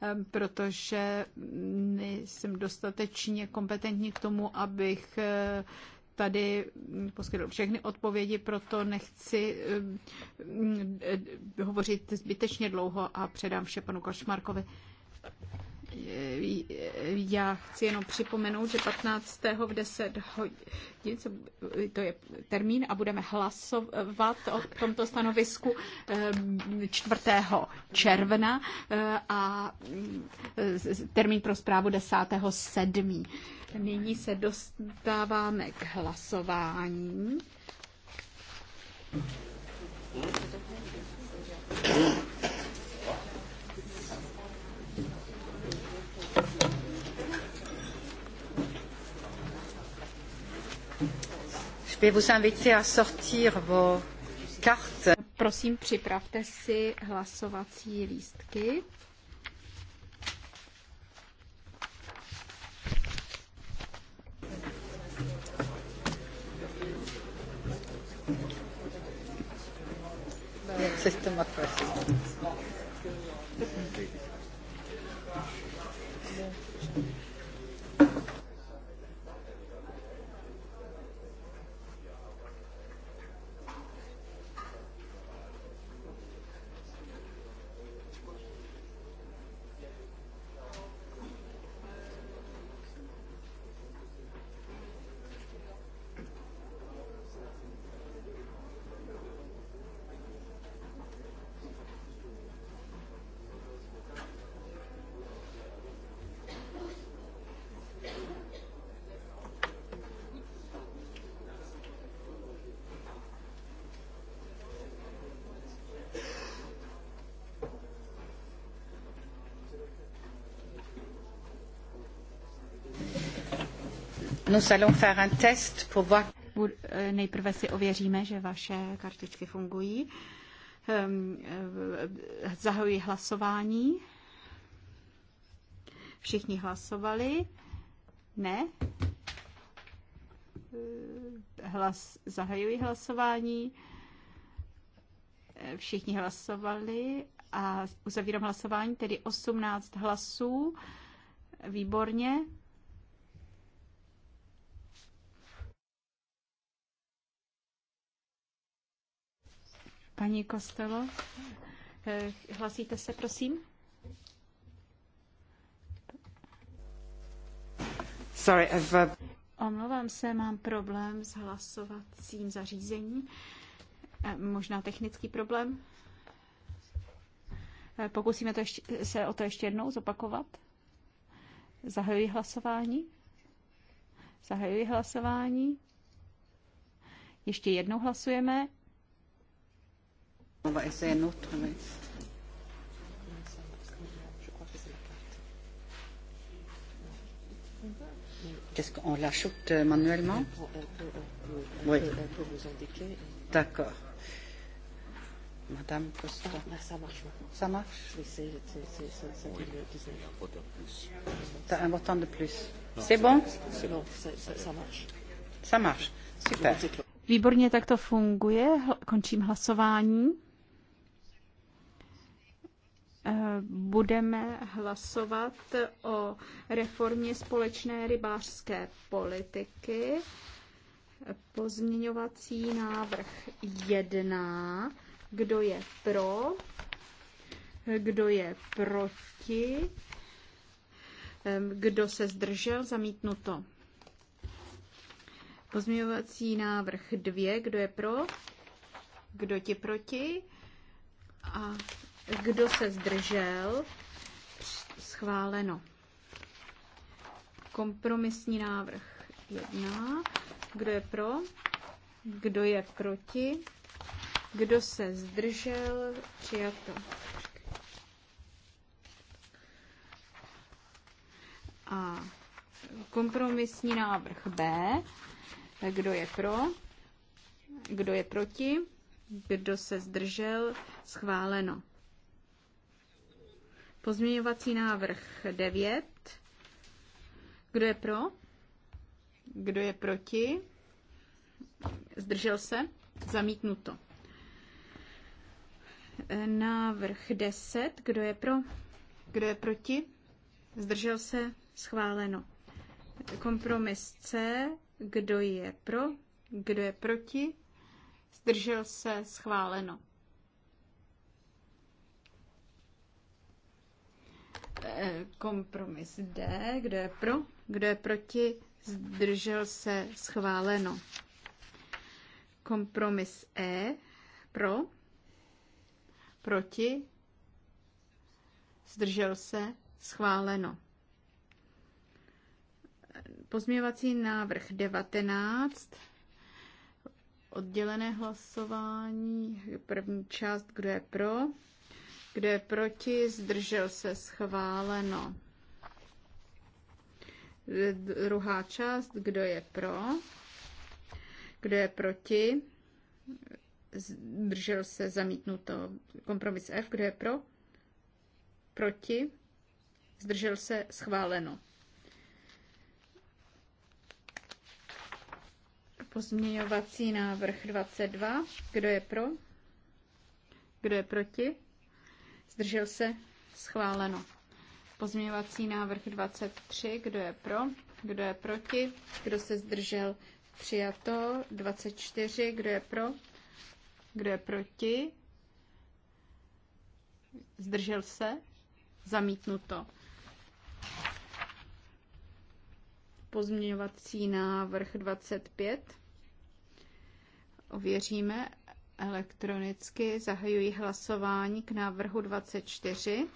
Ehm, protože nejsem dostatečně kompetentní k tomu, abych eh, tady poskytl všechny odpovědi, proto nechci ehm, eh, hovořit zbytečně dlouho a předám vše panu Košmarkovi já chci jenom připomenout, že 15. v 10 hodin, to je termín, a budeme hlasovat o tomto stanovisku 4. Ehm, června eh, a eh, termín pro zprávu 10. 7. Nyní se dostáváme k hlasování. Thank you. [COUGHS] Prosím, připravte si hlasovací lístky. System of Nous allons faire un test pour voir... Eh, nejprve si ověříme, že vaše kartičky fungují. Ehm, eh, zahajuji hlasování. Všichni hlasovali. Ne? Eh, hlas, zahajuji hlasování. Všichni hlasovali a uzavírám hlasování, tedy 18 hlasů. Výborně. Paní Kostelo, eh, hlasíte se, prosím? Sorry, I've... Uh, Omlouvám se, mám problém s hlasovacím zařízením. Eh, možná technický problém. Eh, pokusíme to ještě, se o to ještě jednou zopakovat. Zahajuji hlasování. Zahajuji hlasování. Ještě jednou hlasujeme. On va essayer un autre. Mais... Qu'est-ce qu'on euh, manuellement Oui. D'accord. Madame Costa. Ah, ça marche Ça marche Oui, c'est, le T'as un de plus. c'est bon ça marche. Ça marche. Super. Výborně, tak to funguje. Končím hlasování budeme hlasovat o reformě společné rybářské politiky. Pozměňovací návrh 1. Kdo je pro? Kdo je proti? Kdo se zdržel? Zamítnuto. Pozměňovací návrh 2. Kdo je pro? Kdo ti proti? A kdo se zdržel? Schváleno. Kompromisní návrh jedna. Kdo je pro? Kdo je proti? Kdo se zdržel? Přijato. A kompromisní návrh B. Kdo je pro? Kdo je proti? Kdo se zdržel? Schváleno. Pozměňovací návrh 9. Kdo je pro? Kdo je proti? Zdržel se? Zamítnuto. Návrh 10. Kdo je pro? Kdo je proti? Zdržel se? Schváleno. Kompromis C. Kdo je pro? Kdo je proti? Zdržel se? Schváleno. Eh, kompromis D, kdo je pro, kdo je proti, zdržel se schváleno. Kompromis E, pro, proti, zdržel se schváleno. Pozměvací návrh 19, oddělené hlasování, první část, kdo je pro, kdo je proti? Zdržel se schváleno. Druhá část. Kdo je pro? Kdo je proti? Zdržel se zamítnuto. Kompromis F. Kdo je pro? Proti? Zdržel se schváleno. Pozměňovací návrh 22. Kdo je pro? Kdo je proti? Zdržel se? Schváleno. Pozměňovací návrh 23. Kdo je pro? Kdo je proti? Kdo se zdržel? Přijato. 24. Kdo je pro? Kdo je proti? Zdržel se? Zamítnuto. Pozměňovací návrh 25. Ověříme elektronicky. Zahajuji hlasování k návrhu 24.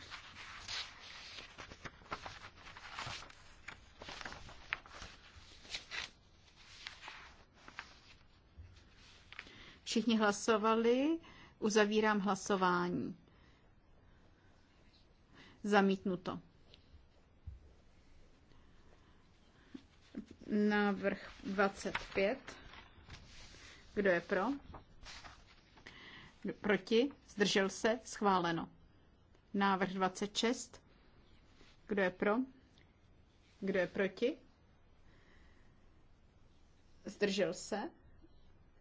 Všichni hlasovali, uzavírám hlasování. Zamítnuto. Návrh 25. Kdo je pro? Proti? Zdržel se? Schváleno. Návrh 26. Kdo je pro? Kdo je proti? Zdržel se?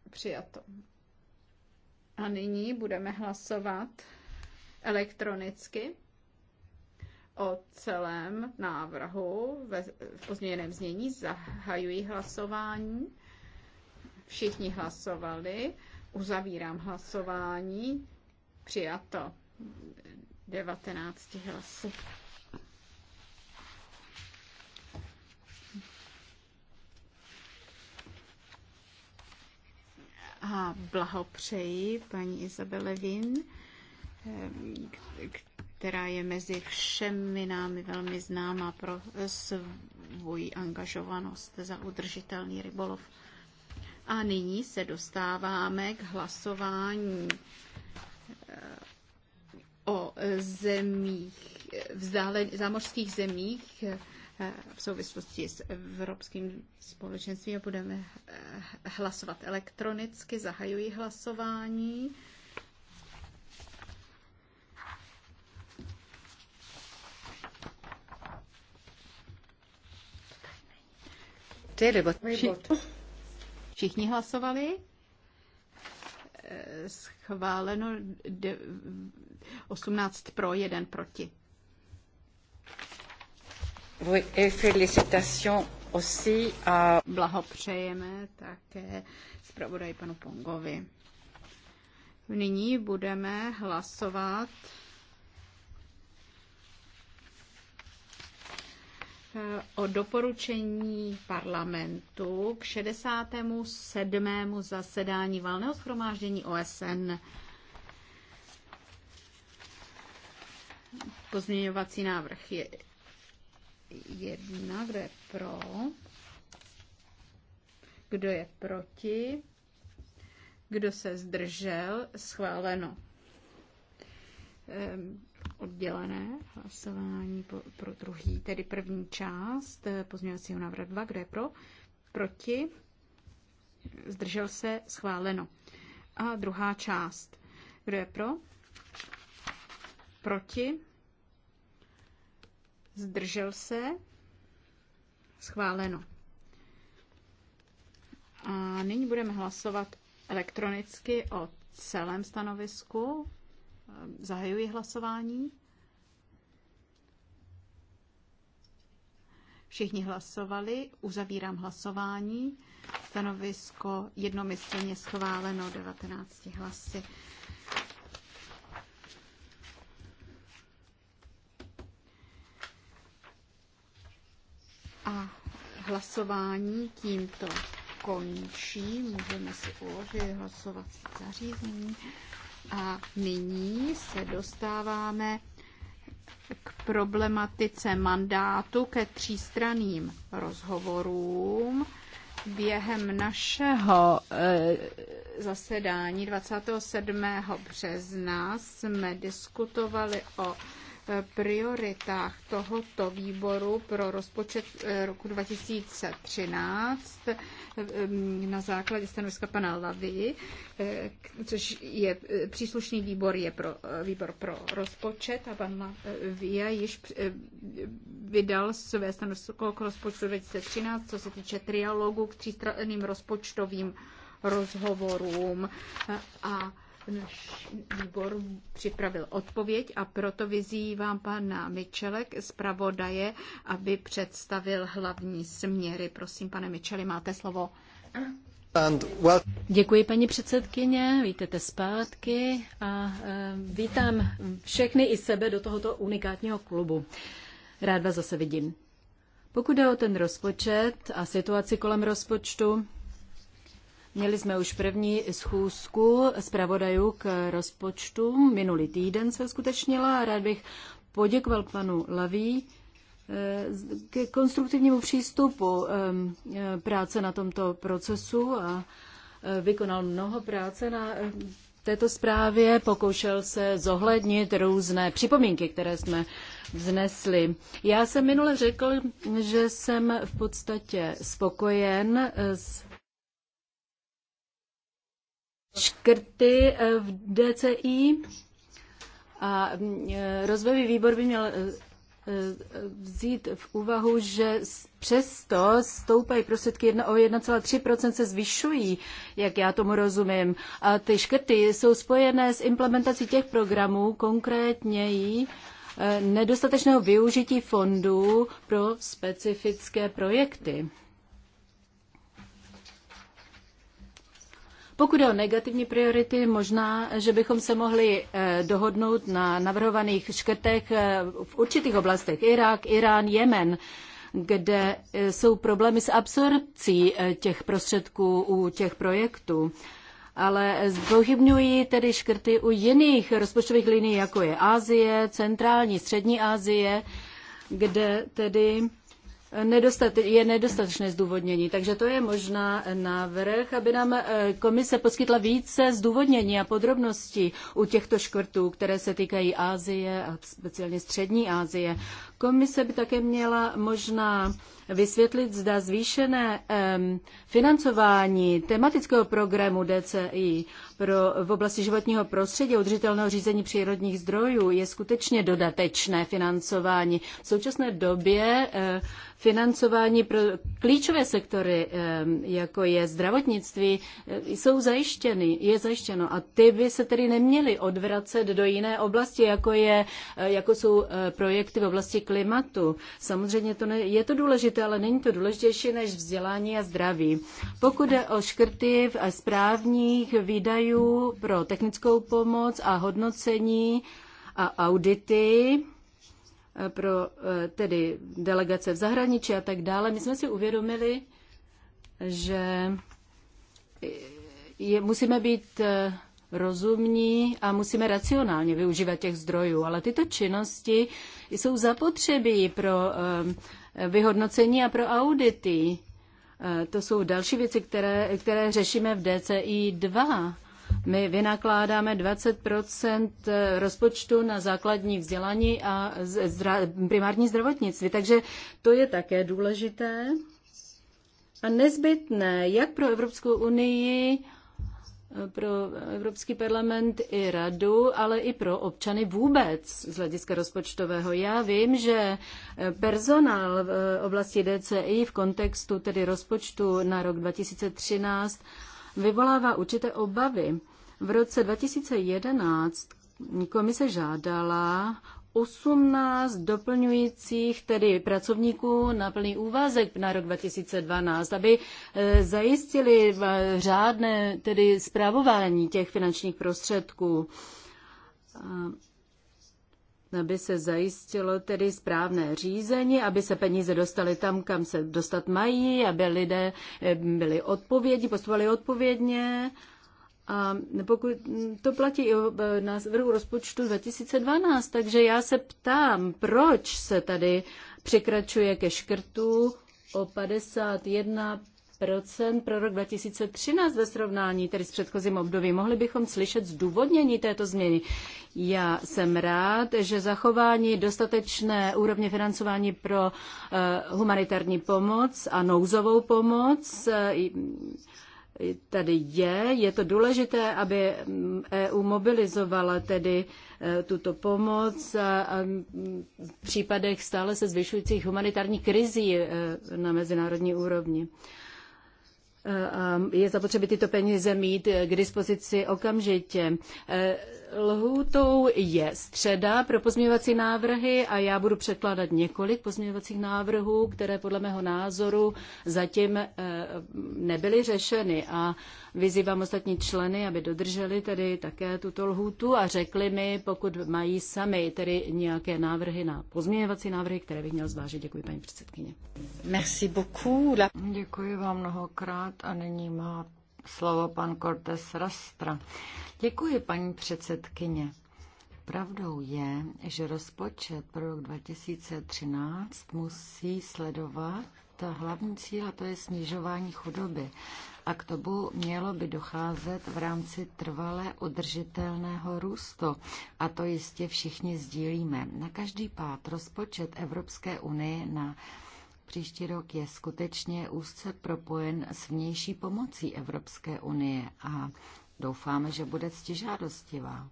Přijato. A nyní budeme hlasovat elektronicky o celém návrhu ve, v pozměněném znění. Zahajuji hlasování. Všichni hlasovali. Uzavírám hlasování. Přijato 19 hlasů. A blahopřeji paní Izabele Vin, eh, která je mezi všemi námi velmi známa pro eh, svoji angažovanost za udržitelný rybolov. A nyní se dostáváme k hlasování eh, o zemích, vzdálen, zámořských zemích eh, v souvislosti s Evropským společenstvím. Budeme eh, hlasovat elektronicky. Zahajuji hlasování. To je Všichni hlasovali? Schváleno 18 pro, 1 proti. Oui, et félicitations aussi à... Blahopřejeme také zpravodaj panu Pongovi. Nyní budeme hlasovat o doporučení parlamentu k 67. zasedání valného schromáždění OSN. Pozměňovací návrh je jedna, kdo je pro, kdo je proti, kdo se zdržel, schváleno. Ehm oddělené hlasování pro druhý, tedy první část eh, pozměňovacího návrhu 2, kde je pro, proti, zdržel se, schváleno. A druhá část, kdo je pro, proti, zdržel se, schváleno. A nyní budeme hlasovat elektronicky o celém stanovisku Zahajuji hlasování. Všichni hlasovali, uzavírám hlasování. Stanovisko jednomyslně schváleno 19 hlasy. A hlasování tímto končí. Můžeme si uložit hlasovací zařízení. A nyní se dostáváme k problematice mandátu ke třístraným rozhovorům. Během našeho e, zasedání 27. března jsme diskutovali o e, prioritách tohoto výboru pro rozpočet e, roku 2013 Ehm, na základě stanoviska pana Lavy, eh, což je eh, příslušný výbor, je pro, eh, výbor pro rozpočet a pan Lavia již vydal své stanovisko k rozpočtu 2013, co se týče trialogu k třístranným rozpočtovým rozhovorům a Náš výbor připravil odpověď a proto vyzývám pana Mičelek z Pravodaje, aby představil hlavní směry. Prosím, pane Mičeli, máte slovo. Děkuji, paní předsedkyně, vítejte zpátky a e, vítám všechny i sebe do tohoto unikátního klubu. Rád vás zase vidím. Pokud jde o ten rozpočet a situaci kolem rozpočtu, Měli jsme už první schůzku zpravodajů k rozpočtu. Minulý týden se skutečnila a rád bych poděkoval panu Laví eh, k konstruktivnímu přístupu eh, eh, práce na tomto procesu a vykonal mnoho práce na této zprávě, pokoušel se zohlednit různé připomínky, které jsme vznesli. Já jsem minule řekl, že jsem v podstatě spokojen s škrty eh, v DCI. A mm, eh, rozvojový výbor by měl eh, vzít v úvahu, že přesto stoupají prostředky jedna o 1,3% se zvyšují, jak já tomu rozumím. A ty škrty jsou spojené s implementací těch programů, konkrétněji nedostatečného využití fondů pro specifické projekty. Pokud je o negativní priority, možná, že bychom se mohli eh, dohodnout na navrhovaných škrtech eh, v určitých oblastech. Irák, Irán, Jemen kde eh, jsou problémy s absorpcí těch prostředků u těch projektů. Ale zpochybňují tedy škrty u jiných rozpočtových linií, jako je Asie, centrální, střední Asie, kde tedy je nedostatečné zdůvodnění, takže to je možná návrh, aby nám eh, komise poskytla více zdůvodnění a podrobností u těchto škrtů, které se týkají Asie a speciálně Střední Asie. Komise by také měla možná vysvětlit, zda zvýšené financování tematického programu DCI pro, v oblasti životního prostředí a udržitelného řízení přírodních zdrojů je skutečně dodatečné financování. V současné době eh, financování pro klíčové sektory, jako je zdravotnictví, eh, jsou zajištěny, je zajištěno a ty by se tedy neměly odvracet do jiné oblasti, jako, je, eh, jako jsou projekty v oblasti klimatu. Samozřejmě to ne, je to důležité, ale není to důležitější než vzdělání a zdraví. Pokud jde o škrty v eh, správních výdajů pro technickou pomoc a hodnocení a audity, eh, pro eh, tedy delegace v zahraničí a tak dále, my jsme si uvědomili, že je, musíme být rozumní a musíme racionálně využívat těch zdrojů. Ale tyto činnosti jsou zapotřebí pro eh, vyhodnocení a pro audity. Eh, to jsou další věci, které, které řešíme v DCI 2. My vynakládáme 20 eh, rozpočtu na základní vzdělání a zdra, primární zdravotnictví, takže to je také důležité a nezbytné jak pro Evropskou unii, pro Evropský parlament i radu, ale i pro občany vůbec z hlediska rozpočtového. Já vím, že personál v oblasti DCI v kontextu tedy rozpočtu na rok 2013 vyvolává určité obavy. V roce 2011 komise žádala 18 doplňujících tedy pracovníků na plný úvazek na rok 2012, aby eh, zajistili eh, řádné tedy zprávování těch finančních prostředků eh, aby se zajistilo tedy správné řízení, aby se peníze dostaly tam, kam se dostat mají, aby lidé byli odpovědní, postupovali odpovědně a pokud mm, to platí i e, na vrhu rozpočtu 2012, takže já se ptám, proč se tady překračuje ke škrtu o 51 pro rok 2013 ve srovnání tedy s předchozím obdobím. Mohli bychom slyšet zdůvodnění této změny. Já jsem rád, že zachování dostatečné úrovně financování pro uh, humanitární pomoc a nouzovou pomoc uh, tady je. Je to důležité, aby mm, EU mobilizovala tedy e, tuto pomoc a mm, v případech stále se zvyšujících humanitárních krizí e, na mezinárodní úrovni je zapotřebí tyto peníze mít eh, k dispozici okamžitě. Eh, lhůtou je středa pro pozměňovací návrhy a já budu překládat několik pozměňovacích návrhů, které podle mého názoru zatím eh, nebyly řešeny. A vyzývám ostatní členy, aby dodrželi tedy také tuto lhůtu a řekli mi, pokud mají sami tedy nějaké návrhy na pozměňovací návrhy, které bych měl zvážit. Děkuji, paní předsedkyně. Merci beaucoup. Děkuji vám mnohokrát a nyní má slovo pan Cortes Rastra. Děkuji, paní předsedkyně. Pravdou je, že rozpočet pro rok 2013 musí sledovat ta hlavní cíl, a to je snižování chudoby a k tomu mělo by docházet v rámci trvalé udržitelného růstu. A to jistě všichni sdílíme. Na každý pád rozpočet Evropské unie na příští rok je skutečně úzce propojen s vnější pomocí Evropské unie a doufáme, že bude ctižádostivá.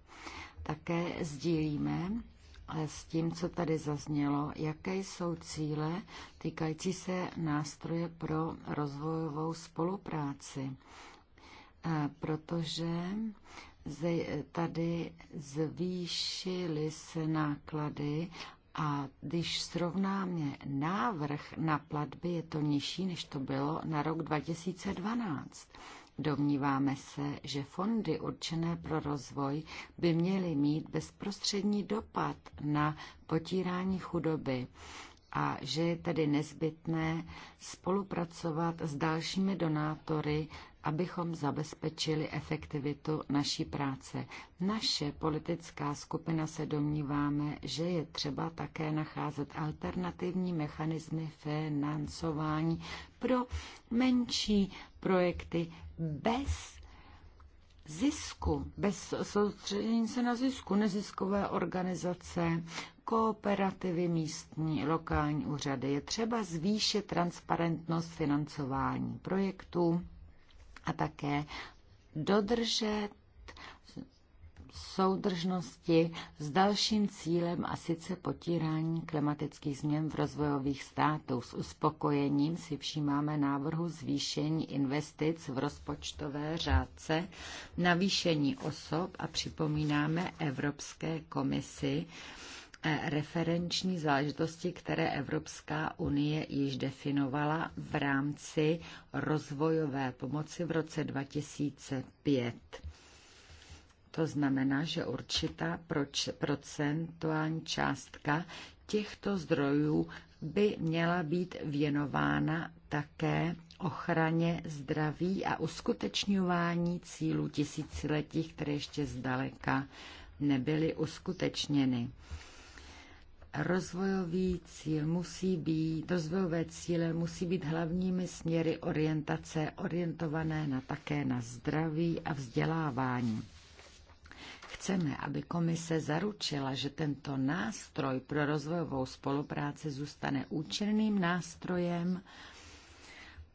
Také sdílíme s tím, co tady zaznělo, jaké jsou cíle týkající se nástroje pro rozvojovou spolupráci. Eh, protože tady zvýšily se náklady a když srovnáme návrh na platby, je to nižší, než to bylo na rok 2012. Domníváme se, že fondy určené pro rozvoj by měly mít bezprostřední dopad na potírání chudoby a že je tedy nezbytné spolupracovat s dalšími donátory, abychom zabezpečili efektivitu naší práce. Naše politická skupina se domníváme, že je třeba také nacházet alternativní mechanismy financování pro menší projekty bez zisku, bez soustředění se na zisku, neziskové organizace, kooperativy místní, lokální úřady. Je třeba zvýšit transparentnost financování projektů a také dodržet soudržnosti s dalším cílem a sice potírání klimatických změn v rozvojových států. S uspokojením si všímáme návrhu zvýšení investic v rozpočtové řádce, navýšení osob a připomínáme Evropské komisi, eh, referenční záležitosti, které Evropská unie již definovala v rámci rozvojové pomoci v roce 2005. To znamená, že určitá proč, procentuální částka těchto zdrojů by měla být věnována také ochraně zdraví a uskutečňování cílů tisíciletí, které ještě zdaleka nebyly uskutečněny. Rozvojový cíl musí být, rozvojové cíle musí být hlavními směry orientace orientované na také na zdraví a vzdělávání. Chceme, aby komise zaručila, že tento nástroj pro rozvojovou spolupráci zůstane účinným nástrojem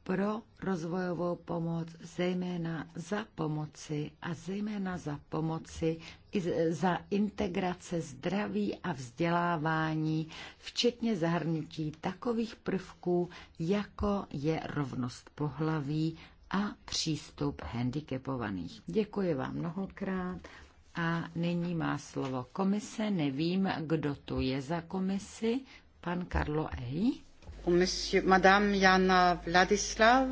pro rozvojovou pomoc, zejména za pomoci a zejména za pomoci za integrace zdraví a vzdělávání, včetně zahrnutí takových prvků, jako je rovnost pohlaví a přístup handicapovaných. Děkuji vám mnohokrát a nyní má slovo komise. Nevím, kdo tu je za komisi. Pan Karlo Ej. Monsieur, Madame Jana Vladislav.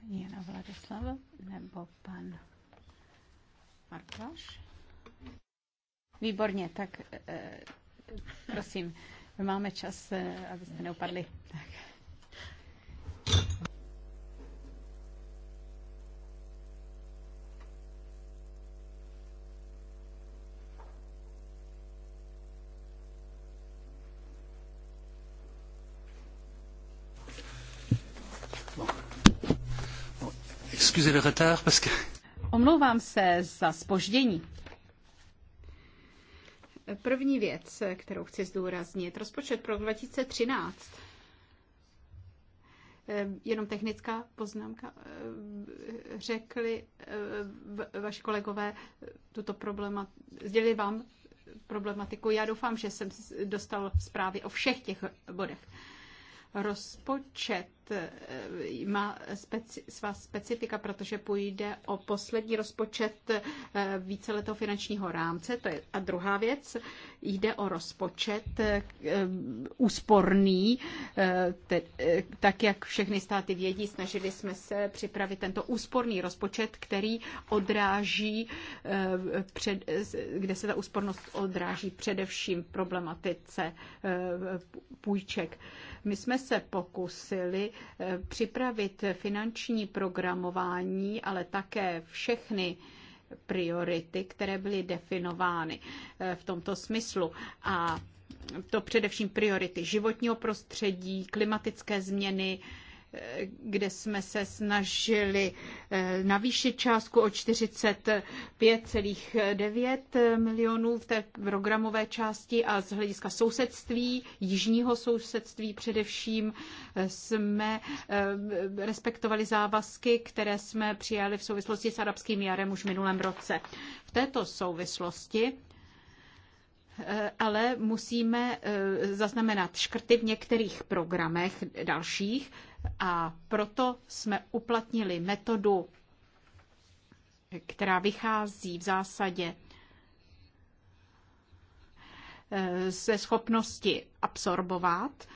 Paní Jana Vladislav nebo pan Markáš. Výborně, tak eh, prosím, máme čas, eh, abyste neupadli. Tak. excusez le retard, parce que... Omlouvám se za spoždění. První věc, kterou chci zdůraznit, rozpočet pro 2013. Eh, jenom technická poznámka. Eh, řekli eh, vaši kolegové tuto problematiku, sdělili vám problematiku. Já doufám, že jsem dostal zprávy o všech těch bodech. Rozpočet eh, má speci- svá specifika, protože půjde o poslední rozpočet eh, víceletého finančního rámce. To je a druhá věc, jde o rozpočet eh, úsporný, tak jak všechny státy vědí, snažili jsme se připravit tento úsporný rozpočet, který odráží, před, kde se ta úspornost odráží především v problematice půjček. My jsme se pokusili eh, připravit finanční programování, ale také všechny priority, které byly definovány eh, v tomto smyslu. A to především priority životního prostředí, klimatické změny, kde jsme se snažili eh, navýšit částku o 45,9 milionů v té programové části a z hlediska sousedství, jižního sousedství především, eh, jsme eh, respektovali závazky, které jsme přijali v souvislosti s arabským jarem už v minulém roce. V této souvislosti ale musíme zaznamenat škrty v některých programech dalších, a proto jsme uplatnili metodu, která vychází v zásadě eh, ze schopnosti absorbovat.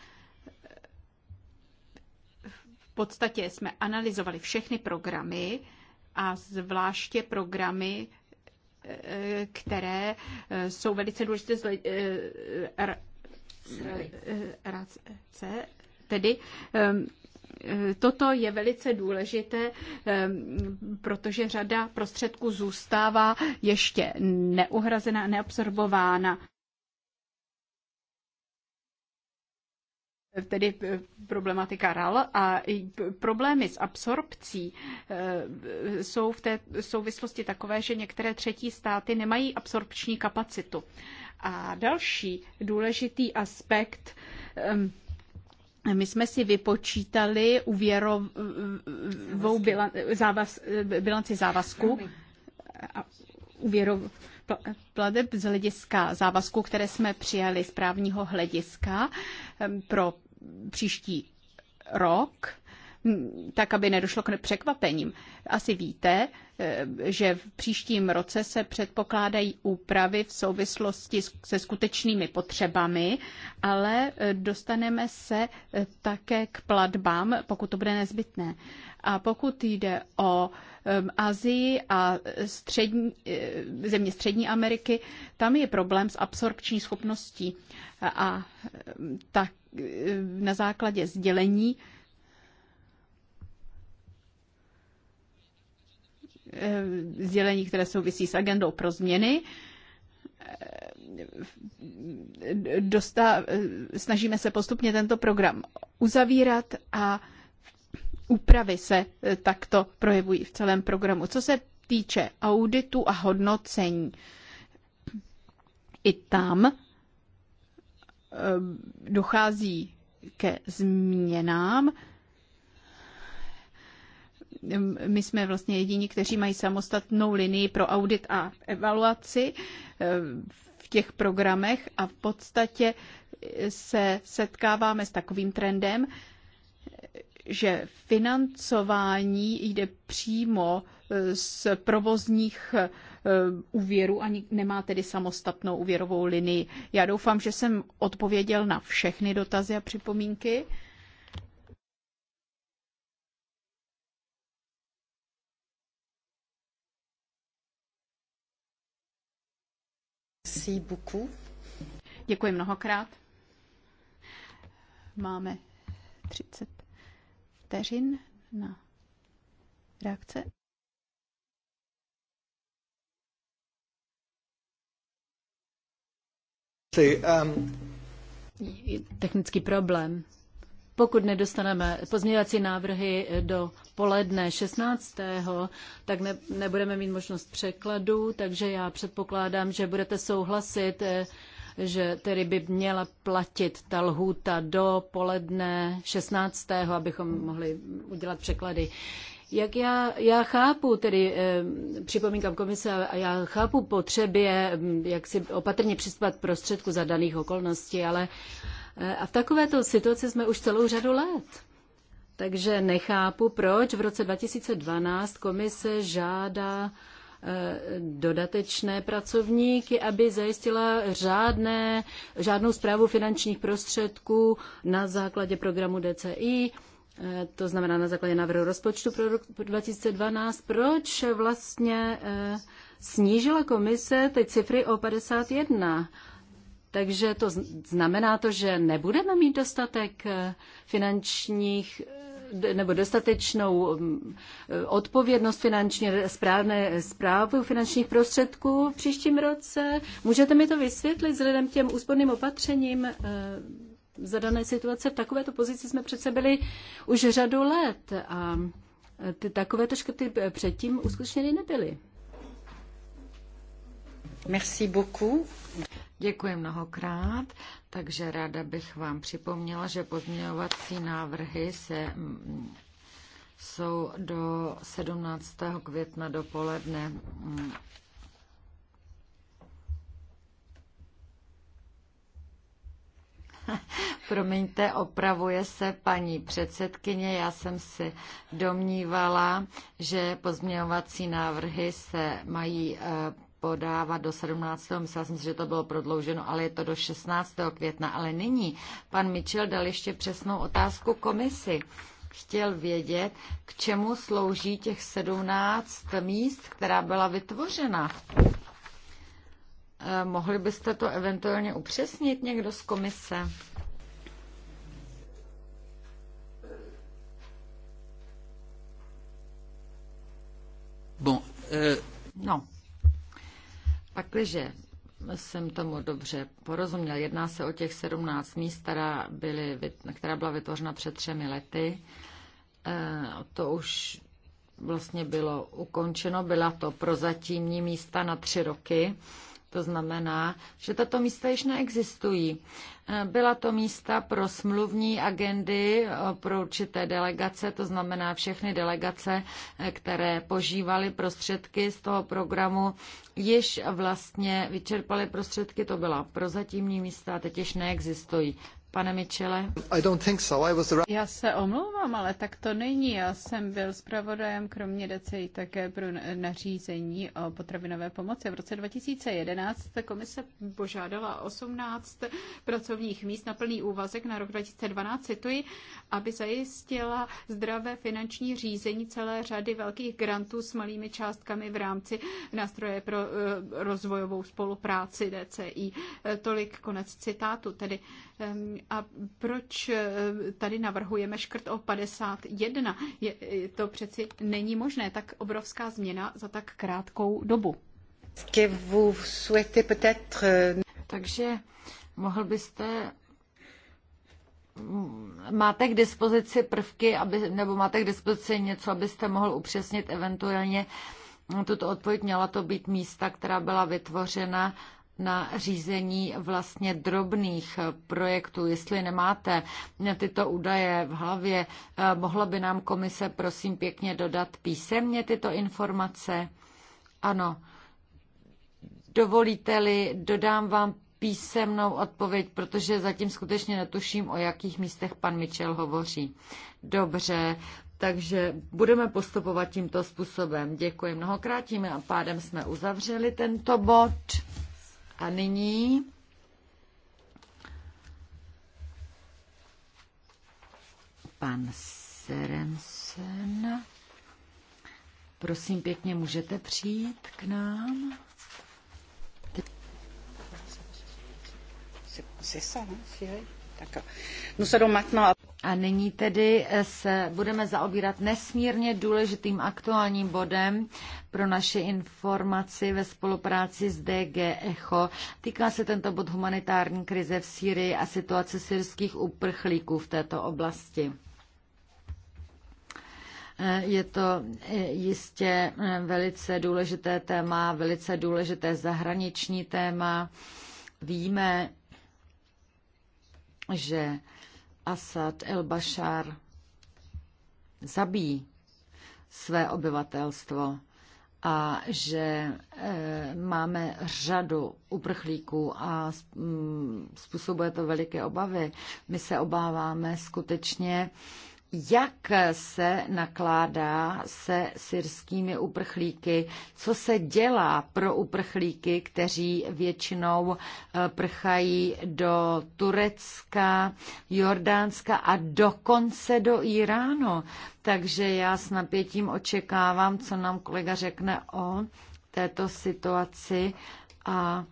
V podstatě jsme analyzovali všechny programy a zvláště programy, eh, které eh, jsou velice důležité z tedy ehm, Eh, toto je velice důležité, eh, protože řada prostředků zůstává ještě neuhrazená, neabsorbována. tedy eh, problematika RAL a problémy s absorpcí jsou v té souvislosti takové, že některé třetí státy nemají absorpční kapacitu. A další důležitý aspekt ehm, my jsme si vypočítali úvěrovou bilan, závaz, bilanci závazku a úvěrov, plateb z hlediska závazku, které jsme přijali z právního hlediska ehm, pro příští rok tak aby nedošlo k překvapením. Asi víte, e, že v příštím roce se předpokládají úpravy v souvislosti se skutečnými potřebami, ale e, dostaneme se e, také k platbám, pokud to bude nezbytné. A pokud jde o Azii a střední, země Střední Ameriky, tam je problém s absorpční schopností. A tak na základě sdělení Eh, sdělení, které souvisí s agendou pro změny. Eh, eh, snažíme se postupně tento program uzavírat a úpravy se takto projevují v celém programu. Co se týče auditu a hodnocení, i tam dochází ke změnám my jsme vlastně jediní, kteří mají samostatnou linii pro audit a evaluaci eh, v těch programech a v podstatě se setkáváme s takovým trendem, že financování jde přímo eh, z provozních eh, úvěrů ani nemá tedy samostatnou úvěrovou linii. Já doufám, že jsem odpověděl na všechny dotazy a připomínky. Merci beaucoup. Děkuji mnohokrát. Máme 30 vteřin na reakce. Um, Technický problém. Pokud nedostaneme pozměňovací návrhy do poledne 16., tak ne, nebudeme mít možnost překladu, takže já předpokládám, že budete souhlasit, eh, že tedy by měla platit ta lhůta do poledne 16., abychom mohli udělat překlady. Jak já, já chápu, tedy eh, připomínkám komise, a já chápu potřebě, mm, jak si opatrně přispat prostředku za daných okolností, ale eh, Eh, a v takovéto situaci jsme už celou řadu let. Takže nechápu, proč v roce 2012 komise žádá eh, dodatečné pracovníky, aby zajistila řádné, žádnou zprávu finančních prostředků na základě programu DCI, eh, to znamená na základě návrhu rozpočtu pro rok 2012. Proč vlastně snížila komise ty cifry o 51? Takže to znamená to, že nebudeme mít dostatek eh, finančních eh, nebo dostatečnou mm, eh, odpovědnost finančně správné zprávu finančních prostředků v příštím roce. Můžete mi to vysvětlit vzhledem těm úsporným opatřením za dané situace? V takovéto pozici jsme přece byli už řadu let a ty takovéto škrty předtím uskutečněny nebyly. Merci beaucoup. Děkuji mnohokrát, takže ráda bych vám připomněla, že pozměňovací návrhy se mm, jsou do 17. května dopoledne. [LAUGHS] Promiňte, opravuje se paní předsedkyně. Já jsem si domnívala, že pozměňovací návrhy se mají eh, podávat do 17. Myslela jsem si, že to bylo prodlouženo, ale je to do 16. května. Ale nyní pan Mitchell dal ještě přesnou otázku komisi chtěl vědět, k čemu slouží těch 17 míst, která byla vytvořena. Eh, mohli byste to eventuálně upřesnit někdo z komise? Bon, euh... No. Pakliže jsem tomu dobře porozuměl, jedná se o těch 17 míst, která, byly, která byla vytvořena před třemi lety. Eh, to už vlastně bylo ukončeno, byla to prozatímní místa na tři roky to znamená, že tato místa již neexistují. Eh, byla to místa pro smluvní agendy, eh, pro určité delegace, to znamená všechny delegace, eh, které požívaly prostředky z toho programu, již vlastně vyčerpaly prostředky, to byla prozatímní místa a teď již neexistují pane Michele? I don't think so. I was the... Já se omlouvám, ale tak to není. Já jsem byl zpravodajem kromě DCI také pro nařízení o potravinové pomoci. V roce 2011 komise požádala 18 pracovních míst na plný úvazek na rok 2012, cituji, aby zajistila zdravé finanční řízení celé řady velkých grantů s malými částkami v rámci nástroje pro eh, rozvojovou spolupráci DCI. Eh, tolik konec citátu. Tedy ehm, a proč eh, tady navrhujeme škrt o 51? Je, eh, to přeci není možné, tak obrovská změna za tak krátkou dobu. Euh, Takže mohl byste mm, máte k dispozici prvky, aby, nebo máte k dispozici něco, abyste mohl upřesnit eventuálně mm, tuto odpověď. Měla to být místa, která byla vytvořena na řízení vlastně drobných projektů. Jestli nemáte tyto údaje v hlavě, eh, mohla by nám komise prosím pěkně dodat písemně tyto informace? Ano. Dovolíte-li, dodám vám písemnou odpověď, protože zatím skutečně netuším, o jakých místech pan Mitchell hovoří. Dobře, takže budeme postupovat tímto způsobem. Děkuji mnohokrát, tím a pádem jsme uzavřeli tento bod. A nyní pan Serensen. Prosím pěkně, můžete přijít k nám? se ça, hein, Cyril Eh, no a nyní tedy eh, se budeme zaobírat nesmírně důležitým aktuálním bodem pro naše informaci ve spolupráci s DG ECHO. Týká se tento bod humanitární krize v Sýrii a situace syrských uprchlíků v této oblasti. Eh, je to jistě velice důležité téma, velice důležité zahraniční téma. Víme, že Asad el-Bashar zabíjí své obyvatelstvo a že eh, máme řadu uprchlíků a mm, způsobuje to veliké obavy. My se obáváme skutečně jak se nakládá se syrskými uprchlíky, co se dělá pro uprchlíky, kteří většinou eh, prchají do Turecka, Jordánska a dokonce do Iránu. Takže já s napětím očekávám, co nám kolega řekne o této situaci a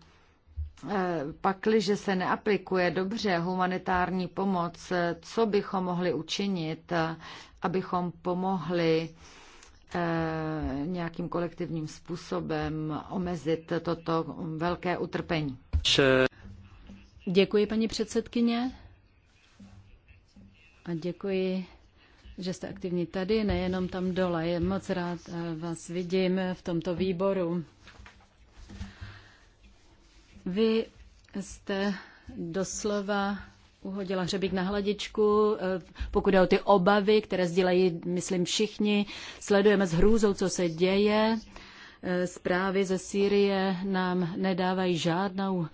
Eh, pakliže se neaplikuje dobře humanitární pomoc, co bychom mohli učinit, abychom pomohli eh, nějakým kolektivním způsobem omezit toto velké utrpení. Děkuji, paní předsedkyně. A děkuji, že jste aktivní tady, nejenom tam dole. Je moc rád eh, vás vidím v tomto výboru. Vy jste doslova uhodila hřebík na hladičku, eh, pokud je o ty obavy, které sdílejí, myslím, všichni. Sledujeme s hrůzou, co se děje. Eh, zprávy ze Sýrie nám nedávají žádnou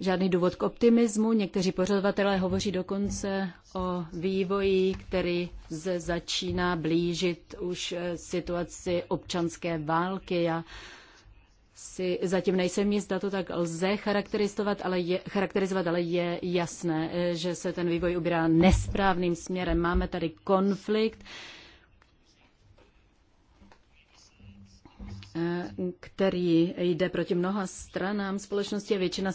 žádný důvod k optimismu. Někteří pořadovatelé hovoří dokonce o vývoji, který se začíná blížit už eh, situaci občanské války. Já si zatím nejsem jistá, to tak lze charakterizovat, ale je, charakterizovat, ale je jasné, eh, že se ten vývoj ubírá nesprávným směrem. Máme tady konflikt, eh, který jde proti mnoha stranám společnosti a většina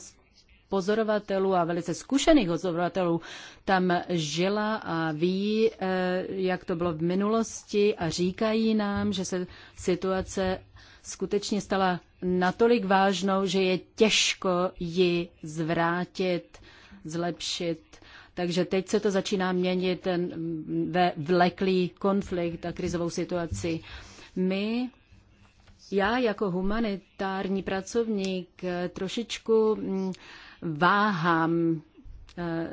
pozorovatelů a velice zkušených pozorovatelů tam žila a ví, eh, jak to bylo v minulosti a říkají nám, že se situace skutečně stala natolik vážnou, že je těžko ji zvrátit, zlepšit. Takže teď se to začíná měnit ten mm, ve vleklý konflikt a krizovou situaci. My, já jako humanitární pracovník, eh, trošičku mm, váhám Eh,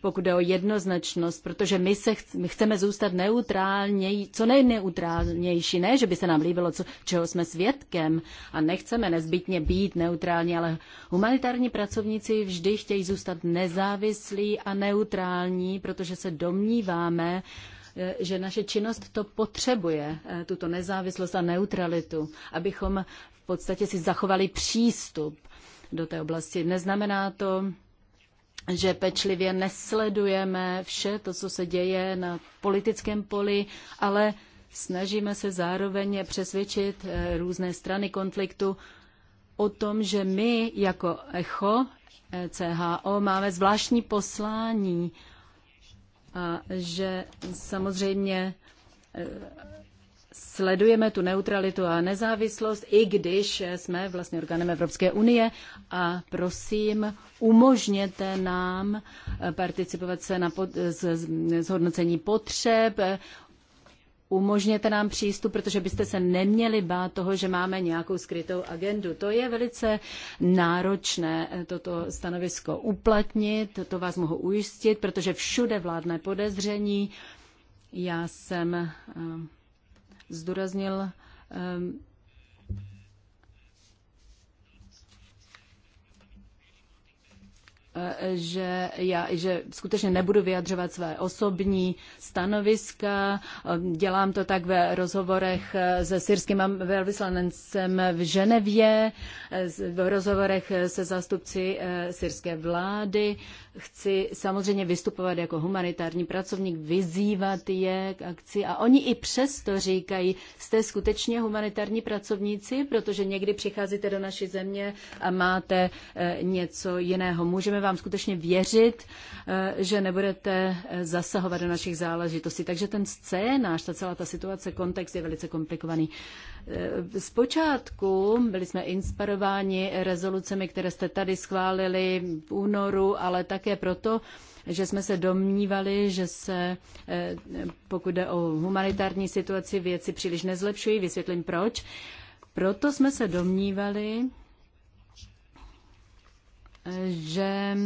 pokud jde o jednoznačnost, protože my, se chc- my chceme zůstat neutrálněji, co nejneutrálnější, ne, že by se nám líbilo, co, čeho jsme svědkem a nechceme nezbytně být neutrální, ale humanitární pracovníci vždy chtějí zůstat nezávislí a neutrální, protože se domníváme, eh, že naše činnost to potřebuje, eh, tuto nezávislost a neutralitu, abychom v podstatě si zachovali přístup do té oblasti. Neznamená to, že pečlivě nesledujeme vše to, co se děje na politickém poli, ale snažíme se zároveň přesvědčit eh, různé strany konfliktu o tom, že my jako ECHO, CHO máme zvláštní poslání a že samozřejmě eh, sledujeme tu neutralitu a nezávislost, i když jsme vlastně orgánem Evropské unie a prosím, umožněte nám eh, participovat se na pod, z, zhodnocení potřeb, umožněte nám přístup, protože byste se neměli bát toho, že máme nějakou skrytou agendu. To je velice náročné eh, toto stanovisko uplatnit, to vás mohu ujistit, protože všude vládne podezření. Já jsem eh, zdůraznil eh, že, já, že skutečně nebudu vyjadřovat své osobní stanoviska. Dělám to tak ve rozhovorech se syrským velvyslanencem v Ženevě, v rozhovorech se zástupci eh, syrské vlády chci samozřejmě vystupovat jako humanitární pracovník, vyzývat je k akci a oni i přesto říkají, jste skutečně humanitární pracovníci, protože někdy přicházíte do naší země a máte e, něco jiného. Můžeme vám skutečně věřit, e, že nebudete e, zasahovat do našich záležitostí. Takže ten scénář, ta celá ta situace, kontext je velice komplikovaný. Eh, Zpočátku byli jsme inspirováni rezolucemi, které jste tady schválili v únoru, ale také proto, že jsme se domnívali, že se, eh, pokud jde o humanitární situaci, věci příliš nezlepšují. Vysvětlím proč. Proto jsme se domnívali, že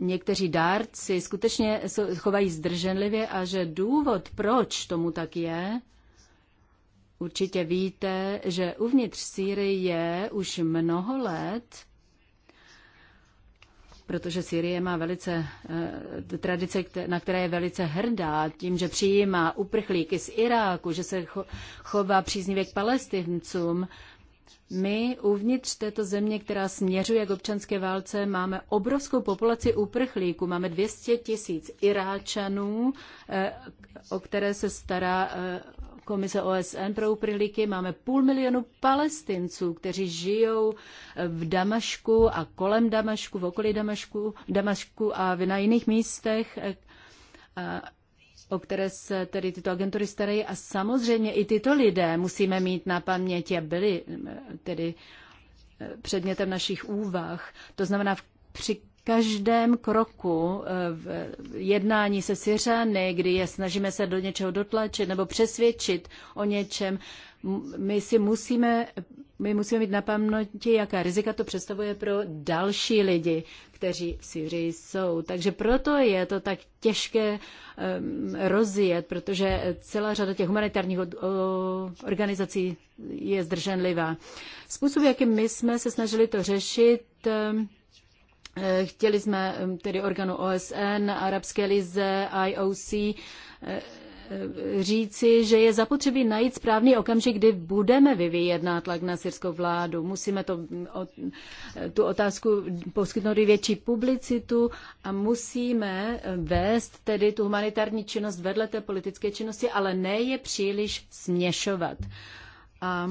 někteří dárci skutečně chovají zdrženlivě a že důvod, proč tomu tak je, Určitě víte, že uvnitř je už mnoho let protože Sýrie má velice eh, tradice, na které je velice hrdá, tím, že přijímá uprchlíky z Iráku, že se cho, chová příznivě k palestincům. My uvnitř této země, která směřuje k občanské válce, máme obrovskou populaci uprchlíků. Máme 200 tisíc Iráčanů, eh, o které se stará eh, Komise OSN pro uprlíky máme půl milionu palestinců, kteří žijou v Damašku a kolem Damašku, v okolí Damašku, Damašku a na jiných místech, eh, a, o které se tedy tyto agentury starají. A samozřejmě i tyto lidé musíme mít na paměti a byli eh, tedy eh, předmětem našich úvah. To znamená, při každém kroku eh, v jednání se Syřany, kdy je snažíme se do něčeho dotlačit nebo přesvědčit o něčem, my si musíme, my musíme mít na paměti, jaká rizika to představuje pro další lidi, kteří v Syrii jsou. Takže proto je to tak těžké um, rozjet, protože celá řada těch humanitárních od, o, organizací je zdrženlivá. Způsob, jakým my jsme se snažili to řešit, um, Eh, chtěli jsme tedy orgánu OSN, Arabské lize, IOC eh, eh, říci, že je zapotřebí najít správný okamžik, kdy budeme vyvíjet nátlak na syrskou vládu. Musíme to, mm, tu otázku poskytnout i větší publicitu a musíme vést tedy tu humanitární činnost vedle té politické činnosti, ale ne je příliš směšovat. A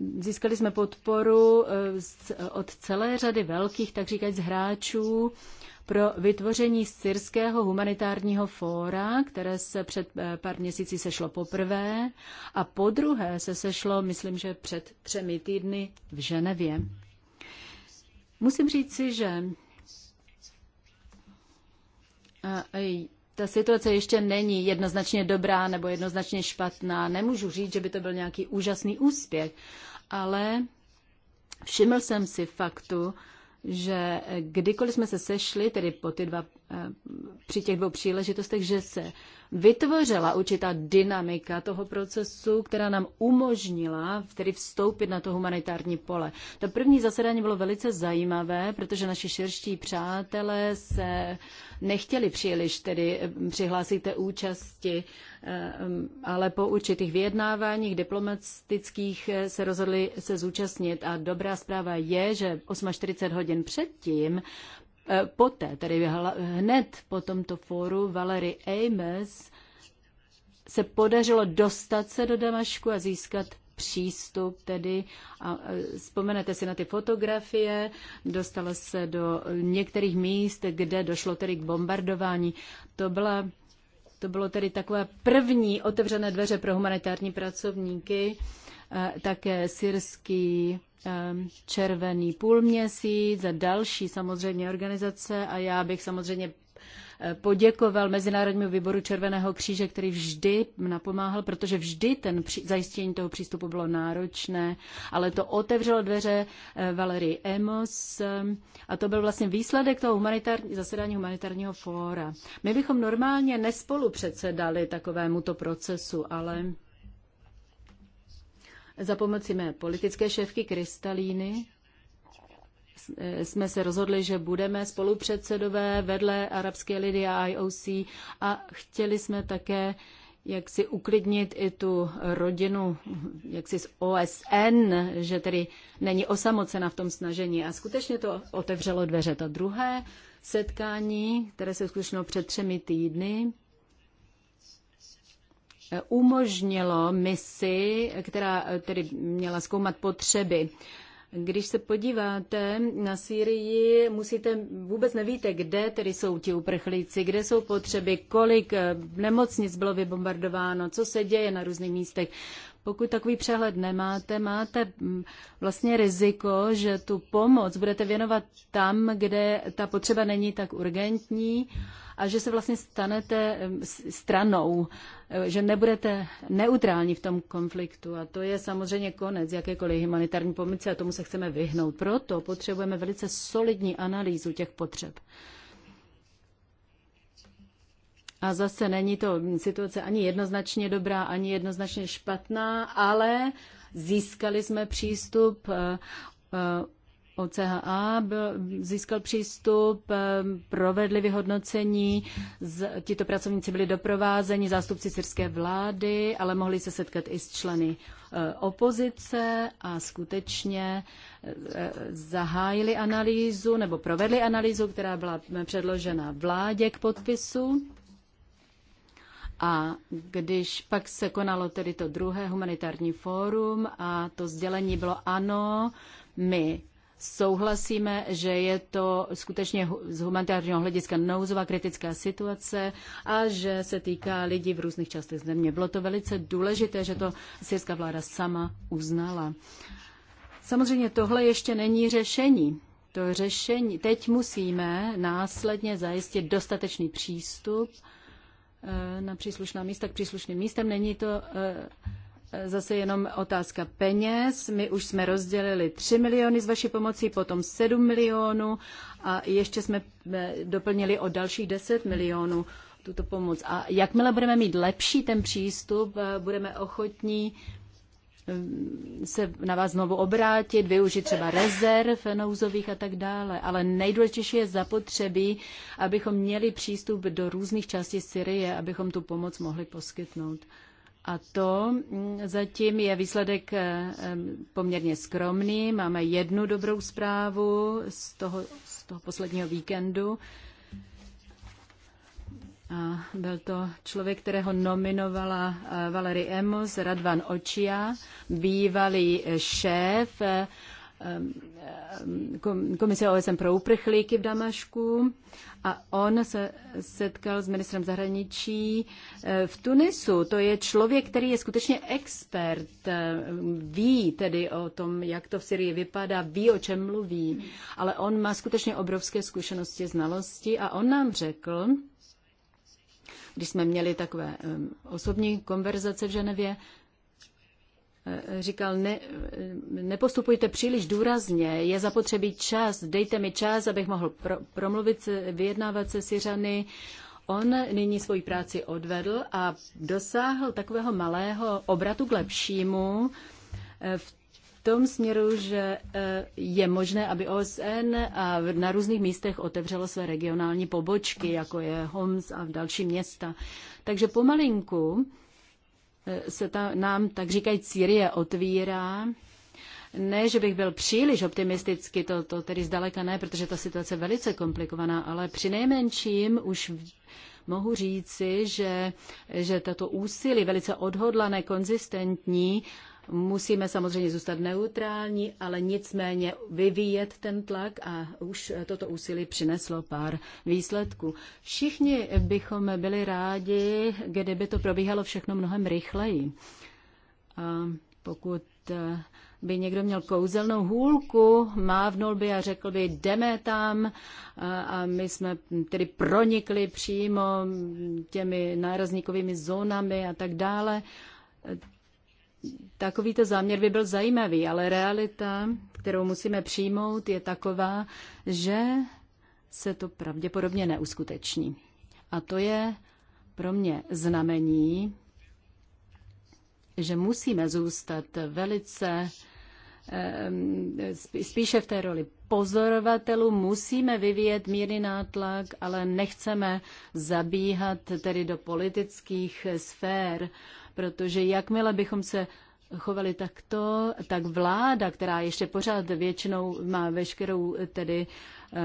Získali jsme podporu eh, od celé řady velkých, tak říkajíc, hráčů pro vytvoření syrského humanitárního fóra, které se před eh, pár měsíci sešlo poprvé a po druhé se sešlo, myslím, že před třemi týdny v Ženevě. Musím říci, že eh, ta situace ještě není jednoznačně dobrá nebo jednoznačně špatná. Nemůžu říct, že by to byl nějaký úžasný úspěch, ale všiml jsem si faktu, že kdykoliv jsme se sešli, tedy po ty dva Eh, při těch dvou příležitostech, že se vytvořila určitá dynamika toho procesu, která nám umožnila tedy vstoupit na to humanitární pole. To první zasedání bylo velice zajímavé, protože naši širští přátelé se nechtěli příliš tedy eh, přihlásit té účasti, eh, mm, ale po určitých vyjednáváních diplomatických se rozhodli se zúčastnit a dobrá zpráva je, že 48 hodin předtím Eh, poté, tedy hned po tomto fóru, Valery Ames se podařilo dostat se do Damašku a získat přístup tedy a eh, vzpomenete si na ty fotografie, dostala se do některých míst, kde došlo tedy k bombardování. To byla to bylo tedy takové první otevřené dveře pro humanitární pracovníky také syrský červený půlměsíc a další samozřejmě organizace a já bych samozřejmě e, poděkoval Mezinárodnímu výboru Červeného kříže, který vždy napomáhal, protože vždy ten při, zajištění toho přístupu bylo náročné, ale to otevřelo dveře e, Valerii Emos a to byl vlastně výsledek toho humanitár, zasedání humanitárního fóra. My bychom normálně nespolu předsedali takovémuto procesu, ale za pomoci mé politické šéfky Kristalíny eh, jsme se rozhodli, že budeme spolupředsedové vedle Arabské lidy a IOC a chtěli jsme také jak si uklidnit i tu rodinu jak si z OSN, že tedy není osamocena v tom snažení. A skutečně to otevřelo dveře. To druhé setkání, které se skutečnilo před třemi týdny, umožnilo misi, která tedy měla zkoumat potřeby. Když se podíváte na Sýrii, musíte, vůbec nevíte, kde tedy jsou ti uprchlíci, kde jsou potřeby, kolik nemocnic bylo vybombardováno, co se děje na různých místech. Pokud takový přehled nemáte, máte mm, vlastně riziko, že tu pomoc budete věnovat tam, kde ta potřeba není tak urgentní a že se vlastně stanete stranou, e, že nebudete neutrální v tom konfliktu. A to je samozřejmě konec jakékoliv humanitární pomoci a tomu se chceme vyhnout. Proto potřebujeme velice solidní analýzu těch potřeb. A zase není to situace ani jednoznačně dobrá, ani jednoznačně špatná, ale získali jsme přístup e, e, OCHA byl, získal přístup, eh, provedli vyhodnocení, z, tito pracovníci byli doprovázeni zástupci syrské vlády, ale mohli se setkat i s členy eh, opozice a skutečně eh, zahájili analýzu nebo provedli analýzu, která byla předložena vládě k podpisu. A když pak se konalo tedy to druhé humanitární fórum a to sdělení bylo ano, my souhlasíme, že je to skutečně z humanitárního hlediska nouzová kritická situace a že se týká lidí v různých částech země. Bylo to velice důležité, že to syrská vláda sama uznala. Samozřejmě tohle ještě není řešení. To řešení. Teď musíme následně zajistit dostatečný přístup eh, na příslušná místa k příslušným místem. Není to eh, Zase jenom otázka peněz. My už jsme rozdělili 3 miliony z vaší pomocí, potom 7 milionů a ještě jsme eh, doplnili o dalších 10 milionů tuto pomoc. A jakmile budeme mít lepší ten přístup, eh, budeme ochotní mm, se na vás znovu obrátit, využít třeba rezerv nouzových a tak dále. Ale nejdůležitější je zapotřebí, abychom měli přístup do různých částí Syrie, abychom tu pomoc mohli poskytnout. A to mm, zatím je výsledek eh, poměrně skromný. Máme jednu dobrou zprávu z toho, z toho posledního víkendu. A byl to člověk, kterého nominovala eh, Valerie Emos, Radvan Očia, bývalý šéf eh, Ehm, ehm, komise OSN pro uprchlíky v Damašku a on se setkal s ministrem zahraničí eh, v Tunisu. To je člověk, který je skutečně expert, eh, ví tedy o tom, jak to v Syrii vypadá, ví, o čem mluví, ale on má skutečně obrovské zkušenosti, znalosti a on nám řekl, když jsme měli takové ehm, osobní konverzace v Ženevě, Eh, říkal, ne, eh, nepostupujte příliš důrazně, je zapotřebí čas, dejte mi čas, abych mohl pro, promluvit, vyjednávat se Syřany. On nyní svoji práci odvedl a dosáhl takového malého obratu k lepšímu eh, v tom směru, že je možné, aby OSN a na různých místech otevřelo své regionální pobočky, jako je Homs a další města. Takže pomalinku se ta, nám, tak říkají, Sýrie otvírá. Ne, že bych byl příliš optimisticky, to, to tedy zdaleka ne, protože ta situace je velice komplikovaná, ale při nejmenším už mohu říci, že, že tato úsilí, velice odhodlané, konzistentní, Musíme samozřejmě zůstat neutrální, ale nicméně vyvíjet ten tlak a už toto úsilí přineslo pár výsledků. Všichni bychom byli rádi, kdyby to probíhalo všechno mnohem rychleji. A pokud eh, by někdo měl kouzelnou hůlku, mávnul by a řekl by, jdeme tam a my jsme tedy pronikli přímo těmi nárazníkovými zónami a tak dále, takovýto záměr by byl zajímavý, ale realita, kterou musíme přijmout, je taková, že se to pravděpodobně neuskuteční. A to je pro mě znamení, že musíme zůstat velice spíše v té roli pozorovatelů musíme vyvíjet mírný nátlak, ale nechceme zabíhat tedy do politických sfér protože jakmile bychom se chovali takto, tak vláda, která ještě pořád většinou má veškerou tedy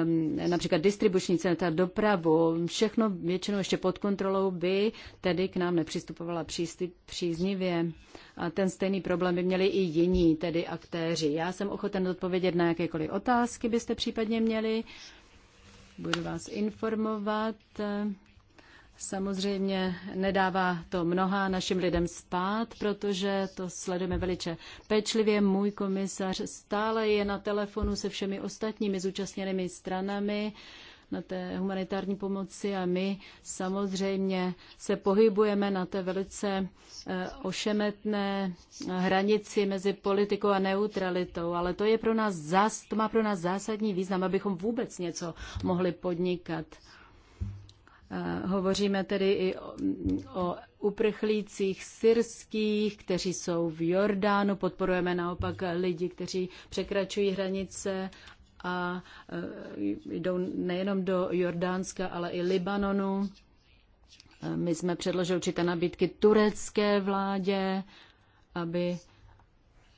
um, například distribuční centra, dopravu, všechno většinou ještě pod kontrolou by tedy k nám nepřistupovala přísty, příznivě. A ten stejný problém by měli i jiní, tedy aktéři. Já jsem ochoten odpovědět na jakékoliv otázky byste případně měli. Budu vás informovat Samozřejmě nedává to mnoha našim lidem spát, protože to sledujeme velice pečlivě. Můj komisař stále je na telefonu se všemi ostatními zúčastněnými stranami na té humanitární pomoci a my samozřejmě se pohybujeme na té velice eh, ošemetné hranici mezi politikou a neutralitou, ale to je pro nás, má pro nás zásadní význam, abychom vůbec něco mohli podnikat. Eh, hovoříme tedy i o, o uprchlících syrských, kteří jsou v Jordánu. Podporujeme naopak lidi, kteří překračují hranice a eh, jdou nejenom do Jordánska, ale i Libanonu. Eh, my jsme předložili určité nabídky turecké vládě, aby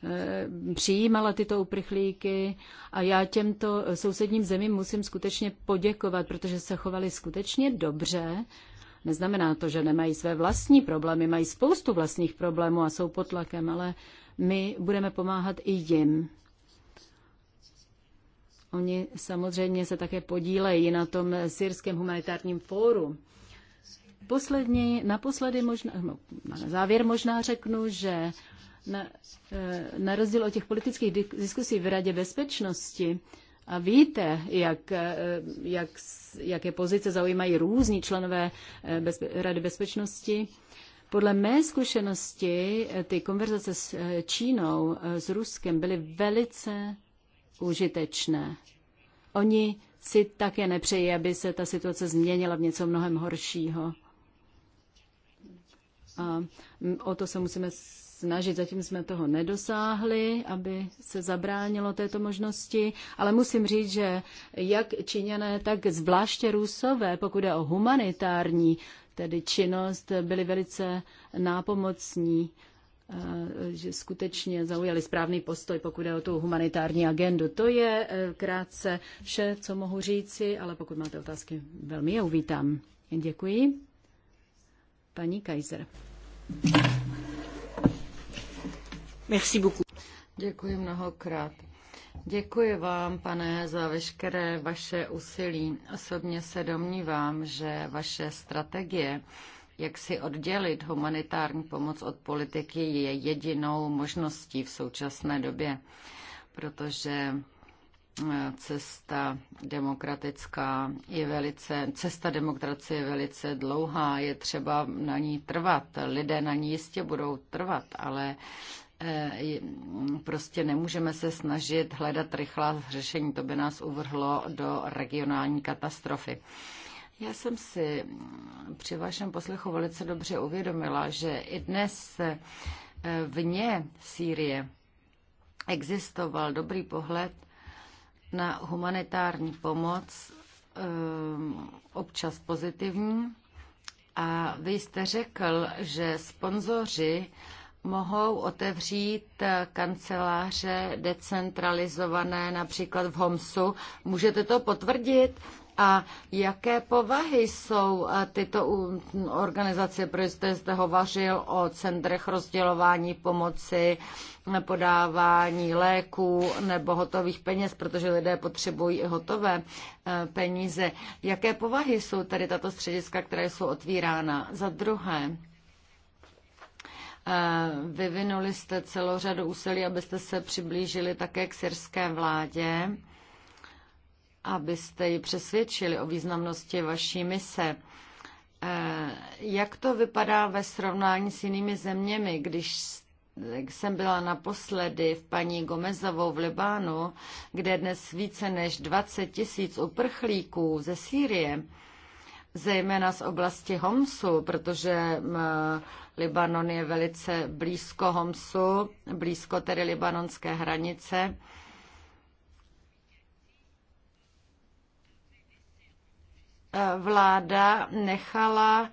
Eh, přijímala tyto uprchlíky a já těmto sousedním zemím musím skutečně poděkovat, protože se chovali skutečně dobře. Neznamená to, že nemají své vlastní problémy, mají spoustu vlastních problémů a jsou pod tlakem, ale my budeme pomáhat i jim. Oni samozřejmě se také podílejí na tom syrském humanitárním fóru. Poslední, naposledy možná, no, na závěr možná řeknu, že na, eh, na rozdíl od těch politických diskusí v Radě bezpečnosti, a víte, jak, eh, jak, jaké pozice zaujímají různí členové eh, bezpe, Rady bezpečnosti. Podle mé zkušenosti ty konverzace s Čínou, s Ruskem byly velice užitečné. Oni si také nepřejí, aby se ta situace změnila v něco mnohem horšího. A mm, o to se musíme snažit. Zatím jsme toho nedosáhli, aby se zabránilo této možnosti, ale musím říct, že jak Číňané, tak zvláště Rusové, pokud je o humanitární tedy činnost, byli velice nápomocní eh, že skutečně zaujali správný postoj, pokud je o tu humanitární agendu. To je eh, krátce vše, co mohu říci, ale pokud máte otázky, velmi je uvítám. Děkuji. Paní Kaiser. Merci beaucoup. Děkuji mnohokrát. Děkuji vám, pane, za veškeré vaše úsilí. Osobně se domnívám, že vaše strategie, jak si oddělit humanitární pomoc od politiky, je jedinou možností v současné době, protože eh, cesta demokratická je velice, cesta demokracie je velice dlouhá, je třeba na ní trvat. Lidé na ní jistě budou trvat, ale Eh, mm, prostě nemůžeme se snažit hledat rychlá řešení, to by nás uvrhlo do regionální katastrofy. Já jsem si mm, při vašem poslechu velice dobře uvědomila, že i dnes eh, vně Sýrie existoval dobrý pohled na humanitární pomoc, eh, občas pozitivní. A vy jste řekl, že sponzoři mohou otevřít eh, kanceláře decentralizované například v Homsu. Můžete to potvrdit? A jaké povahy jsou eh, tyto organizace, protože jste hovořil o centrech rozdělování pomoci, podávání léků nebo hotových peněz, protože lidé potřebují i hotové eh, peníze. Jaké povahy jsou tady tato střediska, která jsou otvírána? Za druhé, Vyvinuli jste celou řadu úsilí, abyste se přiblížili také k syrské vládě, abyste ji přesvědčili o významnosti vaší mise. E, jak to vypadá ve srovnání s jinými zeměmi, když jsem byla naposledy v paní Gomezovou v Libánu, kde dnes více než 20 tisíc uprchlíků ze Sýrie, zejména z oblasti Homsu, protože Libanon je velice blízko Homsu, blízko tedy libanonské hranice. Vláda nechala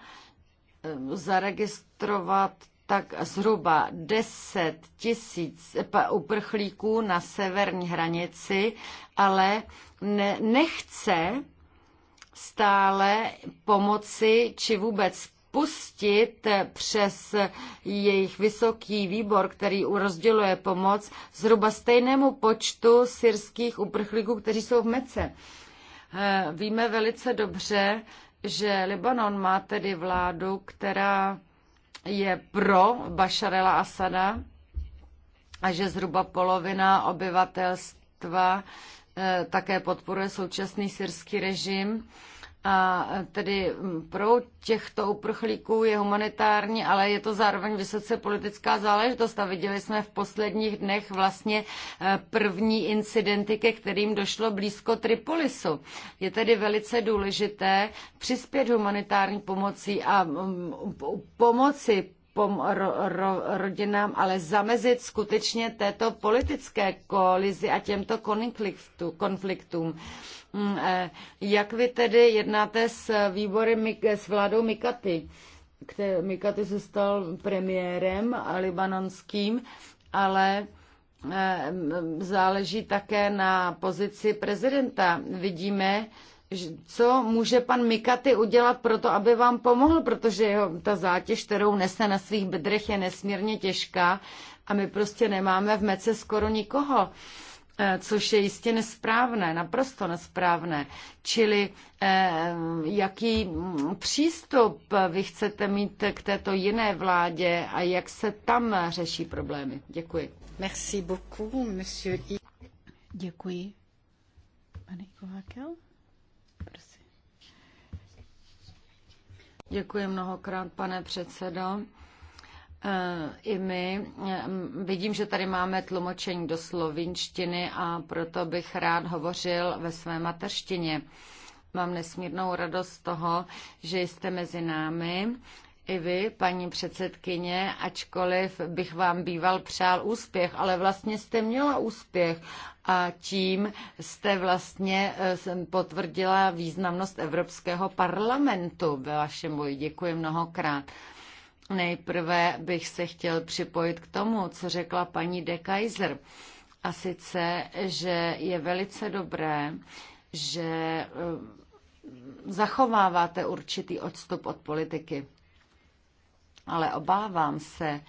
eh, zaregistrovat tak zhruba 10 tisíc eh, uprchlíků na severní hranici, ale ne, nechce stále pomoci či vůbec pustit přes jejich vysoký výbor, který rozděluje pomoc, zhruba stejnému počtu syrských uprchlíků, kteří jsou v Mece. Eh, víme velice dobře, že Libanon má tedy vládu, která je pro Bašarela Asada a že zhruba polovina obyvatelstva eh, také podporuje současný syrský režim a tedy hm, pro těchto uprchlíků je humanitární, ale je to zároveň vysoce politická záležitost. A viděli jsme v posledních dnech vlastně eh, první incidenty, ke kterým došlo blízko Tripolisu. Je tedy velice důležité přispět humanitární pomocí a hm, pomoci pom- ro- ro- rodinám, ale zamezit skutečně této politické koalizi a těmto konfliktu, konfliktům. Mm, eh, jak vy tedy jednáte s výbory s vládou Mikaty? Mikaty se stal premiérem libanonským, ale eh, záleží také na pozici prezidenta. Vidíme, co může pan Mikaty udělat pro to, aby vám pomohl, protože jeho, ta zátěž, kterou nese na svých bedrech, je nesmírně těžká a my prostě nemáme v mece skoro nikoho. Eh, což je jistě nesprávné, naprosto nesprávné. Čili eh, jaký přístup vy chcete mít k této jiné vládě a jak se tam řeší problémy? Děkuji. Merci beaucoup, monsieur. Děkuji. Pane Kovákel, prosím. Děkuji mnohokrát, pane předsedo. Eh, I my eh, vidím, že tady máme tlumočení do slovinštiny a proto bych rád hovořil ve své mateřštině. Mám nesmírnou radost z toho, že jste mezi námi. I vy, paní předsedkyně, ačkoliv bych vám býval přál úspěch, ale vlastně jste měla úspěch a tím jste vlastně eh, potvrdila významnost Evropského parlamentu ve vašem boji. Děkuji mnohokrát. Nejprve bych se chtěl připojit k tomu, co řekla paní de Kaiser. A sice, že je velice dobré, že eh, zachováváte určitý odstup od politiky. Ale obávám se,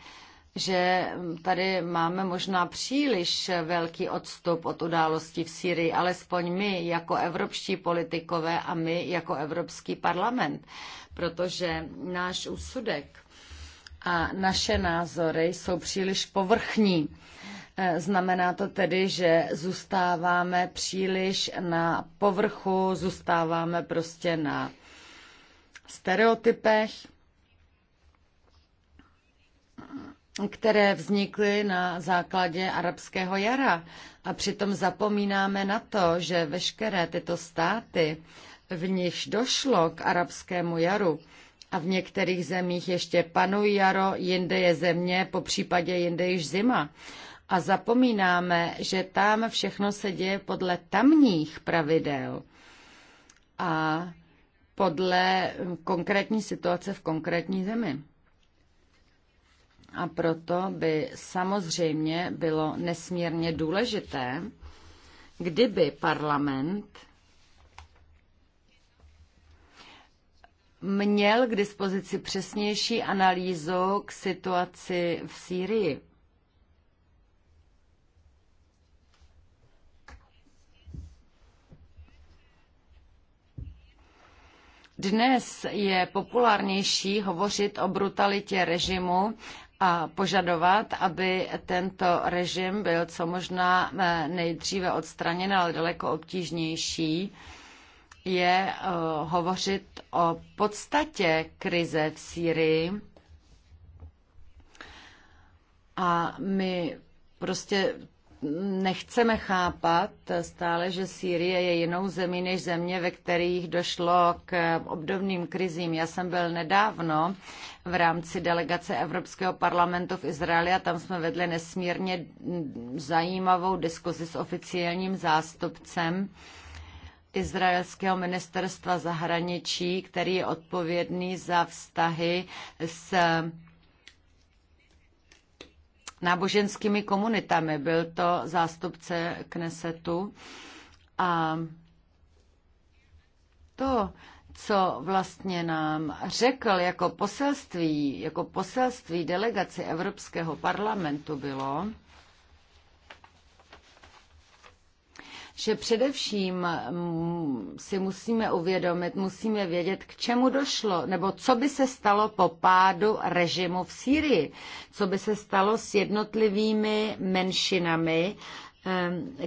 že tady máme možná příliš velký odstup od událostí v Syrii, alespoň my jako evropští politikové a my jako Evropský parlament, protože náš úsudek a naše názory jsou příliš povrchní. Eh, znamená to tedy, že zůstáváme příliš na povrchu, zůstáváme prostě na stereotypech, které vznikly na základě arabského jara. A přitom zapomínáme na to, že veškeré tyto státy, v nichž došlo k arabskému jaru, a v některých zemích ještě panují jaro, jinde je země, po případě jinde již zima. A zapomínáme, že tam všechno se děje podle tamních pravidel a podle konkrétní situace v konkrétní zemi. A proto by samozřejmě bylo nesmírně důležité, kdyby parlament měl k dispozici přesnější analýzu k situaci v Sýrii. Dnes je populárnější hovořit o brutalitě režimu a požadovat, aby tento režim byl co možná eh, nejdříve odstraněn, ale daleko obtížnější je eh, hovořit o podstatě krize v Sýrii. A my prostě nechceme chápat stále, že Sýrie je jinou zemí než země, ve kterých došlo k obdobným krizím. Já jsem byl nedávno v rámci delegace Evropského parlamentu v Izraeli a tam jsme vedli nesmírně zajímavou diskuzi s oficiálním zástupcem izraelského ministerstva zahraničí, který je odpovědný za vztahy s náboženskými komunitami. Byl to zástupce Knesetu. A to, co vlastně nám řekl jako poselství, jako poselství delegaci Evropského parlamentu bylo, že především mm, si musíme uvědomit, musíme vědět, k čemu došlo, nebo co by se stalo po pádu režimu v Sýrii, co by se stalo s jednotlivými menšinami,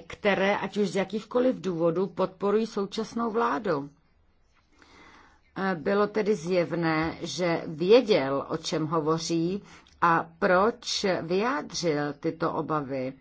které, ať už z jakýchkoliv důvodů, podporují současnou vládu. Eh, bylo tedy zjevné, že věděl, o čem hovoří a proč vyjádřil tyto obavy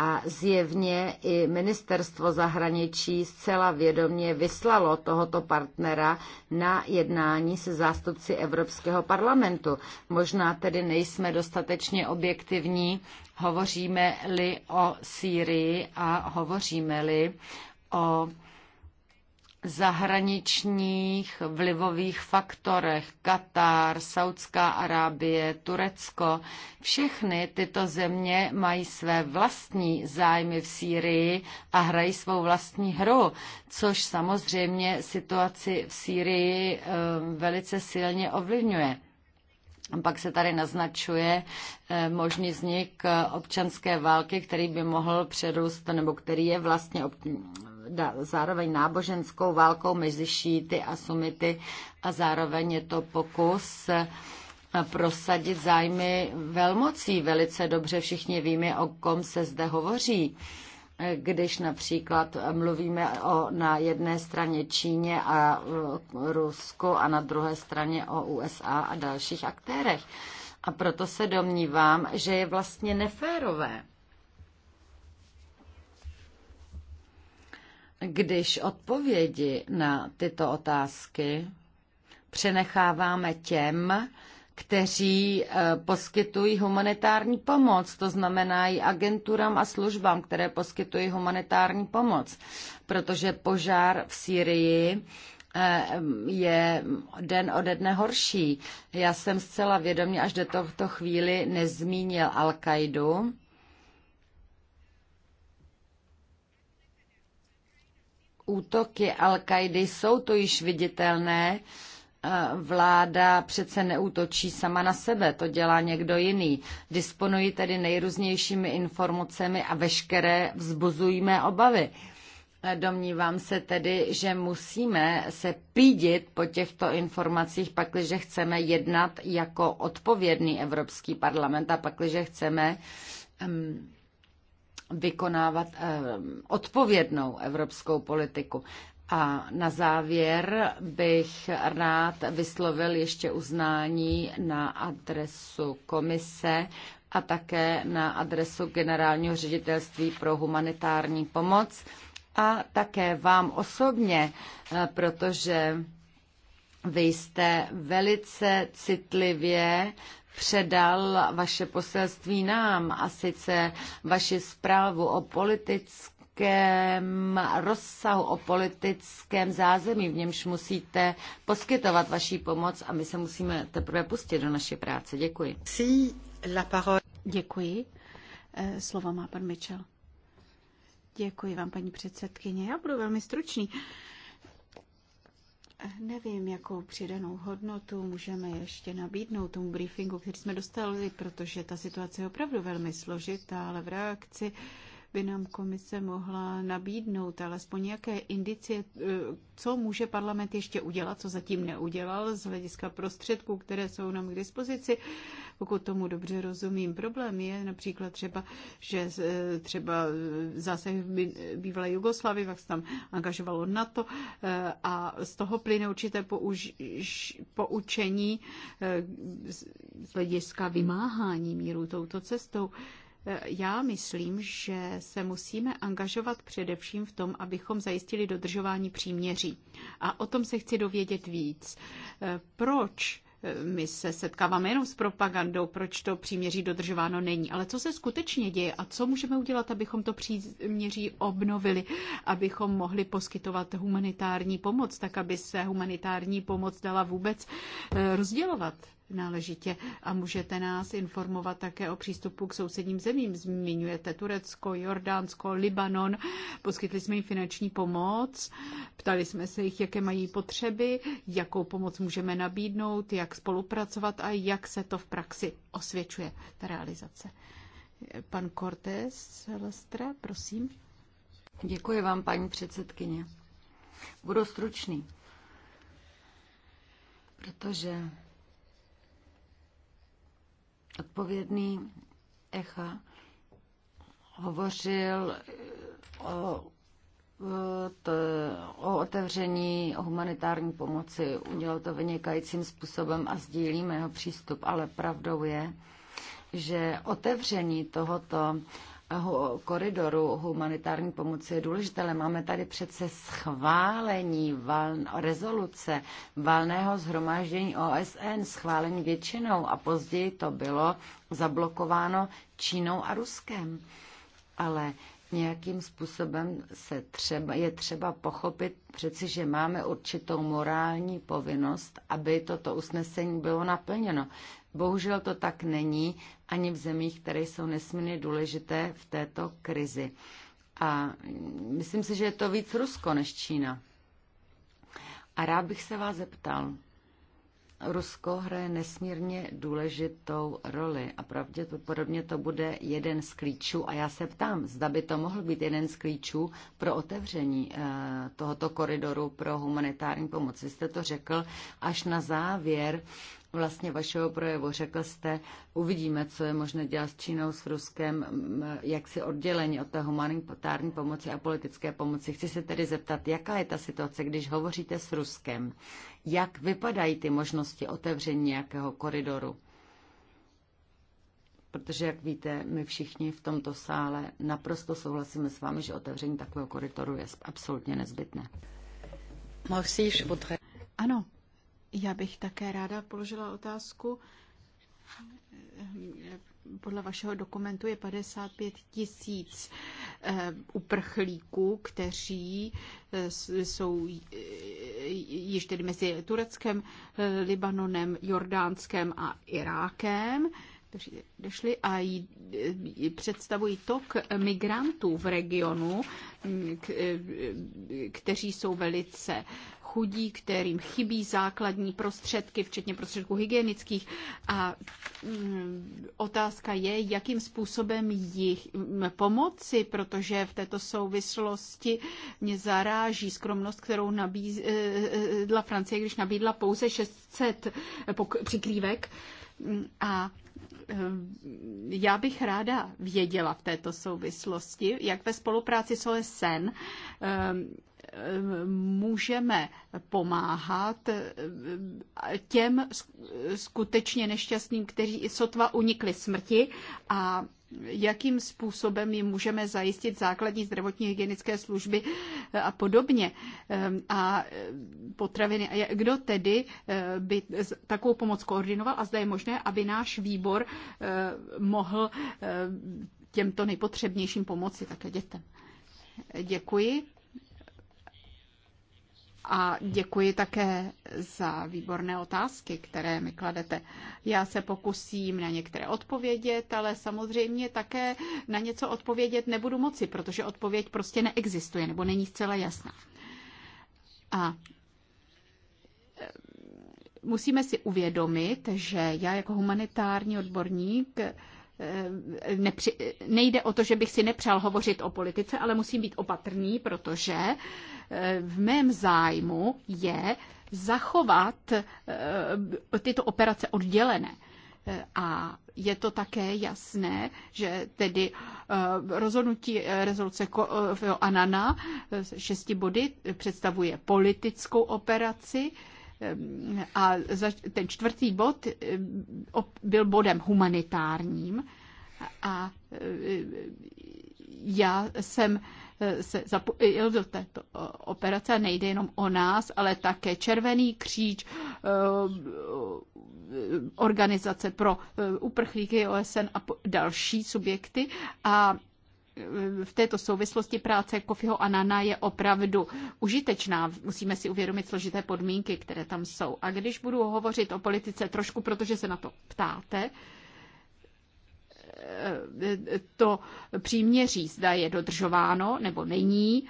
a zjevně i ministerstvo zahraničí zcela vědomě vyslalo tohoto partnera na jednání se zástupci Evropského parlamentu. Možná tedy nejsme dostatečně objektivní, hovoříme-li o Sýrii a hovoříme-li o zahraničních vlivových faktorech Katar, Saudská Arábie, Turecko. Všechny tyto země mají své vlastní zájmy v Sýrii a hrají svou vlastní hru, což samozřejmě situaci v Sýrii eh, velice silně ovlivňuje. Pak se tady naznačuje eh, možný vznik eh, občanské války, který by mohl přerůst, nebo který je vlastně zároveň náboženskou válkou mezi šíty a sumity a zároveň je to pokus eh, prosadit zájmy velmocí. Velice dobře všichni víme, o kom se zde hovoří eh, když například mluvíme o na jedné straně Číně a eh, Rusku a na druhé straně o USA a dalších aktérech. A proto se domnívám, že je vlastně neférové, Když odpovědi na tyto otázky přenecháváme těm, kteří eh, poskytují humanitární pomoc, to znamená i agenturám a službám, které poskytují humanitární pomoc, protože požár v Sýrii eh, je den ode dne horší. Já jsem zcela vědomě až do tohoto chvíli nezmínil Al-Kaidu, útoky Al-Kaidy jsou to již viditelné, eh, vláda přece neútočí sama na sebe, to dělá někdo jiný. Disponují tedy nejrůznějšími informacemi a veškeré vzbuzují mé obavy. Eh, domnívám se tedy, že musíme se pídit po těchto informacích, pakliže chceme jednat jako odpovědný Evropský parlament a pakliže chceme um, vykonávat ehm, odpovědnou evropskou politiku. A na závěr bych rád vyslovil ještě uznání na adresu komise a také na adresu Generálního ředitelství pro humanitární pomoc a také vám osobně, eh, protože vy jste velice citlivě předal vaše poselství nám a sice vaši zprávu o politickém rozsahu, o politickém zázemí, v němž musíte poskytovat vaší pomoc a my se musíme teprve pustit do naší práce. Děkuji. Si la parole. Děkuji. Eh, Slovo má pan Mitchell. Děkuji vám, paní předsedkyně. Já budu velmi stručný. Nevím, jakou přidanou hodnotu můžeme ještě nabídnout tomu briefingu, který jsme dostali, protože ta situace je opravdu velmi složitá, ale v reakci by nám komise mohla nabídnout, alespoň nějaké indicie, eh, co může parlament ještě udělat, co zatím neudělal z hlediska prostředků, které jsou nám k dispozici. Pokud tomu dobře rozumím, problém je například třeba, že eh, třeba eh, zase bývalé Jugoslavy, jak se tam angažovalo NATO a z toho plyne určité použ, poučení z hlediska vymáhání míru touto cestou. Já myslím, že se musíme angažovat především v tom, abychom zajistili dodržování příměří. A o tom se chci dovědět víc. E, proč e, my se setkáváme jenom s propagandou, proč to příměří dodržováno není. Ale co se skutečně děje a co můžeme udělat, abychom to příměří obnovili, abychom mohli poskytovat humanitární pomoc, tak aby se humanitární pomoc dala vůbec e, rozdělovat? náležitě. A můžete nás informovat také o přístupu k sousedním zemím. Zmiňujete Turecko, Jordánsko, Libanon. Poskytli jsme jim finanční pomoc, ptali jsme se jich, jaké mají potřeby, jakou pomoc můžeme nabídnout, jak spolupracovat a jak se to v praxi osvědčuje, ta realizace. Pan Cortés Lestra, prosím. Děkuji vám, paní předsedkyně. Budu stručný, protože Odpovědný Echa hovořil eh, o, t, o otevření o humanitární pomoci. Udělal to vynikajícím způsobem a sdílíme jeho přístup, ale pravdou je, že otevření tohoto koridoru humanitární pomoci je důležité, ale máme tady přece schválení val, rezoluce valného zhromáždění OSN, schválení většinou a později to bylo zablokováno Čínou a Ruskem. Ale nějakým způsobem se třeba, je třeba pochopit přeci, že máme určitou morální povinnost, aby toto usnesení bylo naplněno. Bohužel to tak není ani v zemích, které jsou nesmírně důležité v této krizi. A myslím si, že je to víc Rusko než Čína. A rád bych se vás zeptal, Rusko hraje nesmírně důležitou roli a pravděpodobně to bude jeden z klíčů. A já se ptám, zda by to mohl být jeden z klíčů pro otevření eh, tohoto koridoru pro humanitární pomoc. Vy jste to řekl až na závěr vlastně vašeho projevu. Řekl jste, uvidíme, co je možné dělat s Čínou, s Ruskem, mm, jak si oddělení od té humanitární pomoci a politické pomoci. Chci se tedy zeptat, jaká je ta situace, když hovoříte s Ruskem jak vypadají ty možnosti otevření nějakého koridoru. Protože, jak víte, my všichni v tomto sále naprosto souhlasíme s vámi, že otevření takového koridoru je absolutně nezbytné. Ano, já bych také ráda položila otázku podle vašeho dokumentu je 55 tisíc eh, uprchlíků, kteří eh, jsou eh, již tedy mezi Tureckem, Libanonem, Jordánskem a Irákem kteří došli a představují tok migrantů v regionu, mm, kteří jsou velice chudí, kterým chybí základní prostředky, včetně prostředků hygienických. A mm, otázka je, jakým způsobem jich mm, pomoci, protože v této souvislosti mě zaráží skromnost, kterou nabídla eh, eh, Francie, když nabídla pouze 600 přikrývek. Mm, a eh, já bych ráda věděla v této souvislosti, jak ve spolupráci s OSN můžeme pomáhat těm skutečně nešťastným, kteří i sotva unikli smrti a jakým způsobem jim můžeme zajistit základní zdravotní hygienické služby a podobně a potraviny. kdo tedy eh, by takovou pomoc koordinoval a zda je možné, aby náš výbor eh, mohl eh, těmto nejpotřebnějším pomoci také dětem. Děkuji. A děkuji také za výborné otázky, které mi kladete. Já se pokusím na některé odpovědět, ale samozřejmě také na něco odpovědět nebudu moci, protože odpověď prostě neexistuje nebo není zcela jasná. A e, musíme si uvědomit, že já jako humanitární odborník e, nepři, nejde o to, že bych si nepřál hovořit o politice, ale musím být opatrný, protože v mém zájmu je zachovat eh, tyto operace oddělené. Eh, a je to také jasné, že tedy eh, rozhodnutí rezoluce Anana z šesti body představuje politickou operaci a ten čtvrtý bod byl bodem humanitárním a já jsem Eh, se zapojil do této eh, operace. Nejde jenom o nás, ale také Červený kříč, eh, organizace pro uprchlíky OSN a další subjekty. A v této souvislosti práce Kofiho Anana je opravdu užitečná. Musíme si uvědomit složité podmínky, které tam jsou. A když budu hovořit o politice trošku, protože se na to ptáte, to příměří, zda je dodržováno nebo není.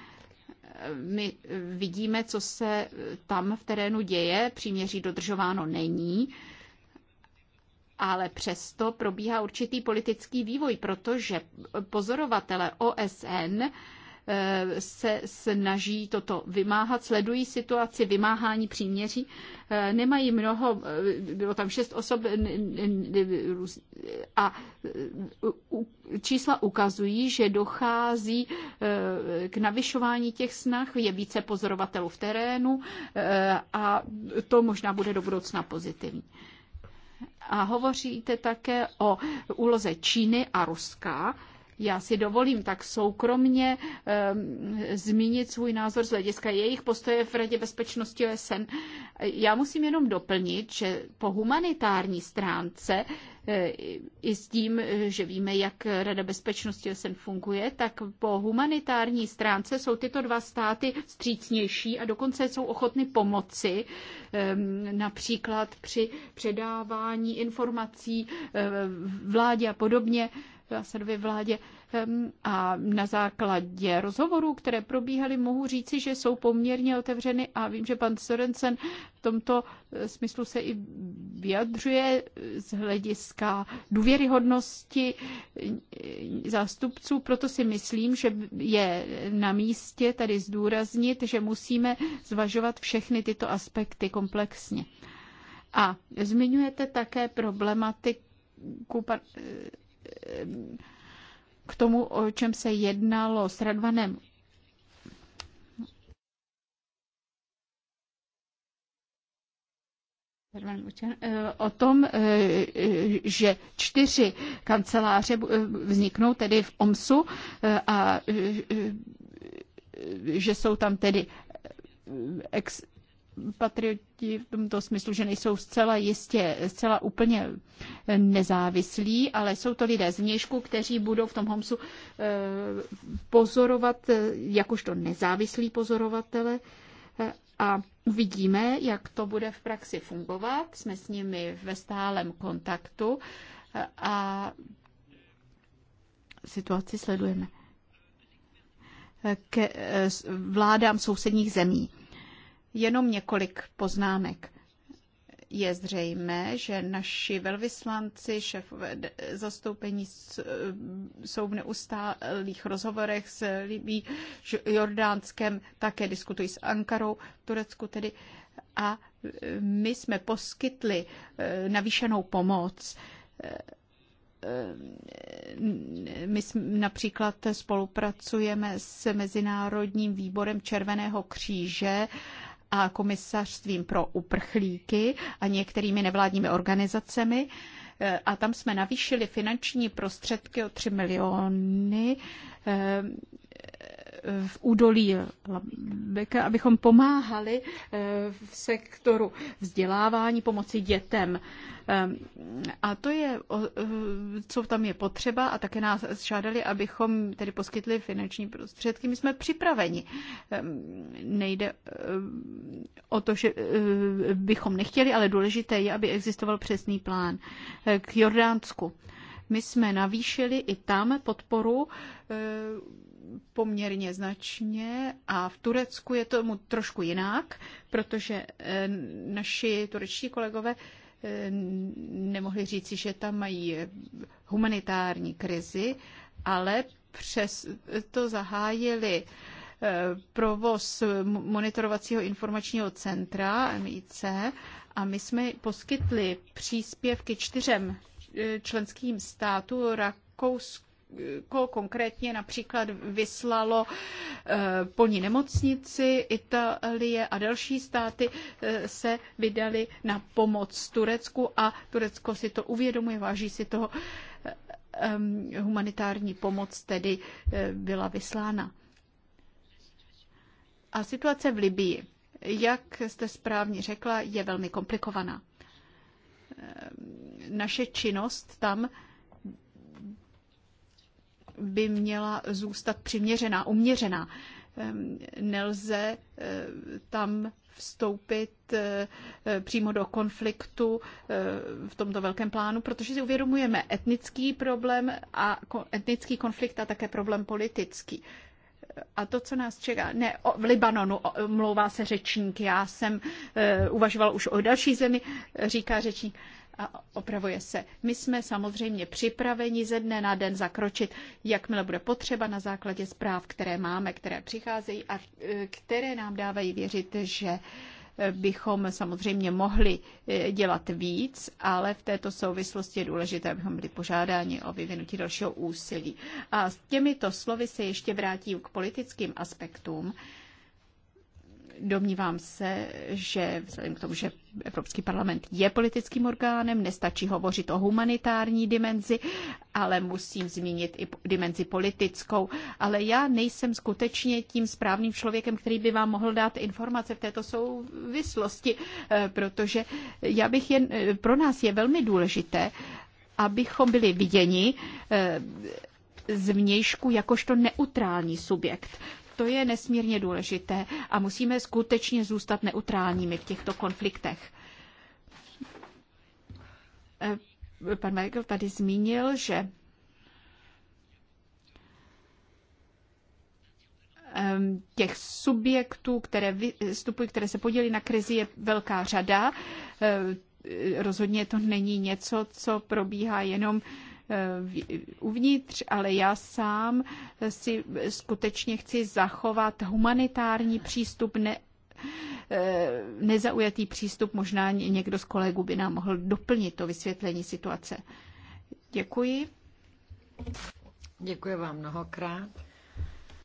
My vidíme, co se tam v terénu děje, příměří dodržováno není, ale přesto probíhá určitý politický vývoj, protože pozorovatele OSN Eh, se snaží toto vymáhat, sledují situaci vymáhání příměří. Eh, nemají mnoho, eh, bylo tam šest osob a čísla ukazují, že dochází k navyšování těch snah, je více pozorovatelů v terénu a to možná bude do budoucna pozitivní. A hovoříte také o úloze Číny a Ruska já si dovolím tak soukromně um, zmínit svůj názor z hlediska jejich postoje v Radě bezpečnosti OSN. Já musím jenom doplnit, že po humanitární stránce eh, i s tím, že víme, jak Rada bezpečnosti OSN funguje, tak po humanitární stránce jsou tyto dva státy střícnější a dokonce jsou ochotny pomoci ehm, například při předávání informací eh, vládě a podobně. Asadově vládě. A na základě rozhovorů, které probíhaly, mohu říci, že jsou poměrně otevřeny a vím, že pan Sorensen v tomto eh, smyslu se i vyjadřuje eh, z hlediska důvěryhodnosti eh, zástupců. Proto si myslím, že je na místě tady zdůraznit, že musíme zvažovat všechny tyto aspekty komplexně. A zmiňujete také problematiku k tomu, o čem se jednalo s Radvanem eh, O tom, eh, eh, že čtyři kanceláře vzniknou tedy v OMSu a že jsou tam tedy ex, patrioti v tomto smyslu, že nejsou zcela jistě, zcela úplně nezávislí, ale jsou to lidé z vnějšku, kteří budou v tom Homsu eh, pozorovat eh, jakožto nezávislí pozorovatele eh, a uvidíme, jak to bude v praxi fungovat. Jsme s nimi ve stálem kontaktu a situaci sledujeme. K vládám sousedních zemí. Jenom několik poznámek. Je zřejmé, že naši velvyslanci, šéfové zastoupení jsou v neustálých rozhovorech s Libí, Jordánskem, také diskutují s Ankarou, Turecku tedy. A e, my jsme poskytli e, navýšenou pomoc e, my například spolupracujeme s Mezinárodním výborem Červeného kříže a komisařstvím pro uprchlíky a některými nevládními organizacemi. E, a tam jsme navýšili finanční prostředky o 3 miliony e, v údolí Labeka, abychom pomáhali eh, v sektoru vzdělávání pomoci dětem. Eh, a to je, eh, co tam je potřeba a také nás žádali, abychom tedy poskytli finanční prostředky. My jsme připraveni. Nejde o to, že bychom nechtěli, ale důležité je, aby existoval přesný plán k Jordánsku. My jsme navýšili i tam podporu poměrně značně a v Turecku je tomu trošku jinak, protože eh, naši turečtí kolegové eh, nemohli říci, že tam mají humanitární krizi, ale přes to zahájili eh, provoz monitorovacího informačního centra MIC a my jsme poskytli příspěvky čtyřem členským státům Rakousku, Německo konkrétně například vyslalo eh, polní nemocnici, Itálie a další státy eh, se vydali na pomoc Turecku a Turecko si to uvědomuje, váží si toho. Eh, humanitární pomoc tedy byla vyslána. A situace v Libii, jak jste správně řekla, je velmi komplikovaná. Naše činnost tam by měla zůstat přiměřená, uměřená. Nelze eh, tam vstoupit eh, přímo do konfliktu eh, v tomto velkém plánu, protože si uvědomujeme etnický problém a etnický konflikt a také problém politický a to, co nás čeká, ne o, v Libanonu, o, mlouvá se řečník, já jsem e, uvažoval už o další zemi, říká řečník a opravuje se. My jsme samozřejmě připraveni ze dne na den zakročit, jakmile bude potřeba na základě zpráv, které máme, které přicházejí a e, které nám dávají věřit, že e, bychom samozřejmě mohli e, dělat víc, ale v této souvislosti je důležité, abychom byli požádáni o vyvinutí dalšího úsilí. A s těmito slovy se ještě vrátím k politickým aspektům, Domnívám se, že vzhledem k tomu, že Evropský parlament je politickým orgánem, nestačí hovořit o humanitární dimenzi, ale musím zmínit i dimenzi politickou. Ale já nejsem skutečně tím správným člověkem, který by vám mohl dát informace v této souvislosti, eh, protože já bych jen, eh, pro nás je velmi důležité, abychom byli viděni eh, z vnějšku jakožto neutrální subjekt. To je nesmírně důležité a musíme skutečně zůstat neutrálními v těchto konfliktech. Eh, pan Michael tady zmínil, že ehm, těch subjektů, které vystupují, které se podělí na krizi, je velká řada. Eh, rozhodně to není něco, co probíhá jenom uvnitř, ale já sám si skutečně chci zachovat humanitární přístup, ne, eh, nezaujatý přístup. Možná někdo z kolegů by nám mohl doplnit to vysvětlení situace. Děkuji. Děkuji vám mnohokrát.